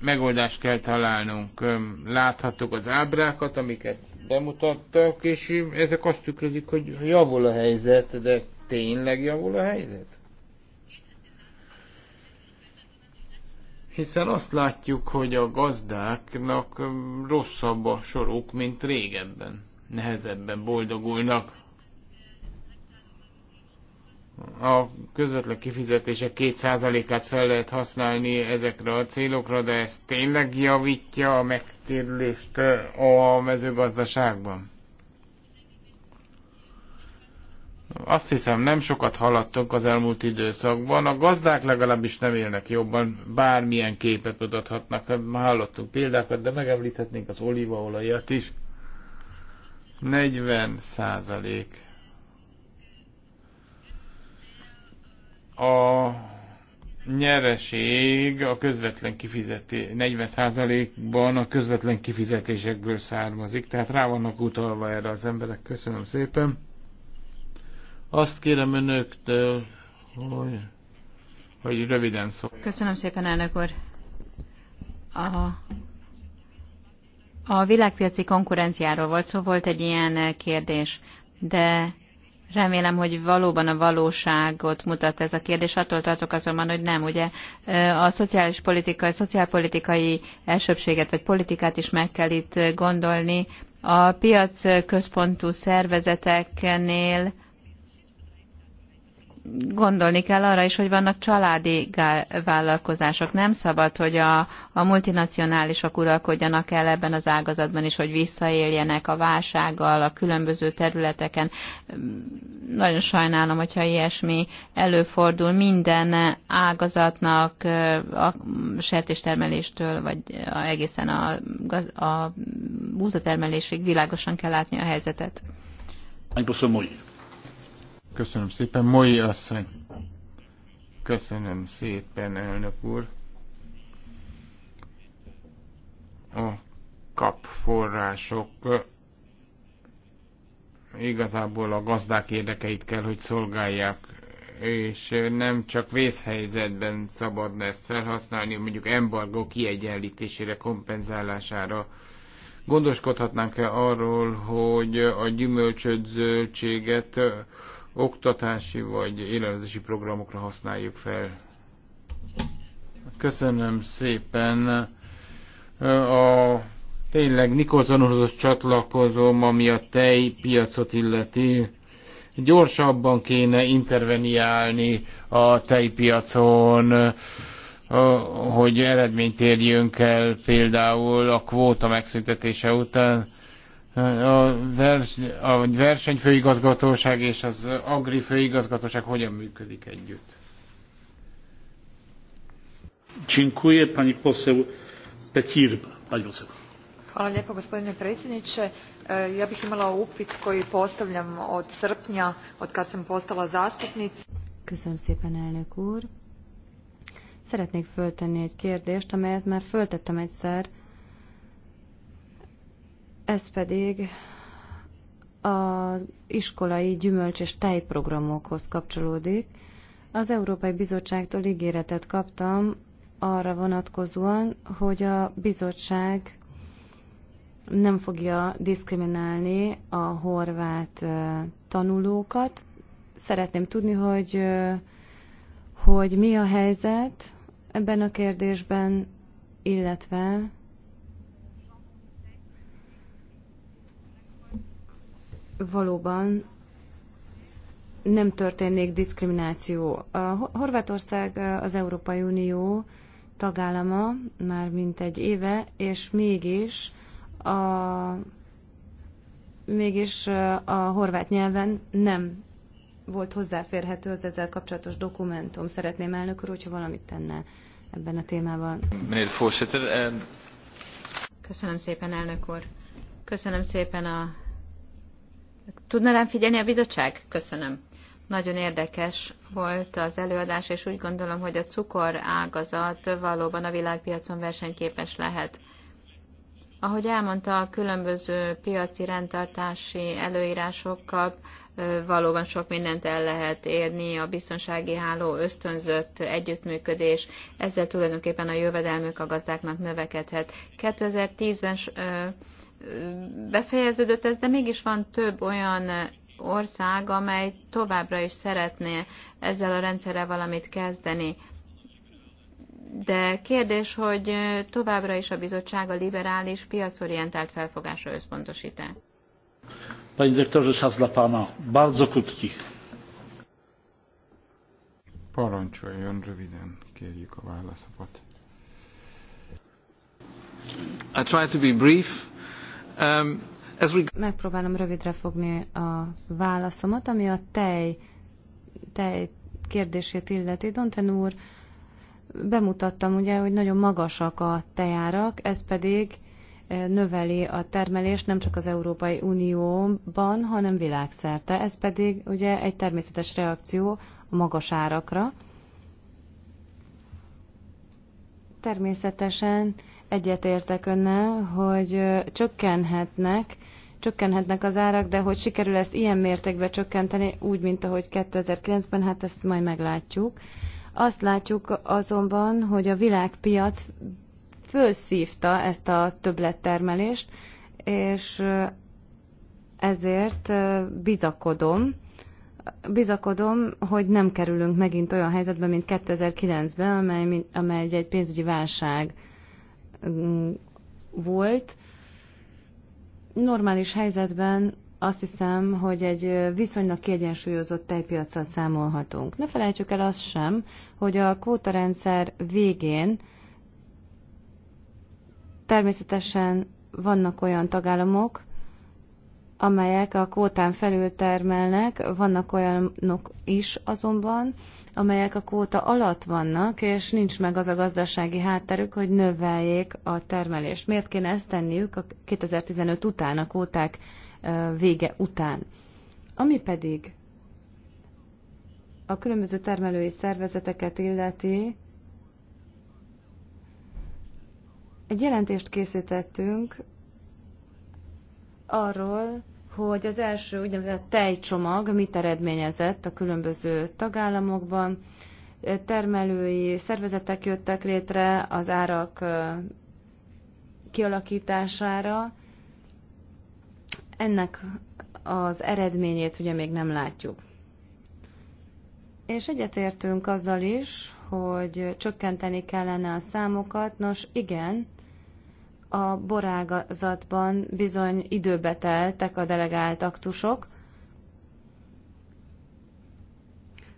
megoldást kell találnunk. Láthattuk az ábrákat, amiket bemutattak, és ezek azt tükrözik, hogy javul a helyzet, de tényleg javul a helyzet? Hiszen azt látjuk, hogy a gazdáknak rosszabb a soruk, mint régebben nehezebben boldogulnak. A közvetlen kifizetések 2%-át fel lehet használni ezekre a célokra, de ez tényleg javítja a megtérülést a mezőgazdaságban? Azt hiszem, nem sokat haladtunk az elmúlt időszakban. A gazdák legalábbis nem élnek jobban, bármilyen képet adhatnak. Hallottunk példákat, de megemlíthetnénk az olívaolajat is. 40 százalék. A nyereség a közvetlen kifizetés 40%-ban a közvetlen kifizetésekből származik, tehát rá vannak utalva erre az emberek. Köszönöm szépen. Azt kérem önöktől, hogy, hogy röviden szó.
Köszönöm szépen, elnök úr. A a világpiaci konkurenciáról volt szó, volt egy ilyen eh, kérdés, de remélem, hogy valóban a valóságot mutat ez a kérdés. Attól tartok azonban, hogy nem, ugye eh, a szociális politikai, szociálpolitikai elsőbséget vagy politikát is meg kell itt eh, gondolni. A piac központú szervezeteknél gondolni kell arra is, hogy vannak családi vállalkozások. Nem szabad, hogy a, a multinacionálisok uralkodjanak el ebben az ágazatban is, hogy visszaéljenek a válsággal a különböző területeken. Nagyon sajnálom, hogyha ilyesmi előfordul minden ágazatnak a sertéstermeléstől, vagy egészen a, a búzatermelésig világosan kell látni a helyzetet.
Köszönöm, Köszönöm szépen, Moi asszony. Köszönöm szépen, elnök úr. A kap források igazából a gazdák érdekeit kell, hogy szolgálják, és nem csak vészhelyzetben szabadna ezt felhasználni, mondjuk embargó kiegyenlítésére, kompenzálására. Gondoskodhatnánk-e arról, hogy a gyümölcsöt, zöldséget oktatási vagy élelmezési programokra használjuk fel. Köszönöm szépen. A tényleg Nikolsonhoz csatlakozom, ami a tejpiacot illeti. Gyorsabban kéne interveniálni a tejpiacon, hogy eredményt érjünk el például a kvóta megszüntetése után a, vers, a versenyfőigazgatóság és az agri főigazgatóság hogyan működik együtt?
Dziękuję pani poseł Petir.
Pani poseł.
Hvala lijepo gospodine predsjedniče. E, ja bih imala upit koji postavljam od srpnja, od kad sam postala zastupnica.
Köszönöm szépen, elnök úr. Szeretnék föltenni egy kérdést, amelyet már föltettem egyszer ez pedig az iskolai gyümölcs és tejprogramokhoz kapcsolódik. Az Európai Bizottságtól ígéretet kaptam arra vonatkozóan, hogy a bizottság nem fogja diszkriminálni a horvát tanulókat. Szeretném tudni, hogy, hogy mi a helyzet ebben a kérdésben, illetve valóban nem történik diszkrimináció. A Horvátország az Európai Unió tagállama már mint egy éve, és mégis a, mégis a horvát nyelven nem volt hozzáférhető az ezzel kapcsolatos dokumentum. Szeretném elnök úr, hogyha valamit tenne ebben a témában.
Ehm,
Köszönöm szépen, elnök úr. Köszönöm szépen a Tudna rám figyelni a bizottság? Köszönöm. Nagyon érdekes volt az előadás, és úgy gondolom, hogy a cukor ágazat valóban a világpiacon versenyképes lehet. Ahogy elmondta, a különböző piaci rendtartási előírásokkal valóban sok mindent el lehet érni, a biztonsági háló ösztönzött együttműködés, ezzel tulajdonképpen a jövedelmük a gazdáknak növekedhet. 2010-ben befejeződött ez, de mégis van több olyan ország, amely továbbra is szeretné ezzel a rendszerrel valamit kezdeni. De kérdés, hogy továbbra is a bizottság a liberális, piacorientált felfogásra összpontosít-e?
Panie dyrektorze, czas dla pana. Bardzo krótki. Parancsoljon
röviden, kérjük a válaszokat. I try to be brief. Um,
Megpróbálom rövidre fogni a válaszomat, ami a tej, tej kérdését illeti. Donten úr, bemutattam ugye, hogy nagyon magasak a tejárak, ez pedig eh, növeli a termelést nem csak az Európai Unióban, hanem világszerte. Ez pedig ugye egy természetes reakció a magas árakra. Természetesen egyetértek önnel, hogy csökkenhetnek, csökkenhetnek az árak, de hogy sikerül ezt ilyen mértékben csökkenteni, úgy, mint ahogy 2009-ben, hát ezt majd meglátjuk. Azt látjuk azonban, hogy a világpiac fölszívta ezt a többlettermelést, és ezért bizakodom, bizakodom, hogy nem kerülünk megint olyan helyzetbe, mint 2009-ben, amely, amely egy pénzügyi válság volt. Normális helyzetben azt hiszem, hogy egy viszonylag kiegyensúlyozott tejpiacsal számolhatunk. Ne felejtsük el azt sem, hogy a kvótarendszer végén természetesen vannak olyan tagállamok, amelyek a kvótán felül termelnek, vannak olyanok is azonban, amelyek a kóta alatt vannak, és nincs meg az a gazdasági hátterük, hogy növeljék a termelést. Miért kéne ezt tenniük a 2015 után, a kóták vége után? Ami pedig a különböző termelői szervezeteket illeti, egy jelentést készítettünk arról, hogy az első úgynevezett tejcsomag mit eredményezett a különböző tagállamokban. Termelői szervezetek jöttek létre az árak kialakítására. Ennek az eredményét ugye még nem látjuk. És egyetértünk azzal is, hogy csökkenteni kellene a számokat. Nos, igen, a borágazatban bizony időbe teltek a delegált aktusok,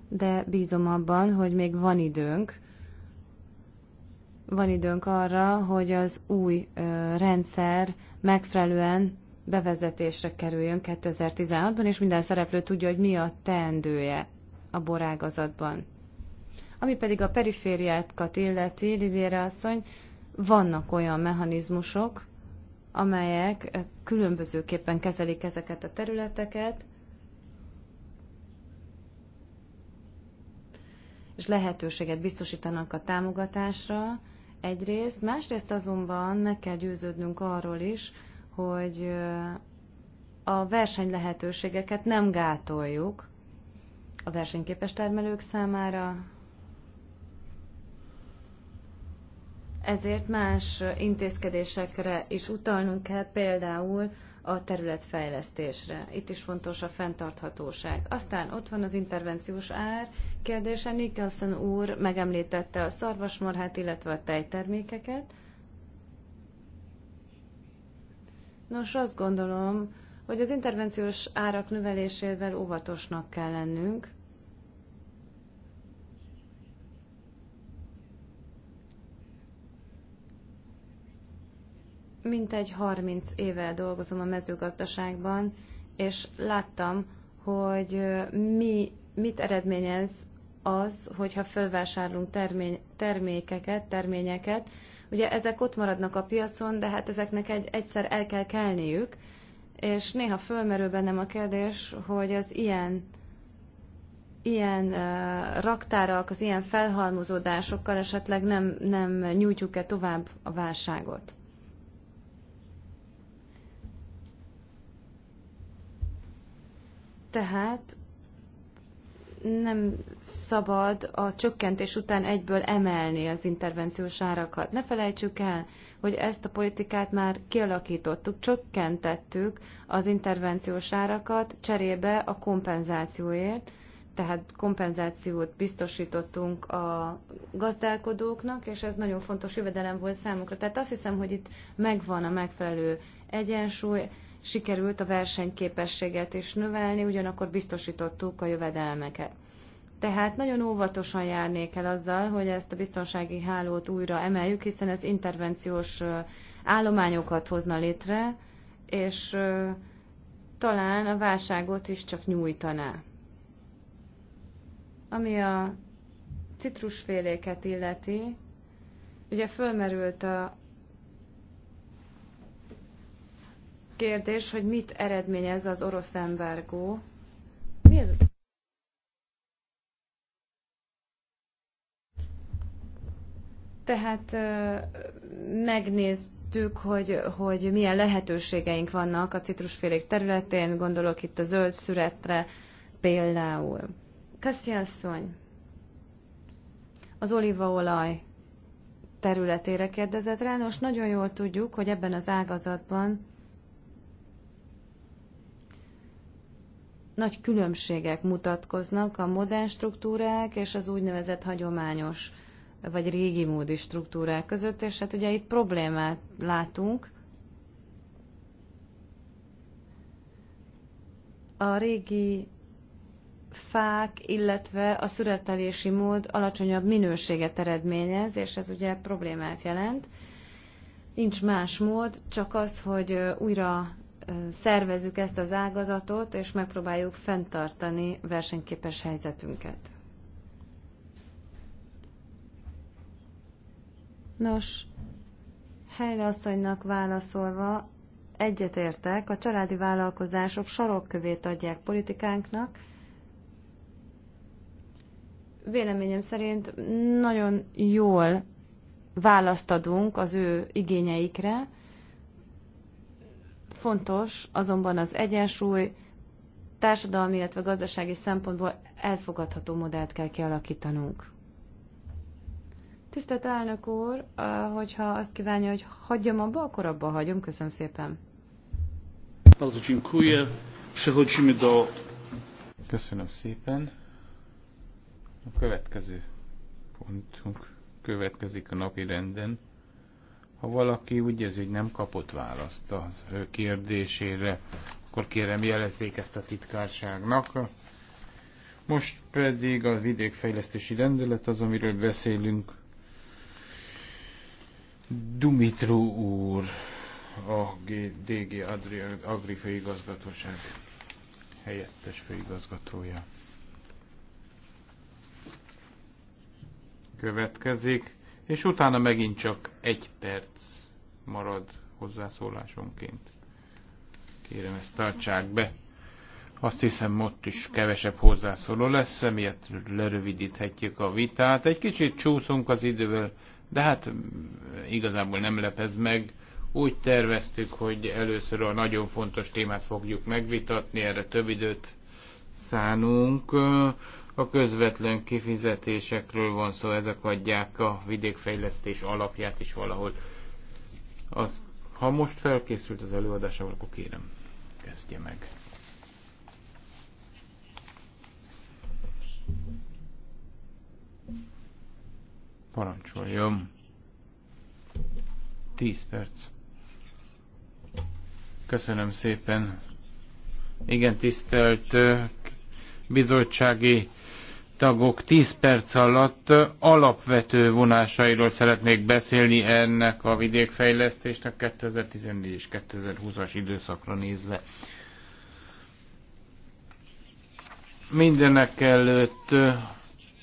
de bízom abban, hogy még van időnk, van időnk arra, hogy az új rendszer megfelelően bevezetésre kerüljön 2016-ban, és minden szereplő tudja, hogy mi a teendője a borágazatban. Ami pedig a perifériákat illeti, Liviera asszony, vannak olyan mechanizmusok, amelyek eh, különbözőképpen kezelik ezeket a területeket, és lehetőséget biztosítanak a támogatásra egyrészt, másrészt azonban meg kell győződnünk arról is, hogy eh, a verseny lehetőségeket nem gátoljuk a versenyképes termelők számára, ezért más intézkedésekre is utalnunk kell, például a területfejlesztésre. Itt is fontos a fenntarthatóság. Aztán ott van az intervenciós ár kérdése. Nicholson úr megemlítette a szarvasmarhát, illetve a tejtermékeket. Nos, azt gondolom, hogy az intervenciós árak növelésével óvatosnak kell lennünk, mintegy 30 éve dolgozom a mezőgazdaságban, és láttam, hogy mi, mit eredményez az, hogyha fölvásárlunk termény, termékeket, terményeket. Ugye ezek ott maradnak a piacon, de hát ezeknek egy, egyszer el kell kelniük, és néha fölmerül bennem a kérdés, hogy az ilyen ilyen uh, raktárak, az ilyen felhalmozódásokkal esetleg nem, nem nyújtjuk-e tovább a válságot. Tehát nem szabad a csökkentés után egyből emelni az intervenciós árakat. Ne felejtsük el, hogy ezt a politikát már kialakítottuk, csökkentettük az intervenciós árakat cserébe a kompenzációért, tehát kompenzációt biztosítottunk a gazdálkodóknak, és ez nagyon fontos jövedelem volt számukra. Tehát azt hiszem, hogy itt megvan a megfelelő egyensúly, sikerült a versenyképességet is növelni, ugyanakkor biztosítottuk a jövedelmeket. Tehát nagyon óvatosan járnék el azzal, hogy ezt a biztonsági hálót újra emeljük, hiszen ez intervenciós állományokat hozna létre, és talán a válságot is csak nyújtaná. Ami a citrusféléket illeti, ugye fölmerült a, kérdés, hogy mit eredményez az orosz embargó. Mi ez? Tehát megnéztük, hogy, hogy milyen lehetőségeink vannak a citrusfélék területén, gondolok itt a zöld szüretre például. Köszi asszony, az olívaolaj területére kérdezett rá, most nagyon jól tudjuk, hogy ebben az ágazatban nagy különbségek mutatkoznak a modern struktúrák és az úgynevezett hagyományos vagy régi módi struktúrák között, és hát ugye itt problémát látunk. A régi fák, illetve a szüretelési mód alacsonyabb minőséget eredményez, és ez ugye problémát jelent. Nincs más mód, csak az, hogy újra szervezzük ezt az ágazatot, és megpróbáljuk fenntartani versenyképes helyzetünket. Nos, Helyre asszonynak válaszolva, egyetértek, a családi vállalkozások sarokkövét adják politikánknak. Véleményem szerint nagyon jól választadunk az ő igényeikre, Fontos azonban az egyensúly, társadalmi, illetve gazdasági szempontból elfogadható modellt kell kialakítanunk. Tisztelt elnök úr, hogyha azt kívánja, hogy hagyjam abba, akkor abba hagyom. Köszönöm szépen.
Köszönöm szépen. A következő pontunk következik a napi renden. Ha valaki úgy érzi, hogy nem kapott választ az ő kérdésére, akkor kérem jelezzék ezt a titkárságnak. Most pedig a vidékfejlesztési rendelet az, amiről beszélünk. Dumitru úr, a DG Agri főigazgatóság helyettes főigazgatója. Következik és utána megint csak egy perc marad hozzászólásonként. Kérem, ezt tartsák be. Azt hiszem, ott is kevesebb hozzászóló lesz, emiatt lerövidíthetjük a vitát. Egy kicsit csúszunk az idővel, de hát mm, igazából nem lepez meg. Úgy terveztük, hogy először a nagyon fontos témát fogjuk megvitatni, erre több időt szánunk. A közvetlen kifizetésekről van szó, ezek adják a vidékfejlesztés alapját is valahol. Az, ha most felkészült az előadásával, akkor kérem, kezdje meg. Parancsoljon. 10 perc. Köszönöm szépen. Igen, tisztelt bizottsági tagok 10 perc alatt alapvető vonásairól szeretnék beszélni ennek a vidékfejlesztésnek 2014 és 2020-as időszakra nézve. Mindenek előtt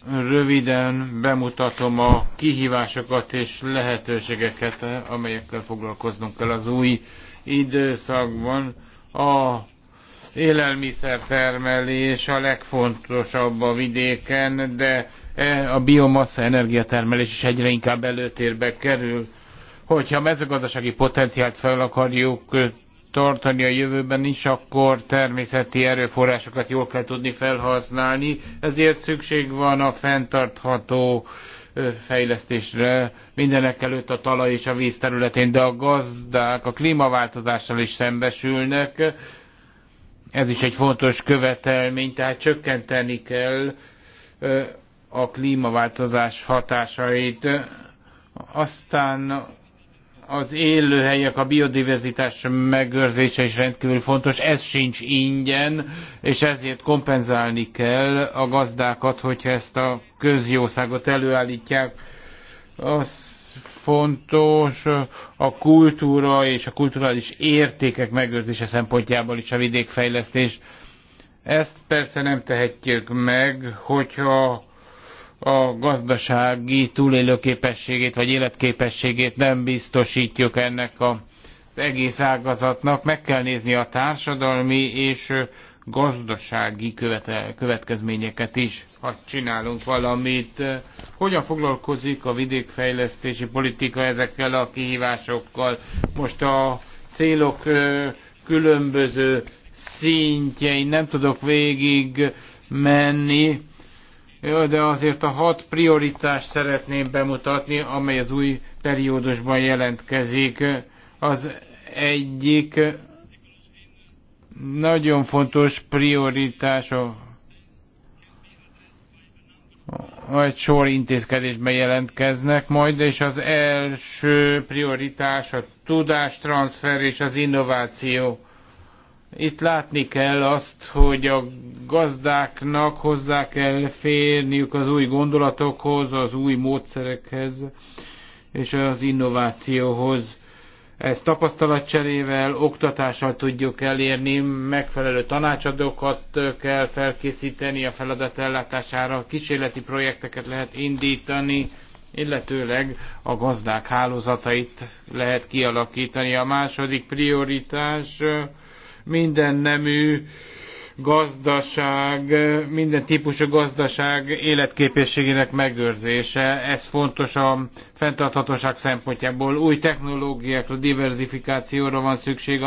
röviden bemutatom a kihívásokat és lehetőségeket, amelyekkel foglalkoznunk kell az új időszakban. A élelmiszertermelés a legfontosabb a vidéken, de e, a biomassa energiatermelés is egyre inkább előtérbe kerül. Hogyha a mezőgazdasági potenciált fel akarjuk tartani a jövőben is, akkor természeti erőforrásokat jól kell tudni felhasználni, ezért szükség van a fenntartható fejlesztésre, mindenek előtt a talaj és a víz területén, de a gazdák a klímaváltozással is szembesülnek, ez is egy fontos követelmény, tehát csökkenteni kell a klímaváltozás hatásait. Aztán az élőhelyek, a biodiverzitás megőrzése is rendkívül fontos, ez sincs ingyen, és ezért kompenzálni kell a gazdákat, hogyha ezt a közjószágot előállítják. Azt fontos a kultúra és a kulturális értékek megőrzése szempontjából is a vidékfejlesztés. Ezt persze nem tehetjük meg, hogyha a gazdasági túlélőképességét vagy életképességét nem biztosítjuk ennek a az egész ágazatnak, meg kell nézni a társadalmi és gazdasági követel, következményeket is, ha csinálunk valamit. Hogyan foglalkozik a vidékfejlesztési politika ezekkel a kihívásokkal? Most a célok különböző szintjein nem tudok végig menni, de azért a hat prioritást szeretném bemutatni, amely az új periódusban jelentkezik. Az egyik nagyon fontos prioritás a egy sor intézkedésben jelentkeznek majd, és az első prioritás a tudástranszfer és az innováció. Itt látni kell azt, hogy a gazdáknak hozzá kell férniük az új gondolatokhoz, az új módszerekhez és az innovációhoz. Ezt tapasztalatcserével, oktatással tudjuk elérni, megfelelő tanácsadókat kell felkészíteni a feladat ellátására, kísérleti projekteket lehet indítani, illetőleg a gazdák hálózatait lehet kialakítani. A második prioritás minden nemű gazdaság, minden típusú gazdaság életképességének megőrzése. Ez fontos a fenntarthatóság szempontjából. Új technológiákra, diversifikációra van szükség,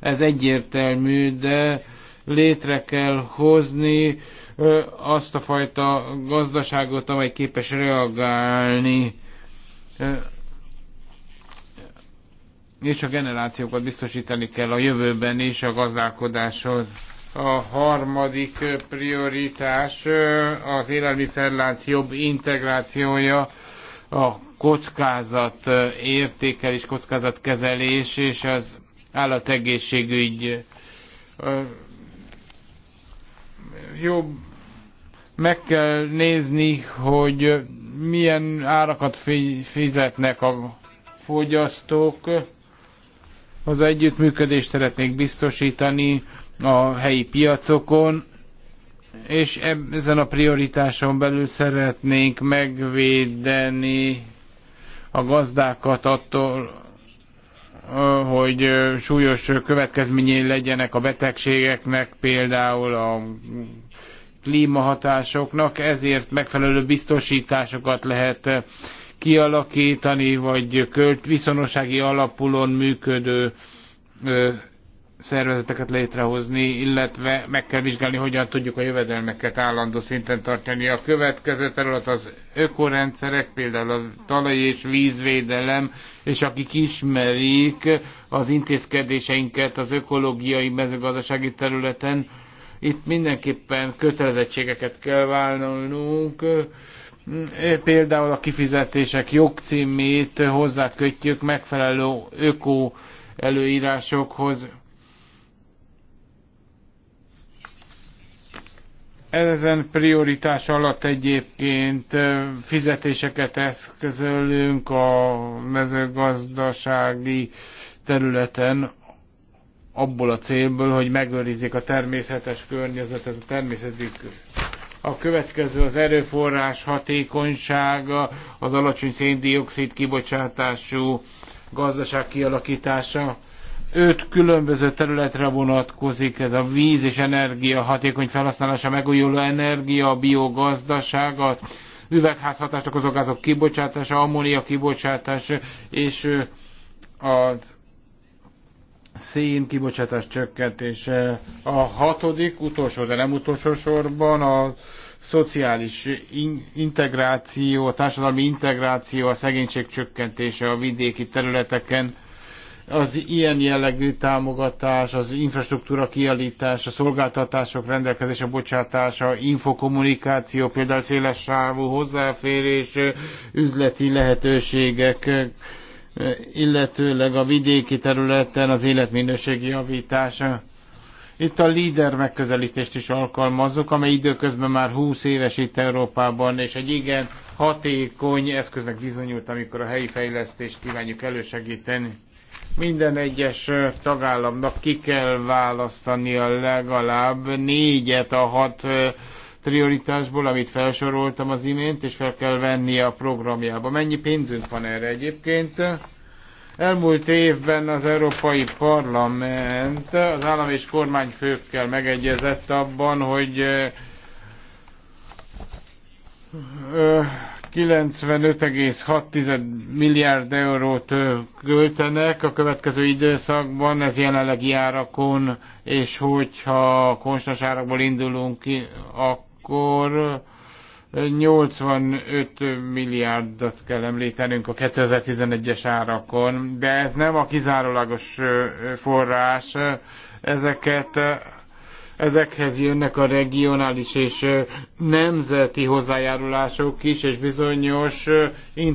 ez egyértelmű, de létre kell hozni azt a fajta gazdaságot, amely képes reagálni és a generációkat biztosítani kell a jövőben is a gazdálkodáshoz. A harmadik prioritás az élelmiszerlánc jobb integrációja, a kockázat értékelés, kockázatkezelés és az állategészségügy jobb meg kell nézni, hogy milyen árakat fizetnek a fogyasztók. Az együttműködést szeretnék biztosítani a helyi piacokon, és ezen a prioritáson belül szeretnénk megvédeni a gazdákat attól, hogy súlyos következményei legyenek a betegségeknek, például a klímahatásoknak, ezért megfelelő biztosításokat lehet kialakítani, vagy viszonosági alapulon működő szervezeteket létrehozni, illetve meg kell vizsgálni, hogyan tudjuk a jövedelmeket állandó szinten tartani. A következő terület az ökorendszerek, például a talaj és vízvédelem, és akik ismerik az intézkedéseinket az ökológiai mezőgazdasági területen, itt mindenképpen kötelezettségeket kell vállalnunk, például a kifizetések jogcímét hozzákötjük megfelelő öko előírásokhoz, Ezen prioritás alatt egyébként fizetéseket eszközölünk a mezőgazdasági területen abból a célból, hogy megőrizzék a természetes környezetet, a természeti a következő az erőforrás hatékonysága, az alacsony széndiokszid kibocsátású gazdaság kialakítása öt különböző területre vonatkozik, ez a víz és energia, hatékony felhasználása, megújuló energia, a biogazdaság, a üvegházhatást okozó gázok kibocsátása, ammónia kibocsátása, és a szén kibocsátás csökkentése. A hatodik, utolsó, de nem utolsó sorban a szociális integráció, a társadalmi integráció, a szegénység csökkentése a vidéki területeken az ilyen jellegű támogatás, az infrastruktúra kiállítás, a szolgáltatások rendelkezése bocsátása, infokommunikáció, például széles sávú hozzáférés, üzleti lehetőségek, illetőleg a vidéki területen az életminőség javítása. Itt a líder megközelítést is alkalmazok, amely időközben már 20 éves itt Európában, és egy igen hatékony eszköznek bizonyult, amikor a helyi fejlesztést kívánjuk elősegíteni minden egyes tagállamnak ki kell választania legalább négyet a hat prioritásból, amit felsoroltam az imént, és fel kell venni a programjába. Mennyi pénzünk van erre egyébként? Elmúlt évben az Európai Parlament az állam és kormányfőkkel megegyezett abban, hogy 95,6 milliárd eurót költenek a következő időszakban, ez jelenlegi árakon, és hogyha konstans árakból indulunk ki, akkor 85 milliárdot kell említenünk a 2011-es árakon, de ez nem a kizárólagos forrás, ezeket ezekhez jönnek a regionális és nemzeti hozzájárulások is, és bizonyos mi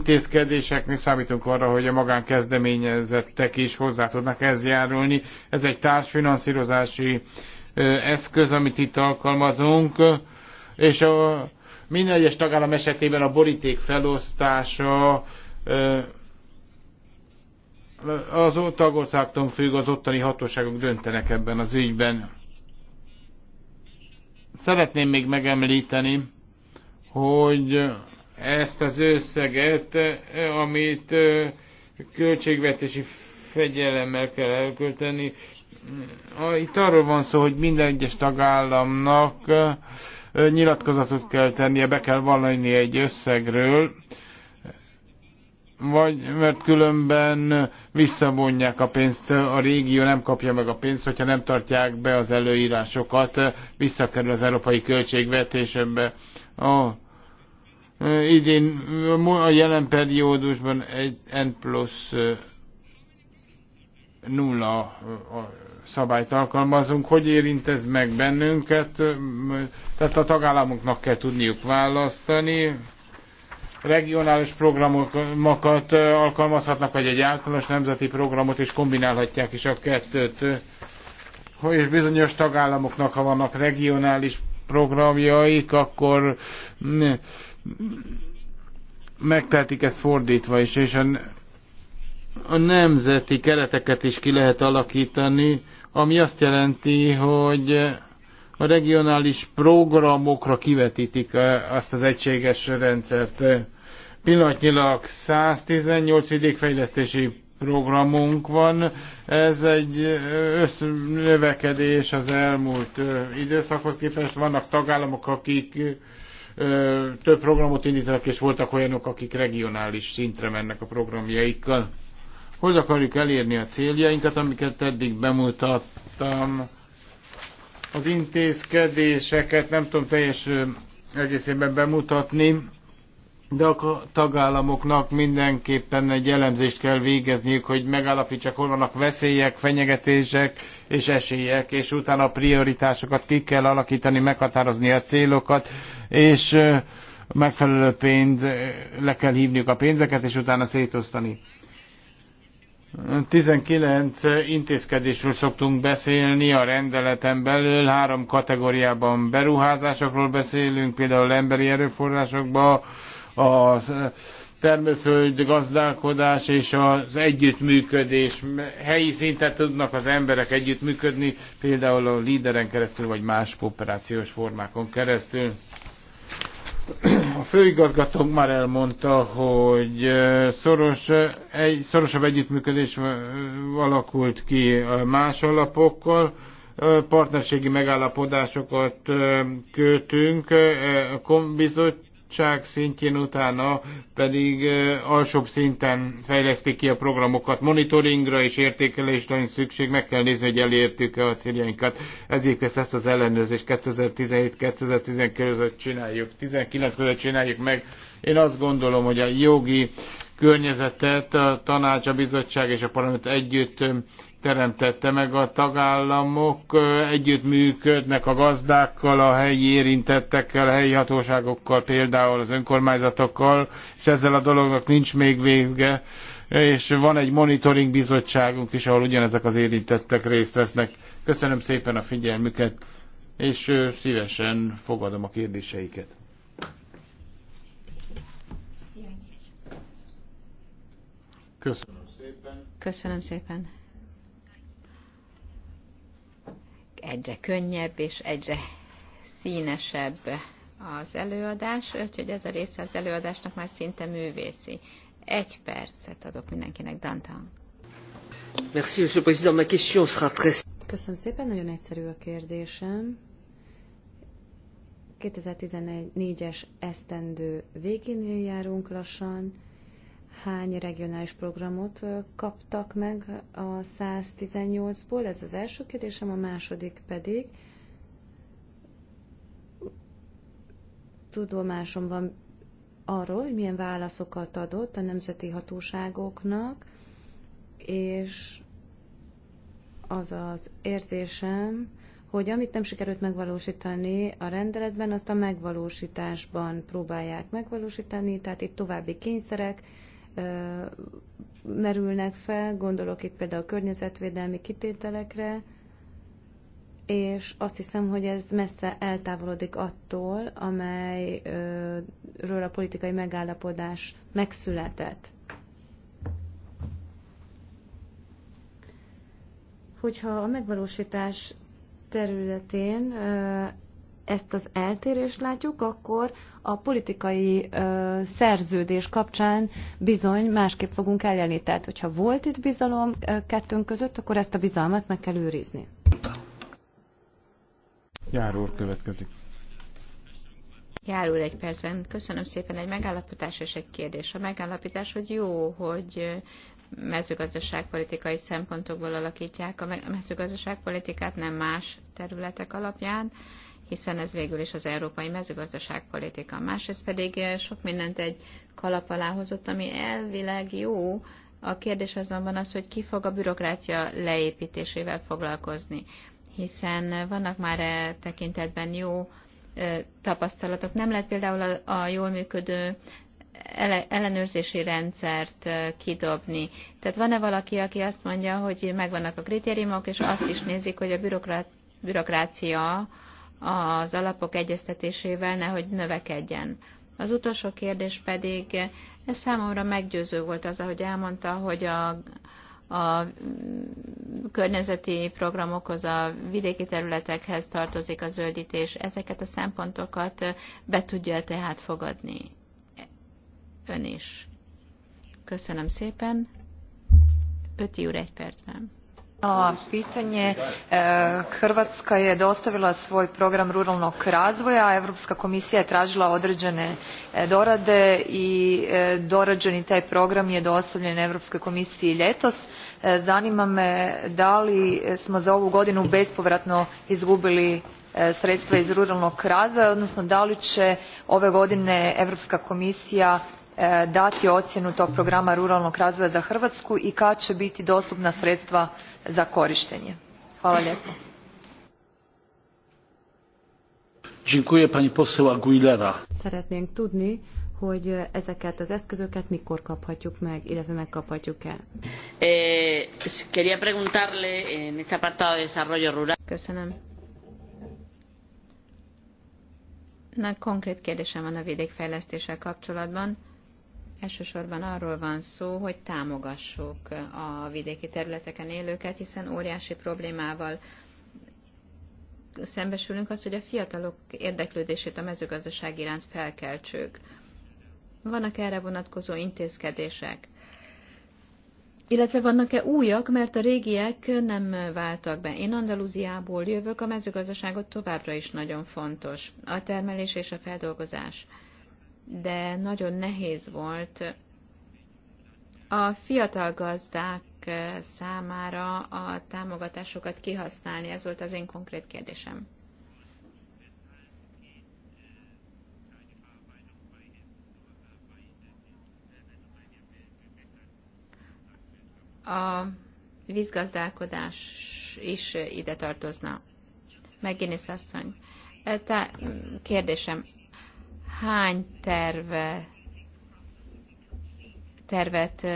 számítunk arra, hogy a magánkezdeményezettek is hozzá tudnak ez járulni. Ez egy társfinanszírozási eszköz, amit itt alkalmazunk, és a minden egyes tagállam esetében a boríték felosztása az tagországtól függ, az ottani hatóságok döntenek ebben az ügyben Szeretném még megemlíteni, hogy ezt az összeget, amit költségvetési fegyelemmel kell elkölteni. Itt arról van szó, hogy minden egyes tagállamnak nyilatkozatot kell tennie, be kell vallani egy összegről, vagy mert különben visszavonják a pénzt, a régió nem kapja meg a pénzt, hogyha nem tartják be az előírásokat, visszakerül az európai költségvetésembe. A, idén, a jelen periódusban egy N plusz nulla a szabályt alkalmazunk. Hogy érint ez meg bennünket? Tehát a tagállamoknak kell tudniuk választani, regionális programokat alkalmazhatnak, vagy egy általános nemzeti programot, és kombinálhatják is a kettőt. És bizonyos tagállamoknak, ha vannak regionális programjaik, akkor mm, megtehetik ezt fordítva is, és a, a nemzeti kereteket is ki lehet alakítani, ami azt jelenti, hogy a regionális programokra kivetítik azt az egységes rendszert. Pillanatnyilag 118 vidékfejlesztési programunk van. Ez egy növekedés az elmúlt időszakhoz képest. Vannak tagállamok, akik több programot indítanak, és voltak olyanok, akik regionális szintre mennek a programjaikkal. Hogy akarjuk elérni a céljainkat, amiket eddig bemutattam az intézkedéseket nem tudom teljes egészében bemutatni, de a tagállamoknak mindenképpen egy elemzést kell végezniük, hogy megállapítsák, hol vannak veszélyek, fenyegetések és esélyek, és utána a prioritásokat ki kell alakítani, meghatározni a célokat, és megfelelő pénz, le kell hívniuk a pénzeket, és utána szétosztani 19 intézkedésről szoktunk beszélni a rendeleten belül, három kategóriában beruházásokról beszélünk, például emberi erőforrásokba, a termőföld gazdálkodás és az együttműködés. Helyi szinten tudnak az emberek együttműködni, például a líderen keresztül, vagy más kooperációs formákon keresztül. A főigazgató már elmondta, hogy szoros, egy, szorosabb együttműködés alakult ki más alapokkal, partnerségi megállapodásokat kötünk, a bizottság szintjén, utána pedig alsóbb szinten fejlesztik ki a programokat. Monitoringra és értékelésre is szükség, meg kell nézni, hogy elértük-e a céljainkat. Ezért ezt az ellenőrzést 2017-2019 között csináljuk, 19 között csináljuk meg. Én azt gondolom, hogy a jogi környezetet a tanács, a bizottság és a parlament együtt teremtette meg a tagállamok, együttműködnek a gazdákkal, a helyi érintettekkel, a helyi hatóságokkal, például az önkormányzatokkal, és ezzel a dolognak nincs még vége, és van egy monitoring bizottságunk is, ahol ugyanezek az érintettek részt vesznek. Köszönöm szépen a figyelmüket, és szívesen fogadom a kérdéseiket. Köszönöm
szépen. Köszönöm szépen. egyre könnyebb és egyre színesebb az előadás, úgyhogy ez a része az előadásnak már szinte művészi. Egy percet adok mindenkinek, Dantan. Merci, Monsieur le Président. Ma question sera très... Köszönöm szépen, nagyon egyszerű a kérdésem.
2014-es esztendő végénél járunk lassan hány regionális programot kaptak meg a 118-ból? Ez az első kérdésem, a második pedig tudomásom van arról, hogy milyen válaszokat adott a nemzeti hatóságoknak, és az az érzésem, hogy amit nem sikerült megvalósítani a rendeletben, azt a megvalósításban próbálják megvalósítani, tehát itt további kényszerek, merülnek fel, gondolok itt például a környezetvédelmi kitételekre, és azt hiszem, hogy ez messze eltávolodik attól, amelyről a politikai megállapodás megszületett. Hogyha a megvalósítás területén ezt az eltérést látjuk, akkor a politikai ö, szerződés kapcsán bizony másképp fogunk eljelni. Tehát, hogyha volt itt bizalom ö, kettőnk között, akkor ezt a bizalmat meg kell őrizni.
úr következik.
Járul egy percen. Köszönöm szépen. Egy megállapítás és egy kérdés. A megállapítás, hogy jó, hogy mezőgazdaságpolitikai szempontokból alakítják a mezőgazdaságpolitikát, nem más területek alapján hiszen ez végül is az európai mezőgazdaságpolitika. Másrészt pedig eh, sok mindent egy kalap alá hozott, ami elvileg jó, a kérdés azonban az, hogy ki fog a bürokrácia leépítésével foglalkozni, hiszen vannak már e tekintetben jó e, tapasztalatok. Nem lehet például a, a jól működő ellenőrzési rendszert e, kidobni. Tehát van-e valaki, aki azt mondja, hogy megvannak a kritériumok, és azt is nézik, hogy a bürokrácia az alapok egyeztetésével nehogy növekedjen. Az utolsó kérdés pedig, ez számomra meggyőző volt az, ahogy elmondta, hogy a, a környezeti programokhoz, a vidéki területekhez tartozik a zöldítés. Ezeket a szempontokat be tudja tehát fogadni ön is. Köszönöm szépen. Pöti úr egy percben
pitanje e, hrvatska je dostavila svoj program ruralnog razvoja a europska komisija je tražila određene e, dorade i e, dorađeni taj program je dostavljen europskoj komisiji ljetos. zanima me da li smo za ovu godinu bespovratno izgubili sredstva iz ruralnog razvoja odnosno da li će ove godine europska komisija E, dati ocjenu tog programa ruralnog razvoja za hrvatsku i kad će biti dostupna sredstva za korištenje? hvala lijepo.
Szeretnénk tudni, hogy ezeket az eszközöket mikor kaphatjuk meg, illetve megkaphatjuk-e.
Eh, Köszönöm. Na, konkrét kérdésem van a vidékfejlesztéssel kapcsolatban. Elsősorban arról van szó, hogy támogassuk a vidéki területeken élőket, hiszen óriási problémával szembesülünk az, hogy a fiatalok érdeklődését a mezőgazdaság iránt felkeltsük. Vannak erre vonatkozó intézkedések. Illetve vannak-e újak, mert a régiek nem váltak be. Én Andalúziából jövök, a mezőgazdaságot továbbra is nagyon fontos. A termelés és a feldolgozás de nagyon nehéz volt a fiatal gazdák számára a támogatásokat kihasználni. Ez volt az én konkrét kérdésem. A vízgazdálkodás is ide tartozna. Megint asszony. Te kérdésem, hány terve, tervet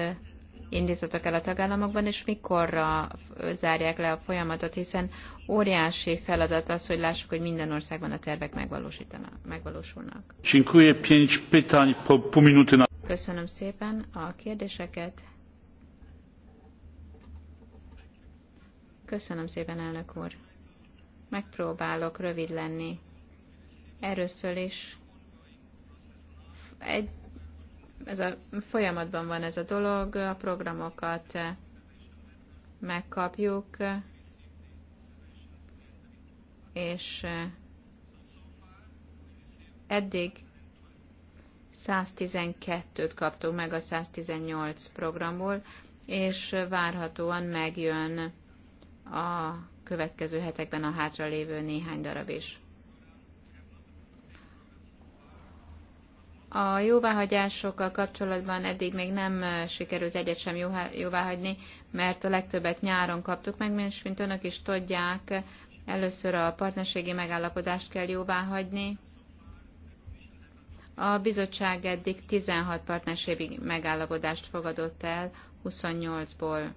indítottak el a tagállamokban, és mikorra zárják le a folyamatot, hiszen óriási feladat az, hogy lássuk, hogy minden országban a tervek megvalósulnak. Köszönöm szépen a kérdéseket. Köszönöm szépen, elnök úr. Megpróbálok rövid lenni. Erről is egy, ez a folyamatban van ez a dolog, a programokat megkapjuk, és eddig 112-t kaptunk meg a 118 programból, és várhatóan megjön a következő hetekben a hátralévő néhány darab is. A jóváhagyásokkal kapcsolatban eddig még nem sikerült egyet sem jóváhagyni, mert a legtöbbet nyáron kaptuk meg, és mint önök is tudják, először a partnerségi megállapodást kell jóváhagyni. A bizottság eddig 16 partnerségi megállapodást fogadott el 28-ból.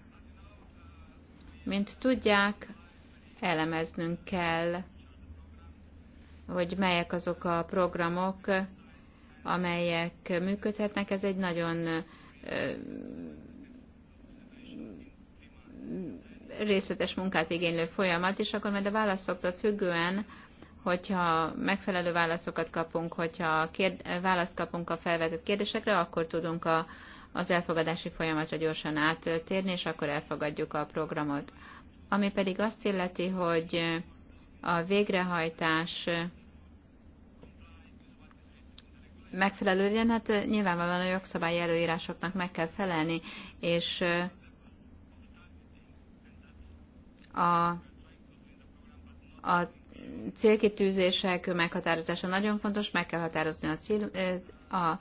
Mint tudják, elemeznünk kell, hogy melyek azok a programok, amelyek működhetnek. Ez egy nagyon részletes munkát igénylő folyamat, és akkor majd a válaszoktól függően, hogyha megfelelő válaszokat kapunk, hogyha kérd, választ kapunk a felvetett kérdésekre, akkor tudunk a, az elfogadási folyamatra gyorsan áttérni, és akkor elfogadjuk a programot. Ami pedig azt illeti, hogy a végrehajtás megfelelő legyen, hát nyilvánvalóan a jogszabályi előírásoknak meg kell felelni, és a, a célkitűzések meghatározása nagyon fontos, meg kell határozni a, cél, a,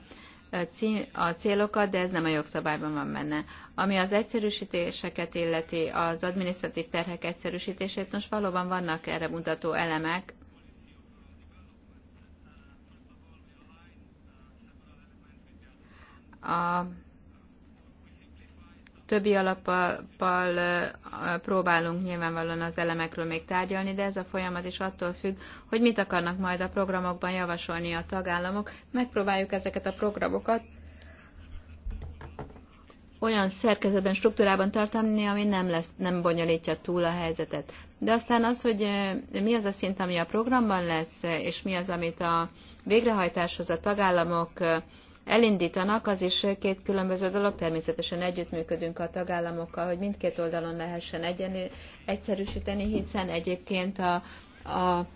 a célokat, de ez nem a jogszabályban van benne. Ami az egyszerűsítéseket illeti, az adminisztratív terhek egyszerűsítését, most valóban vannak erre mutató elemek, A többi alappal próbálunk nyilvánvalóan az elemekről még tárgyalni, de ez a folyamat is attól függ, hogy mit akarnak majd a programokban javasolni a tagállamok. Megpróbáljuk ezeket a programokat olyan szerkezetben, struktúrában tartani, ami nem, lesz, nem bonyolítja túl a helyzetet. De aztán az, hogy mi az a szint, ami a programban lesz, és mi az, amit a végrehajtáshoz a tagállamok elindítanak, az is két különböző dolog. Természetesen együttműködünk a tagállamokkal, hogy mindkét oldalon lehessen egyen, egyszerűsíteni, hiszen egyébként a, a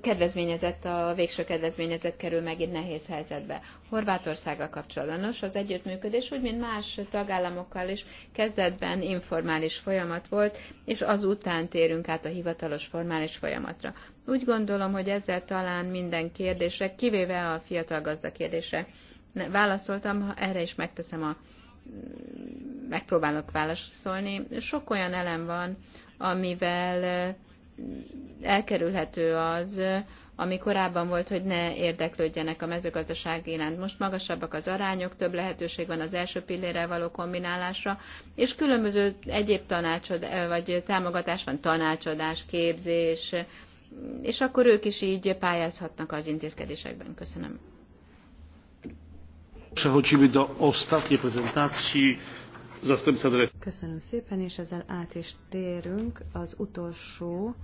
kedvezményezett, a végső kedvezményezett kerül megint nehéz helyzetbe. Horvátországgal kapcsolatos az együttműködés, úgy, mint más tagállamokkal is, kezdetben informális folyamat volt, és azután térünk át a hivatalos formális folyamatra. Úgy gondolom, hogy ezzel talán minden kérdésre, kivéve a fiatal gazda kérdésre válaszoltam, ha erre is megteszem a megpróbálok válaszolni. Sok olyan elem van, amivel elkerülhető az, ami korábban volt, hogy ne érdeklődjenek a mezőgazdaság iránt. Most magasabbak az arányok, több lehetőség van az első pillérrel való kombinálásra, és különböző egyéb tanácsod, vagy támogatás van, tanácsadás, képzés, és akkor ők is így pályázhatnak az intézkedésekben. Köszönöm.
Przechodzimy do ostatniej prezentacji.
Köszönöm szépen, és ezzel át is
térünk az utolsó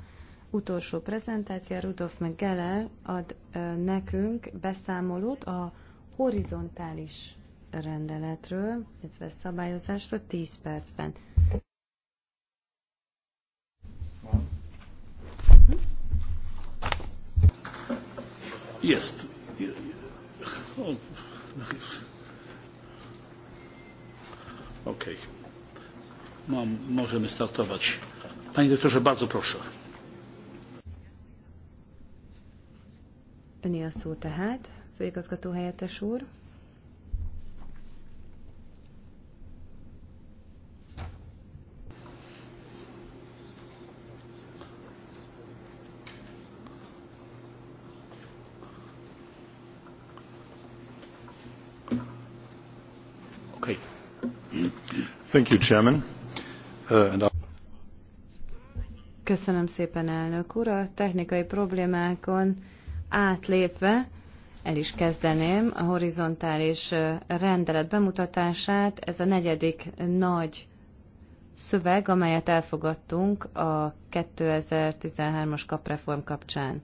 utolsó prezentáció, Rudolf meg Geller ad nekünk beszámolót a horizontális rendeletről, illetve szabályozásról 10 percben.
Jest. Oh, Okej. Okay. Możemy startować. Panie doktorze, bardzo proszę.
Öné a szó tehát, főigazgató helyettes úr.
Uh,
Köszönöm szépen, elnök úr. A technikai problémákon átlépve el is kezdeném a horizontális uh, rendelet bemutatását. Ez a negyedik nagy szöveg, amelyet elfogadtunk a 2013-as kapreform kapcsán.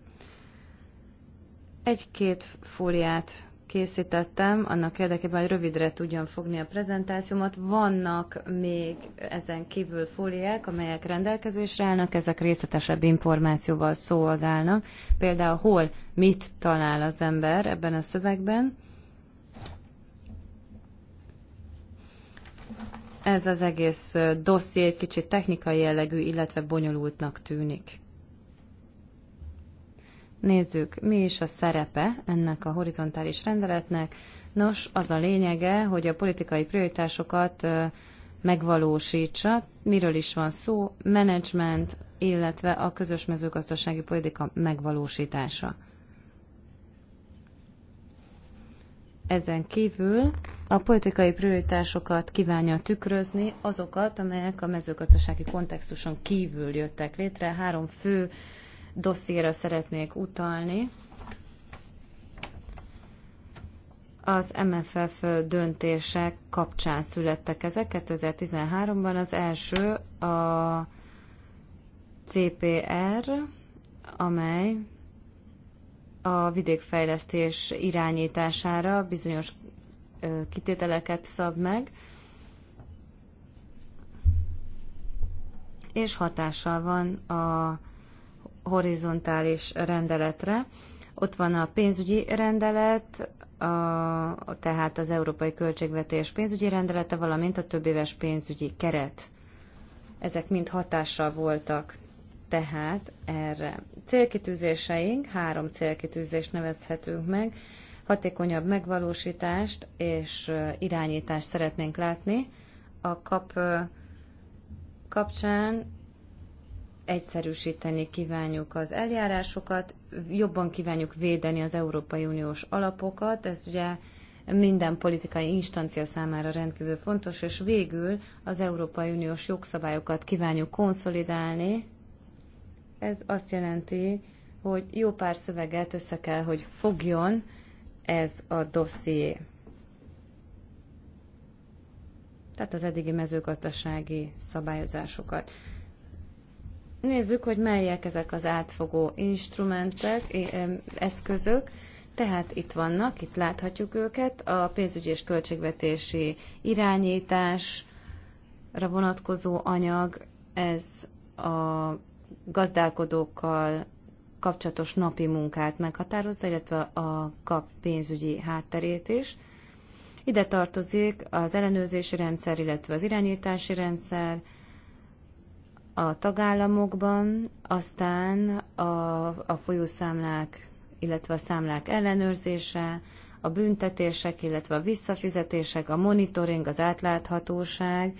Egy-két fóliát készítettem, annak érdekében, hogy rövidre tudjam fogni a prezentációmat. Vannak még ezen kívül fóliák, amelyek rendelkezésre állnak, ezek részletesebb információval szolgálnak. Például hol mit talál az ember ebben a szövegben. Ez az egész dosszié egy kicsit technikai jellegű, illetve bonyolultnak tűnik. Nézzük, mi is a szerepe ennek a horizontális rendeletnek. Nos, az a lényege, hogy a politikai prioritásokat megvalósítsa. Miről is van szó? Menedzsment, illetve a közös mezőgazdasági politika megvalósítása. Ezen kívül a politikai prioritásokat kívánja tükrözni, azokat, amelyek a mezőgazdasági kontextuson kívül jöttek létre. Három fő dosszéra szeretnék utalni. Az MFF döntések kapcsán születtek ezek 2013-ban. Az első a CPR, amely a vidékfejlesztés irányítására bizonyos kitételeket szab meg, és hatással van a horizontális rendeletre. Ott van a pénzügyi rendelet, a, tehát az Európai Költségvetés pénzügyi rendelete, valamint a többéves pénzügyi keret. Ezek mind hatással voltak tehát erre. Célkitűzéseink, három célkitűzést nevezhetünk meg, hatékonyabb megvalósítást és irányítást szeretnénk látni. A kap kapcsán egyszerűsíteni kívánjuk az eljárásokat, jobban kívánjuk védeni az Európai Uniós alapokat, ez ugye minden politikai instancia számára rendkívül fontos, és végül az Európai Uniós jogszabályokat kívánjuk konszolidálni. Ez azt jelenti, hogy jó pár szöveget össze kell, hogy fogjon ez a dosszié. Tehát az eddigi mezőgazdasági szabályozásokat. Nézzük, hogy melyek ezek az átfogó instrumentek, eszközök. Tehát itt vannak, itt láthatjuk őket, a pénzügyi és költségvetési irányításra vonatkozó anyag, ez a gazdálkodókkal kapcsolatos napi munkát meghatározza, illetve a kap pénzügyi hátterét is. Ide tartozik az ellenőrzési rendszer, illetve az irányítási rendszer, a tagállamokban, aztán a, a folyószámlák, illetve a számlák ellenőrzése, a büntetések, illetve a visszafizetések, a monitoring, az átláthatóság,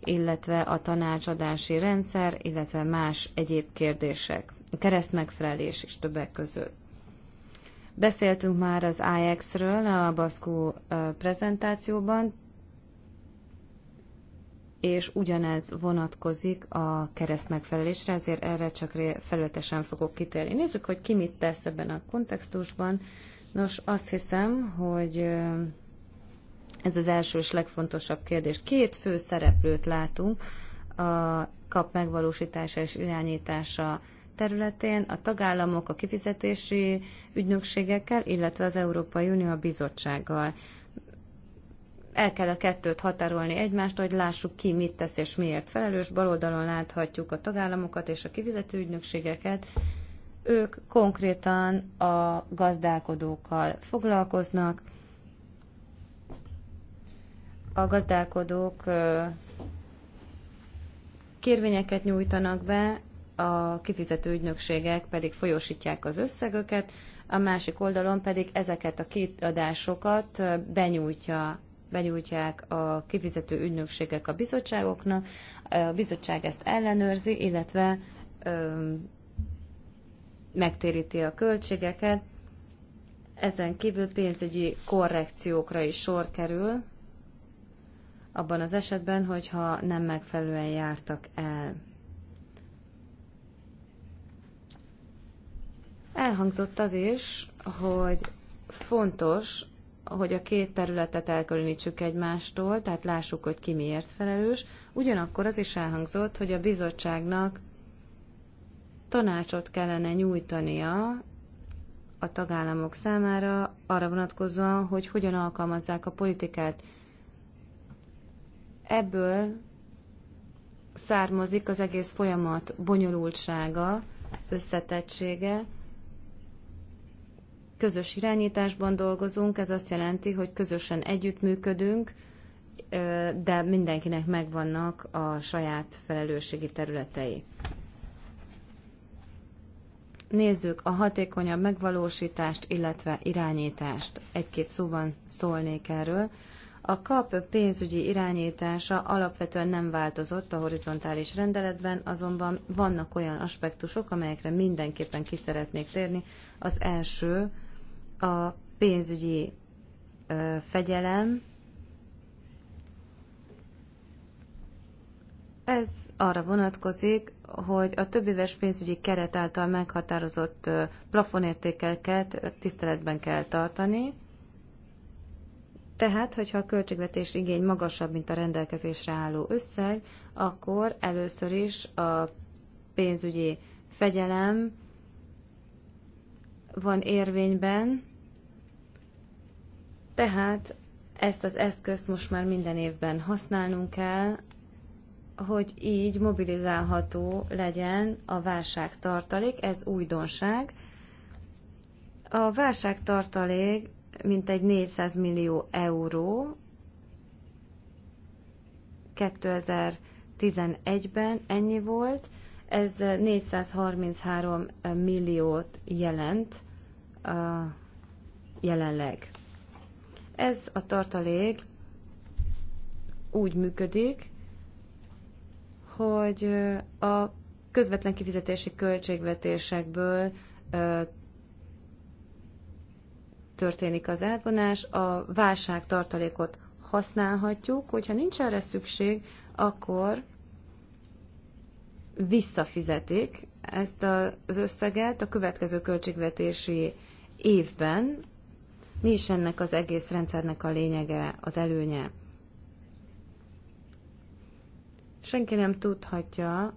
illetve a tanácsadási rendszer, illetve más egyéb kérdések. A keresztmegfelelés is többek között. Beszéltünk már az IX-ről a Baszkó prezentációban, és ugyanez vonatkozik a kereszt megfelelésre, ezért erre csak felületesen fogok kitérni. Nézzük, hogy ki mit tesz ebben a kontextusban. Nos, azt hiszem, hogy ez az első és legfontosabb kérdés. Két fő szereplőt látunk a kap megvalósítása és irányítása területén, a tagállamok, a kifizetési ügynökségekkel, illetve az Európai Unió bizottsággal. El kell a kettőt határolni egymást, hogy lássuk ki mit tesz és miért felelős. Baloldalon láthatjuk a tagállamokat és a kivizető ügynökségeket. Ők konkrétan a gazdálkodókkal foglalkoznak. A gazdálkodók kérvényeket nyújtanak be, a kifizető ügynökségek pedig folyósítják az összegöket, a másik oldalon pedig ezeket a kiadásokat benyújtja benyújtják a kifizető ügynökségek a bizottságoknak, a bizottság ezt ellenőrzi, illetve ö, megtéríti a költségeket. Ezen kívül pénzügyi korrekciókra is sor kerül, abban az esetben, hogyha nem megfelelően jártak el. Elhangzott az is, hogy fontos hogy a két területet elkülönítsük egymástól, tehát lássuk, hogy ki miért felelős. Ugyanakkor az is elhangzott, hogy a bizottságnak tanácsot kellene nyújtania a tagállamok számára arra vonatkozóan, hogy hogyan alkalmazzák a politikát. Ebből származik az egész folyamat bonyolultsága, összetettsége, közös irányításban dolgozunk, ez azt jelenti, hogy közösen együttműködünk, de mindenkinek megvannak a saját felelősségi területei. Nézzük a hatékonyabb megvalósítást, illetve irányítást. Egy-két szóban szólnék erről. A KAP pénzügyi irányítása alapvetően nem változott a horizontális rendeletben, azonban vannak olyan aspektusok, amelyekre mindenképpen ki szeretnék térni. Az első a pénzügyi ö, fegyelem, ez arra vonatkozik, hogy a éves pénzügyi keret által meghatározott plafonértékeket tiszteletben kell tartani, tehát, hogyha a költségvetés igény magasabb, mint a rendelkezésre álló összeg, akkor először is a pénzügyi fegyelem van érvényben, tehát ezt az eszközt most már minden évben használnunk kell, hogy így mobilizálható legyen a válságtartalék, ez újdonság. A válságtartalék mintegy 400 millió euró 2011-ben ennyi volt, ez 433 milliót jelent a jelenleg. Ez a tartalék úgy működik, hogy a közvetlen kifizetési költségvetésekből történik az átvonás, a válság tartalékot használhatjuk, hogyha nincs erre szükség, akkor visszafizetik ezt az összeget a következő költségvetési évben. Mi is ennek az egész rendszernek a lényege, az előnye? Senki nem tudhatja,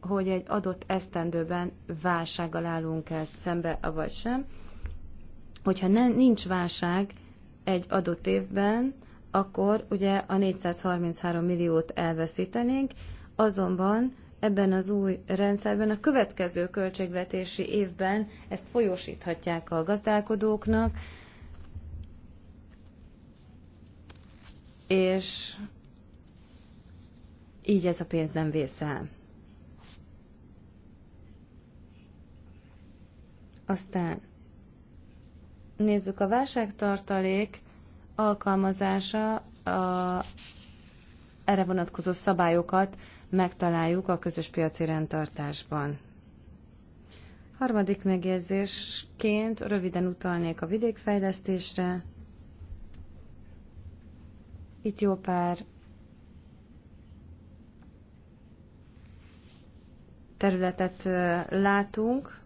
hogy egy adott esztendőben válsággal állunk el szembe, avagy sem. Hogyha nem, nincs válság egy adott évben, akkor ugye a 433 milliót elveszítenénk, azonban ebben az új rendszerben a következő költségvetési évben ezt folyósíthatják a gazdálkodóknak, és így ez a pénz nem el. Aztán nézzük a válságtartalék alkalmazása, a erre vonatkozó szabályokat megtaláljuk a közös piaci rendtartásban. Harmadik megjegyzésként röviden utalnék a vidékfejlesztésre. Itt jó pár területet látunk.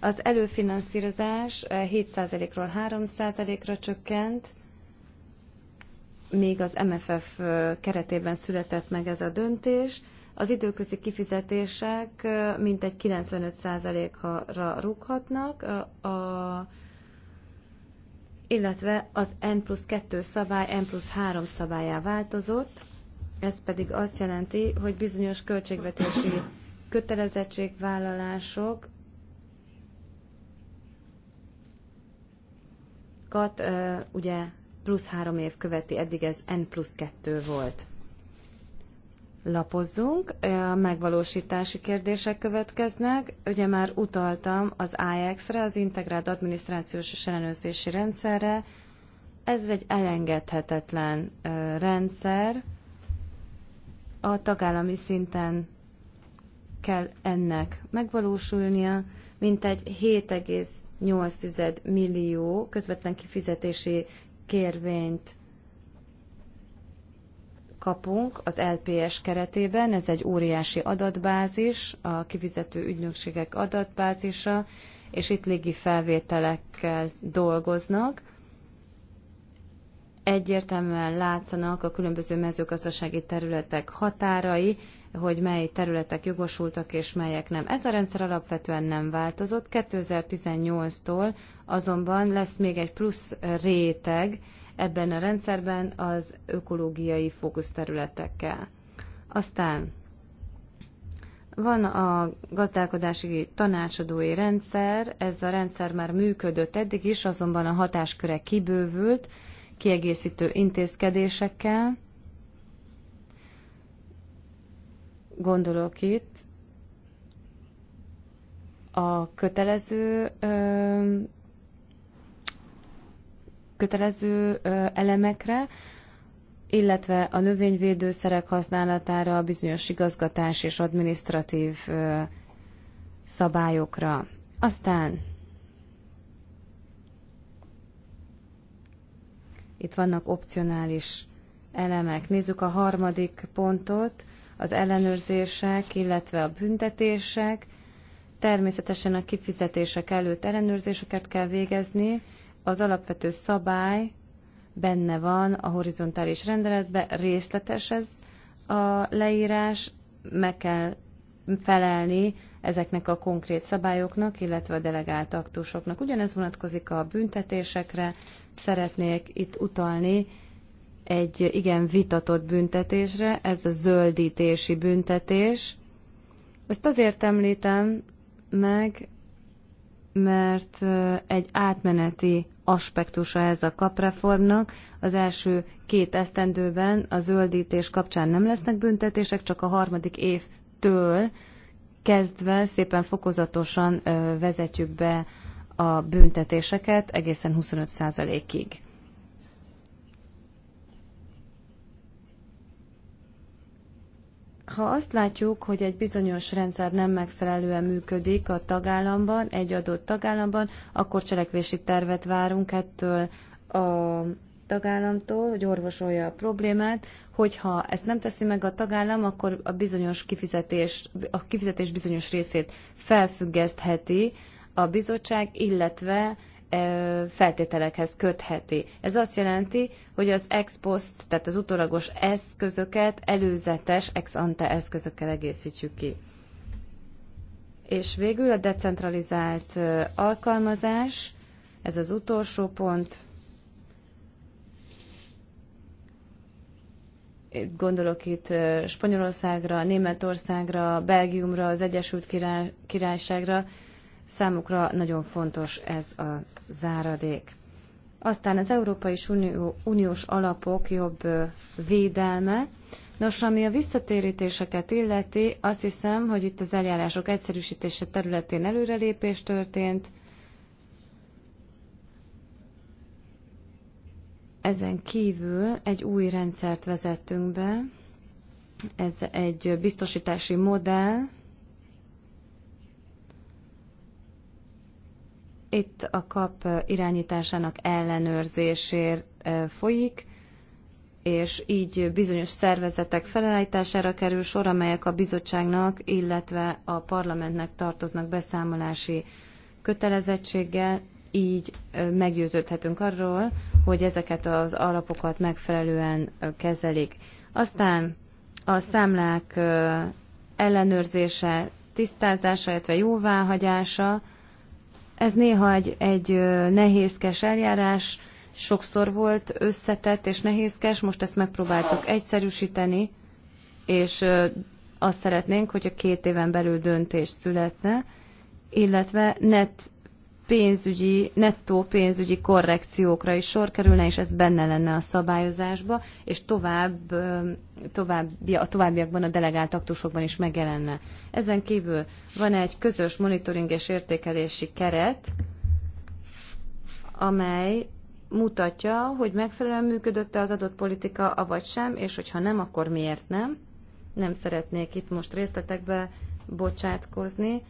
Az előfinanszírozás 7%-ról 3%-ra csökkent, még az MFF keretében született meg ez a döntés. Az időközi kifizetések mintegy 95%-ra rúghatnak, a, illetve az N plusz 2 szabály N plusz 3 szabályá változott, ez pedig azt jelenti, hogy bizonyos költségvetési kötelezettségvállalások ugye plusz három év követi, eddig ez N plusz kettő volt. Lapozzunk, a megvalósítási kérdések következnek. Ugye már utaltam az IX-re, az Integrált Adminisztrációs és Ellenőrzési Rendszerre. Ez egy elengedhetetlen rendszer. A tagállami szinten kell ennek megvalósulnia, mintegy 7,8 millió közvetlen kifizetési kérvényt kapunk az LPS keretében, ez egy óriási adatbázis, a kivizető ügynökségek adatbázisa, és itt légi felvételekkel dolgoznak egyértelműen látszanak a különböző mezőgazdasági területek határai, hogy mely területek jogosultak és melyek nem. Ez a rendszer alapvetően nem változott. 2018-tól azonban lesz még egy plusz réteg ebben a rendszerben az ökológiai fókuszterületekkel. Aztán van a gazdálkodási tanácsadói rendszer, ez a rendszer már működött eddig is, azonban a hatásköre kibővült, kiegészítő intézkedésekkel. Gondolok itt a kötelező kötelező elemekre, illetve a növényvédőszerek használatára, a bizonyos igazgatás és adminisztratív szabályokra. Aztán Itt vannak opcionális elemek. Nézzük a harmadik pontot, az ellenőrzések, illetve a büntetések. Természetesen a kifizetések előtt ellenőrzéseket kell végezni. Az alapvető szabály benne van a horizontális rendeletben, részletes ez a leírás, meg kell felelni ezeknek a konkrét szabályoknak, illetve a delegált aktusoknak. Ugyanez vonatkozik a büntetésekre. Szeretnék itt utalni egy igen vitatott büntetésre, ez a zöldítési büntetés. Ezt azért említem meg, mert egy átmeneti aspektusa ez a kapreformnak. Az első két esztendőben a zöldítés kapcsán nem lesznek büntetések, csak a harmadik évtől kezdve szépen fokozatosan vezetjük be a büntetéseket egészen 25%-ig. Ha azt látjuk, hogy egy bizonyos rendszer nem megfelelően működik a tagállamban, egy adott tagállamban, akkor cselekvési tervet várunk ettől a tagállamtól, hogy orvosolja a problémát, hogyha ezt nem teszi meg a tagállam, akkor a bizonyos kifizetés, a kifizetés bizonyos részét felfüggesztheti a bizottság, illetve feltételekhez kötheti. Ez azt jelenti, hogy az ex post, tehát az utolagos eszközöket előzetes ex ante eszközökkel egészítjük ki. És végül a decentralizált alkalmazás, ez az utolsó pont, Gondolok itt Spanyolországra, Németországra, Belgiumra, az Egyesült Királyságra. Számukra nagyon fontos ez a záradék. Aztán az Európai Unió, Uniós alapok jobb védelme. Nos, ami a visszatérítéseket illeti, azt hiszem, hogy itt az eljárások egyszerűsítése területén előrelépés történt, Ezen kívül egy új rendszert vezettünk be, ez egy biztosítási modell. Itt a kap irányításának ellenőrzésért folyik, és így bizonyos szervezetek felállítására kerül sor, amelyek a bizottságnak, illetve a parlamentnek tartoznak beszámolási kötelezettséggel, így meggyőződhetünk arról, hogy ezeket az alapokat megfelelően kezelik. Aztán a számlák ellenőrzése, tisztázása, illetve jóváhagyása, ez néha egy, egy nehézkes eljárás, sokszor volt összetett és nehézkes, most ezt megpróbáltuk egyszerűsíteni, és azt szeretnénk, hogy a két éven belül döntés születne, illetve net pénzügyi, nettó pénzügyi korrekciókra is sor kerülne, és ez benne lenne a szabályozásba, és tovább, tovább, a továbbiakban a delegált aktusokban is megjelenne. Ezen kívül van egy közös monitoring és értékelési keret, amely mutatja, hogy megfelelően működötte az adott politika, avagy sem, és hogyha nem, akkor miért nem. Nem szeretnék itt most részletekbe bocsátkozni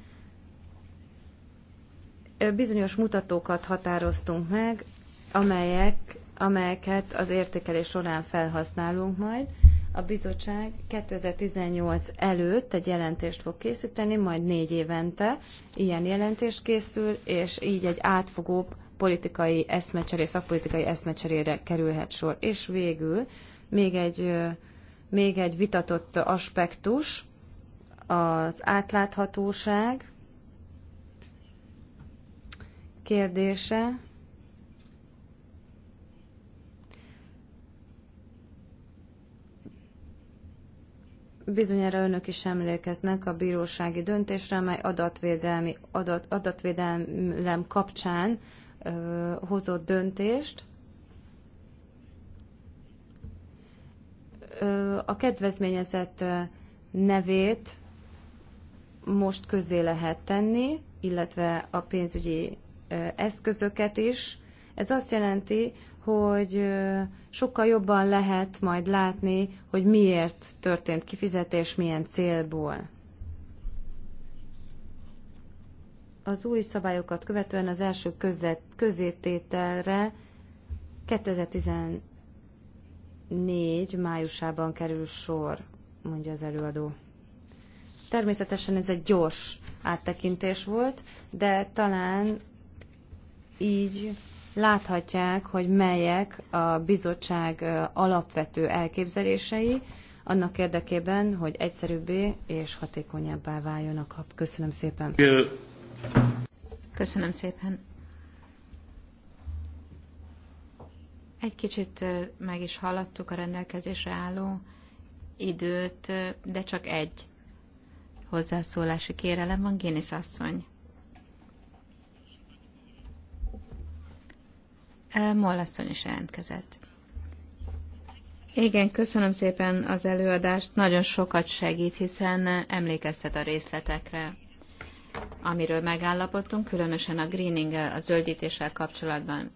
bizonyos mutatókat határoztunk meg, amelyek, amelyeket az értékelés során felhasználunk majd. A bizottság 2018 előtt egy jelentést fog készíteni, majd négy évente ilyen jelentés készül, és így egy átfogóbb politikai eszmecseré, szakpolitikai eszmecserére kerülhet sor. És végül még egy, még egy vitatott aspektus, az átláthatóság, kérdése. Bizonyára önök is emlékeznek a bírósági döntésre, amely adatvédelmi, adat, adatvédelem kapcsán ö, hozott döntést. Ö, a kedvezményezett nevét most közzé lehet tenni, illetve a pénzügyi eszközöket is. Ez azt jelenti, hogy sokkal jobban lehet majd látni, hogy miért történt kifizetés, milyen célból. Az új szabályokat követően az első közétételre 2014 májusában kerül sor, mondja az előadó. Természetesen ez egy gyors áttekintés volt, de talán így láthatják, hogy melyek a bizottság alapvető elképzelései, annak érdekében, hogy egyszerűbbé és hatékonyabbá váljon a kap. Köszönöm szépen.
Köszönöm szépen. Egy kicsit meg is hallottuk a rendelkezésre álló időt, de csak egy hozzászólási kérelem van, Génisz asszony. Mollasszony is jelentkezett. Igen, köszönöm szépen az előadást. Nagyon sokat segít, hiszen emlékeztet a részletekre, amiről megállapodtunk, különösen a greening a zöldítéssel kapcsolatban.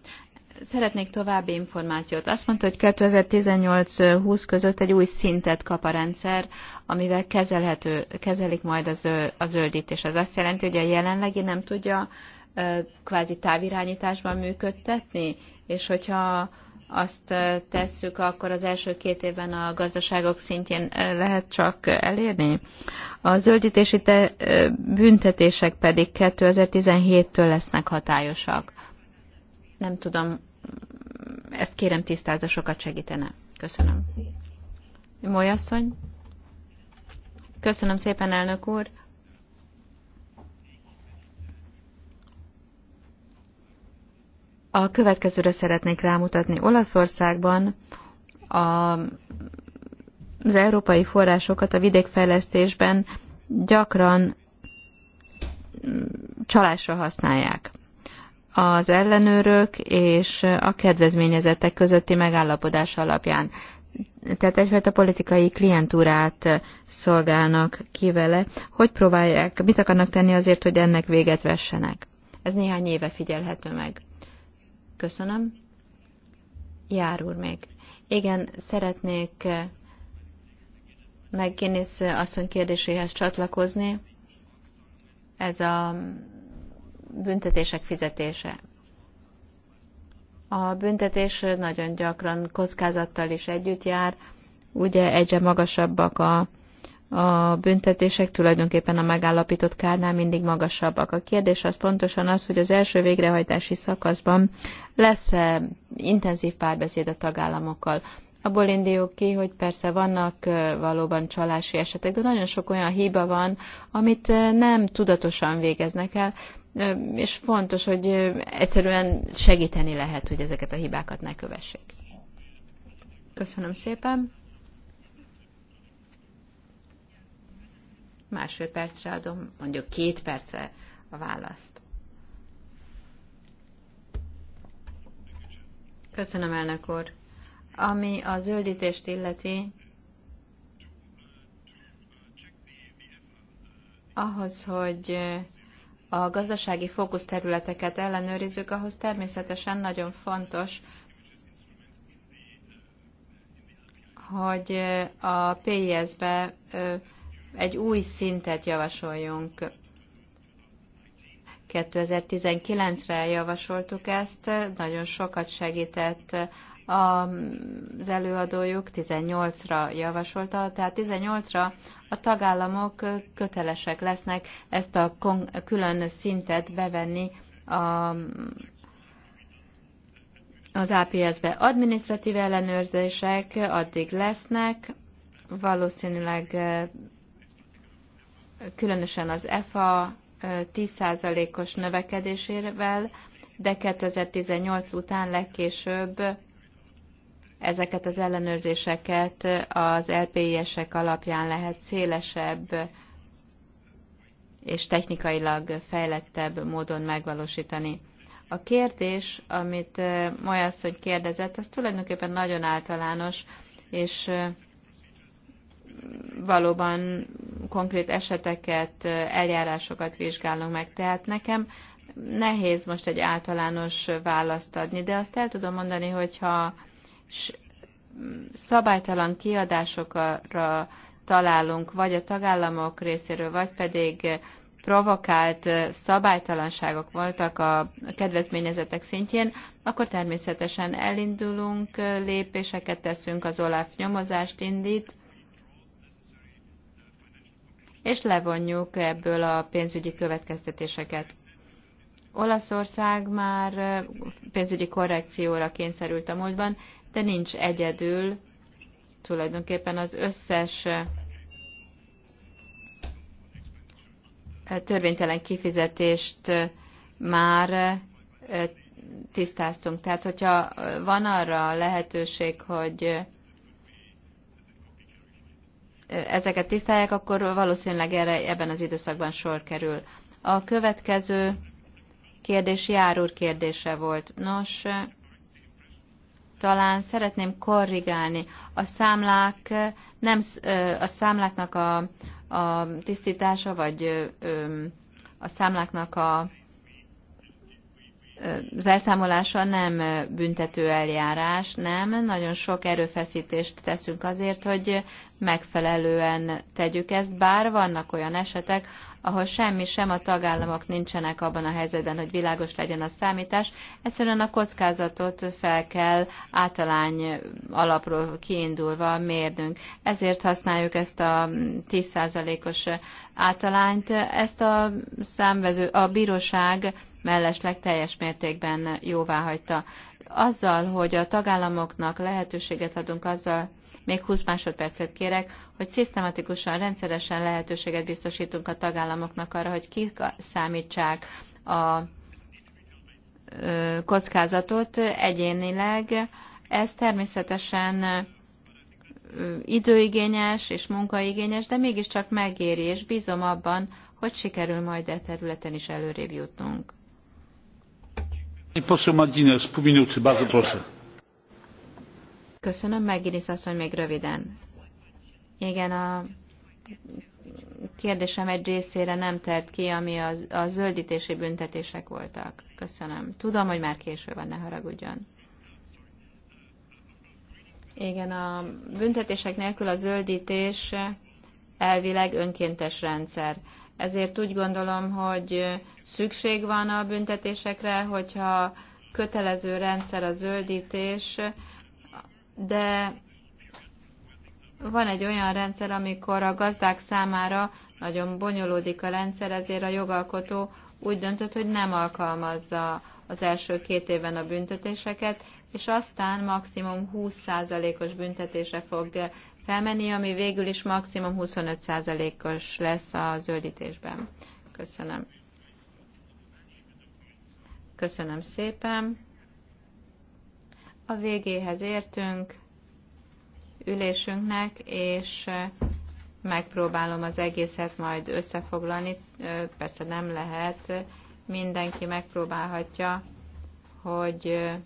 Szeretnék további információt. Azt mondta, hogy 2018-20 között egy új szintet kap a rendszer, amivel kezelhető, kezelik majd a zöldítés. Az azt jelenti, hogy a jelenlegi nem tudja kvázi távirányításban működtetni, és hogyha azt tesszük, akkor az első két évben a gazdaságok szintjén lehet csak elérni. A zöldítési te, büntetések pedig 2017-től lesznek hatályosak. Nem tudom, ezt kérem tisztázza, sokat segítene. Köszönöm. Molyasszony? Köszönöm szépen, elnök úr. A következőre szeretnék rámutatni. Olaszországban a, az európai forrásokat a vidékfejlesztésben gyakran csalásra használják. Az ellenőrök és a kedvezményezettek közötti megállapodás alapján. Tehát egyfajta politikai klientúrát szolgálnak ki vele, hogy próbálják, mit akarnak tenni azért, hogy ennek véget vessenek. Ez néhány éve figyelhető meg. Köszönöm. Jár úr még. Igen, szeretnék eh, meg Guinness asszony kérdéséhez csatlakozni. Ez a büntetések fizetése. A büntetés nagyon gyakran kockázattal is együtt jár, ugye egyre magasabbak a a büntetések tulajdonképpen a megállapított kárnál mindig magasabbak. A kérdés az pontosan az, hogy az első végrehajtási szakaszban lesz-e intenzív párbeszéd a tagállamokkal. Abból indulok ki, hogy persze vannak valóban csalási esetek, de nagyon sok olyan hiba van, amit nem tudatosan végeznek el, és fontos, hogy egyszerűen segíteni lehet, hogy ezeket a hibákat ne kövessék. Köszönöm szépen! másfél percre adom, mondjuk két perce a választ. Köszönöm, elnök úr. Ami a zöldítést illeti, ahhoz, hogy a gazdasági fókuszterületeket ellenőrizzük, ahhoz természetesen nagyon fontos, hogy a PIS-be egy új szintet javasoljunk. 2019-re javasoltuk ezt, nagyon sokat segített az előadójuk, 18-ra javasolta, tehát 18-ra a tagállamok kötelesek lesznek ezt a külön szintet bevenni a, az APS-be. Adminisztratív ellenőrzések addig lesznek, valószínűleg különösen az EFA 10%-os növekedésével, de 2018 után legkésőbb ezeket az ellenőrzéseket az lpi esek alapján lehet szélesebb és technikailag fejlettebb módon megvalósítani. A kérdés, amit Maja hogy kérdezett, az tulajdonképpen nagyon általános, és valóban konkrét eseteket, eljárásokat vizsgálunk meg. Tehát nekem nehéz most egy általános választ adni, de azt el tudom mondani, hogyha szabálytalan kiadásokra találunk, vagy a tagállamok részéről, vagy pedig provokált szabálytalanságok voltak a kedvezményezetek szintjén, akkor természetesen elindulunk, lépéseket teszünk, az OLAF nyomozást indít, és levonjuk ebből a pénzügyi következtetéseket. Olaszország már pénzügyi korrekcióra kényszerült a múltban, de nincs egyedül tulajdonképpen az összes törvénytelen kifizetést már tisztáztunk. Tehát, hogyha van arra lehetőség, hogy ezeket tisztálják, akkor valószínűleg erre ebben az időszakban sor kerül. A következő kérdés járúr kérdése volt. Nos, talán szeretném korrigálni. A számlák nem, a számláknak a, a tisztítása, vagy a számláknak a az elszámolása nem büntető eljárás, nem. Nagyon sok erőfeszítést teszünk azért, hogy megfelelően tegyük ezt, bár vannak olyan esetek, ahol semmi sem a tagállamok nincsenek abban a helyzetben, hogy világos legyen a számítás, egyszerűen a kockázatot fel kell általány alapról kiindulva mérnünk. Ezért használjuk ezt a 10%-os általányt. Ezt a számvező, a bíróság mellesleg teljes mértékben jóvá hagyta. Azzal, hogy a tagállamoknak lehetőséget adunk azzal, még 20 másodpercet kérek, hogy szisztematikusan, rendszeresen lehetőséget biztosítunk a tagállamoknak arra, hogy kiszámítsák a kockázatot egyénileg. Ez természetesen időigényes és munkaigényes, de mégiscsak megéri, és bízom abban, hogy sikerül majd e területen is előrébb jutnunk. Köszönöm, Meggiris asszony még röviden. Igen, a kérdésem egy részére nem tért ki, ami a, a zöldítési büntetések voltak. Köszönöm. Tudom, hogy már késő van, ne haragudjon. Igen, a büntetések nélkül a zöldítés elvileg önkéntes rendszer. Ezért úgy gondolom, hogy szükség van a büntetésekre, hogyha kötelező rendszer a zöldítés, de van egy olyan rendszer, amikor a gazdák számára nagyon bonyolódik a rendszer, ezért a jogalkotó úgy döntött, hogy nem alkalmazza az első két évben a büntetéseket, és aztán maximum 20%-os büntetése fog felmenni, ami végül is maximum 25%-os lesz a zöldítésben. Köszönöm. Köszönöm szépen. A végéhez értünk ülésünknek, és eh, megpróbálom az egészet majd összefoglalni. Eh, persze nem lehet, mindenki megpróbálhatja, hogy eh,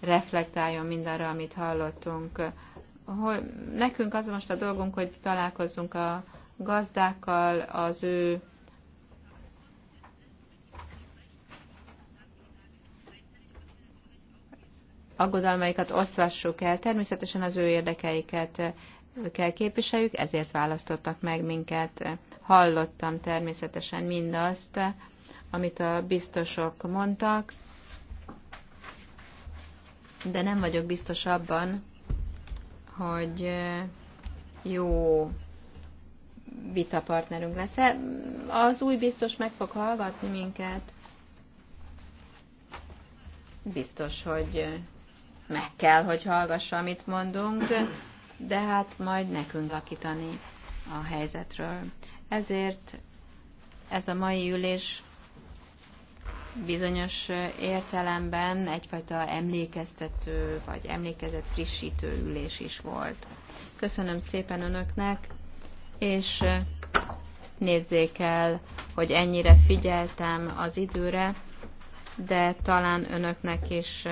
reflektáljon mindarra, amit hallottunk hogy nekünk az most a dolgunk, hogy találkozzunk a gazdákkal, az ő aggodalmaikat osztassuk el, természetesen az ő érdekeiket kell képviseljük, ezért választottak meg minket. Hallottam természetesen mindazt, amit a biztosok mondtak, de nem vagyok biztos abban, hogy jó vitapartnerünk lesz. E, az új biztos meg fog hallgatni minket. Biztos, hogy meg kell, hogy hallgassa, amit mondunk, de hát majd nekünk lakítani a helyzetről. Ezért ez a mai ülés bizonyos értelemben egyfajta emlékeztető vagy emlékezet frissítő ülés is volt. Köszönöm szépen Önöknek, és nézzék el, hogy ennyire figyeltem az időre, de talán Önöknek is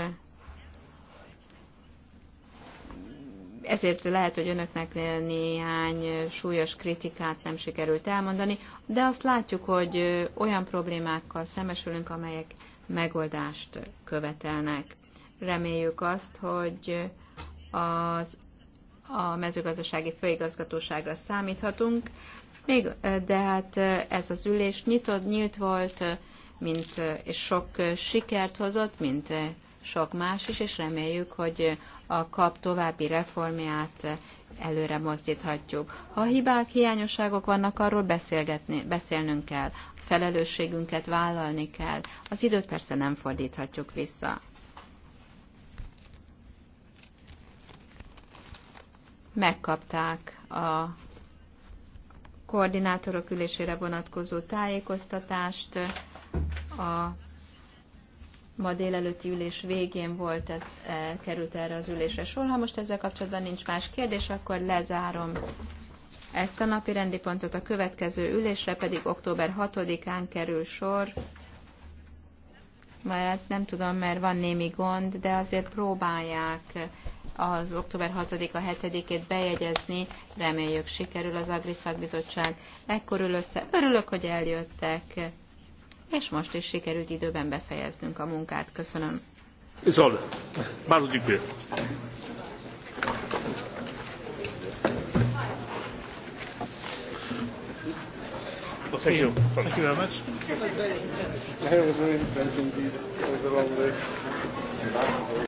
ezért lehet, hogy önöknek néhány súlyos kritikát nem sikerült elmondani, de azt látjuk, hogy olyan problémákkal szemesülünk, amelyek megoldást követelnek. Reméljük azt, hogy az, a mezőgazdasági főigazgatóságra számíthatunk, még, de hát ez az ülés nyitott, nyílt volt, mint, és sok sikert hozott, mint sok más is, és reméljük, hogy a kap további reformját előre mozdíthatjuk. Ha hibák, hiányosságok vannak, arról beszélgetni, beszélnünk kell. A felelősségünket vállalni kell. Az időt persze nem fordíthatjuk vissza. Megkapták a koordinátorok ülésére vonatkozó tájékoztatást, a ma délelőtti ülés végén volt, ez, e, került erre az ülésre sor. Ha most ezzel kapcsolatban nincs más kérdés, akkor lezárom ezt a napi rendi pontot. A következő ülésre pedig október 6-án kerül sor. Már ezt nem tudom, mert van némi gond, de azért próbálják az október 6-a 7-ét bejegyezni, reméljük sikerül az Agri Szakbizottság. Ekkor ül össze. Örülök, hogy eljöttek és most is sikerült időben befejeznünk a munkát. Köszönöm.
Szóval, bardzo dziękuję. Thank you. Thank you very much. It was very intense. It was very intense indeed. It was a long day.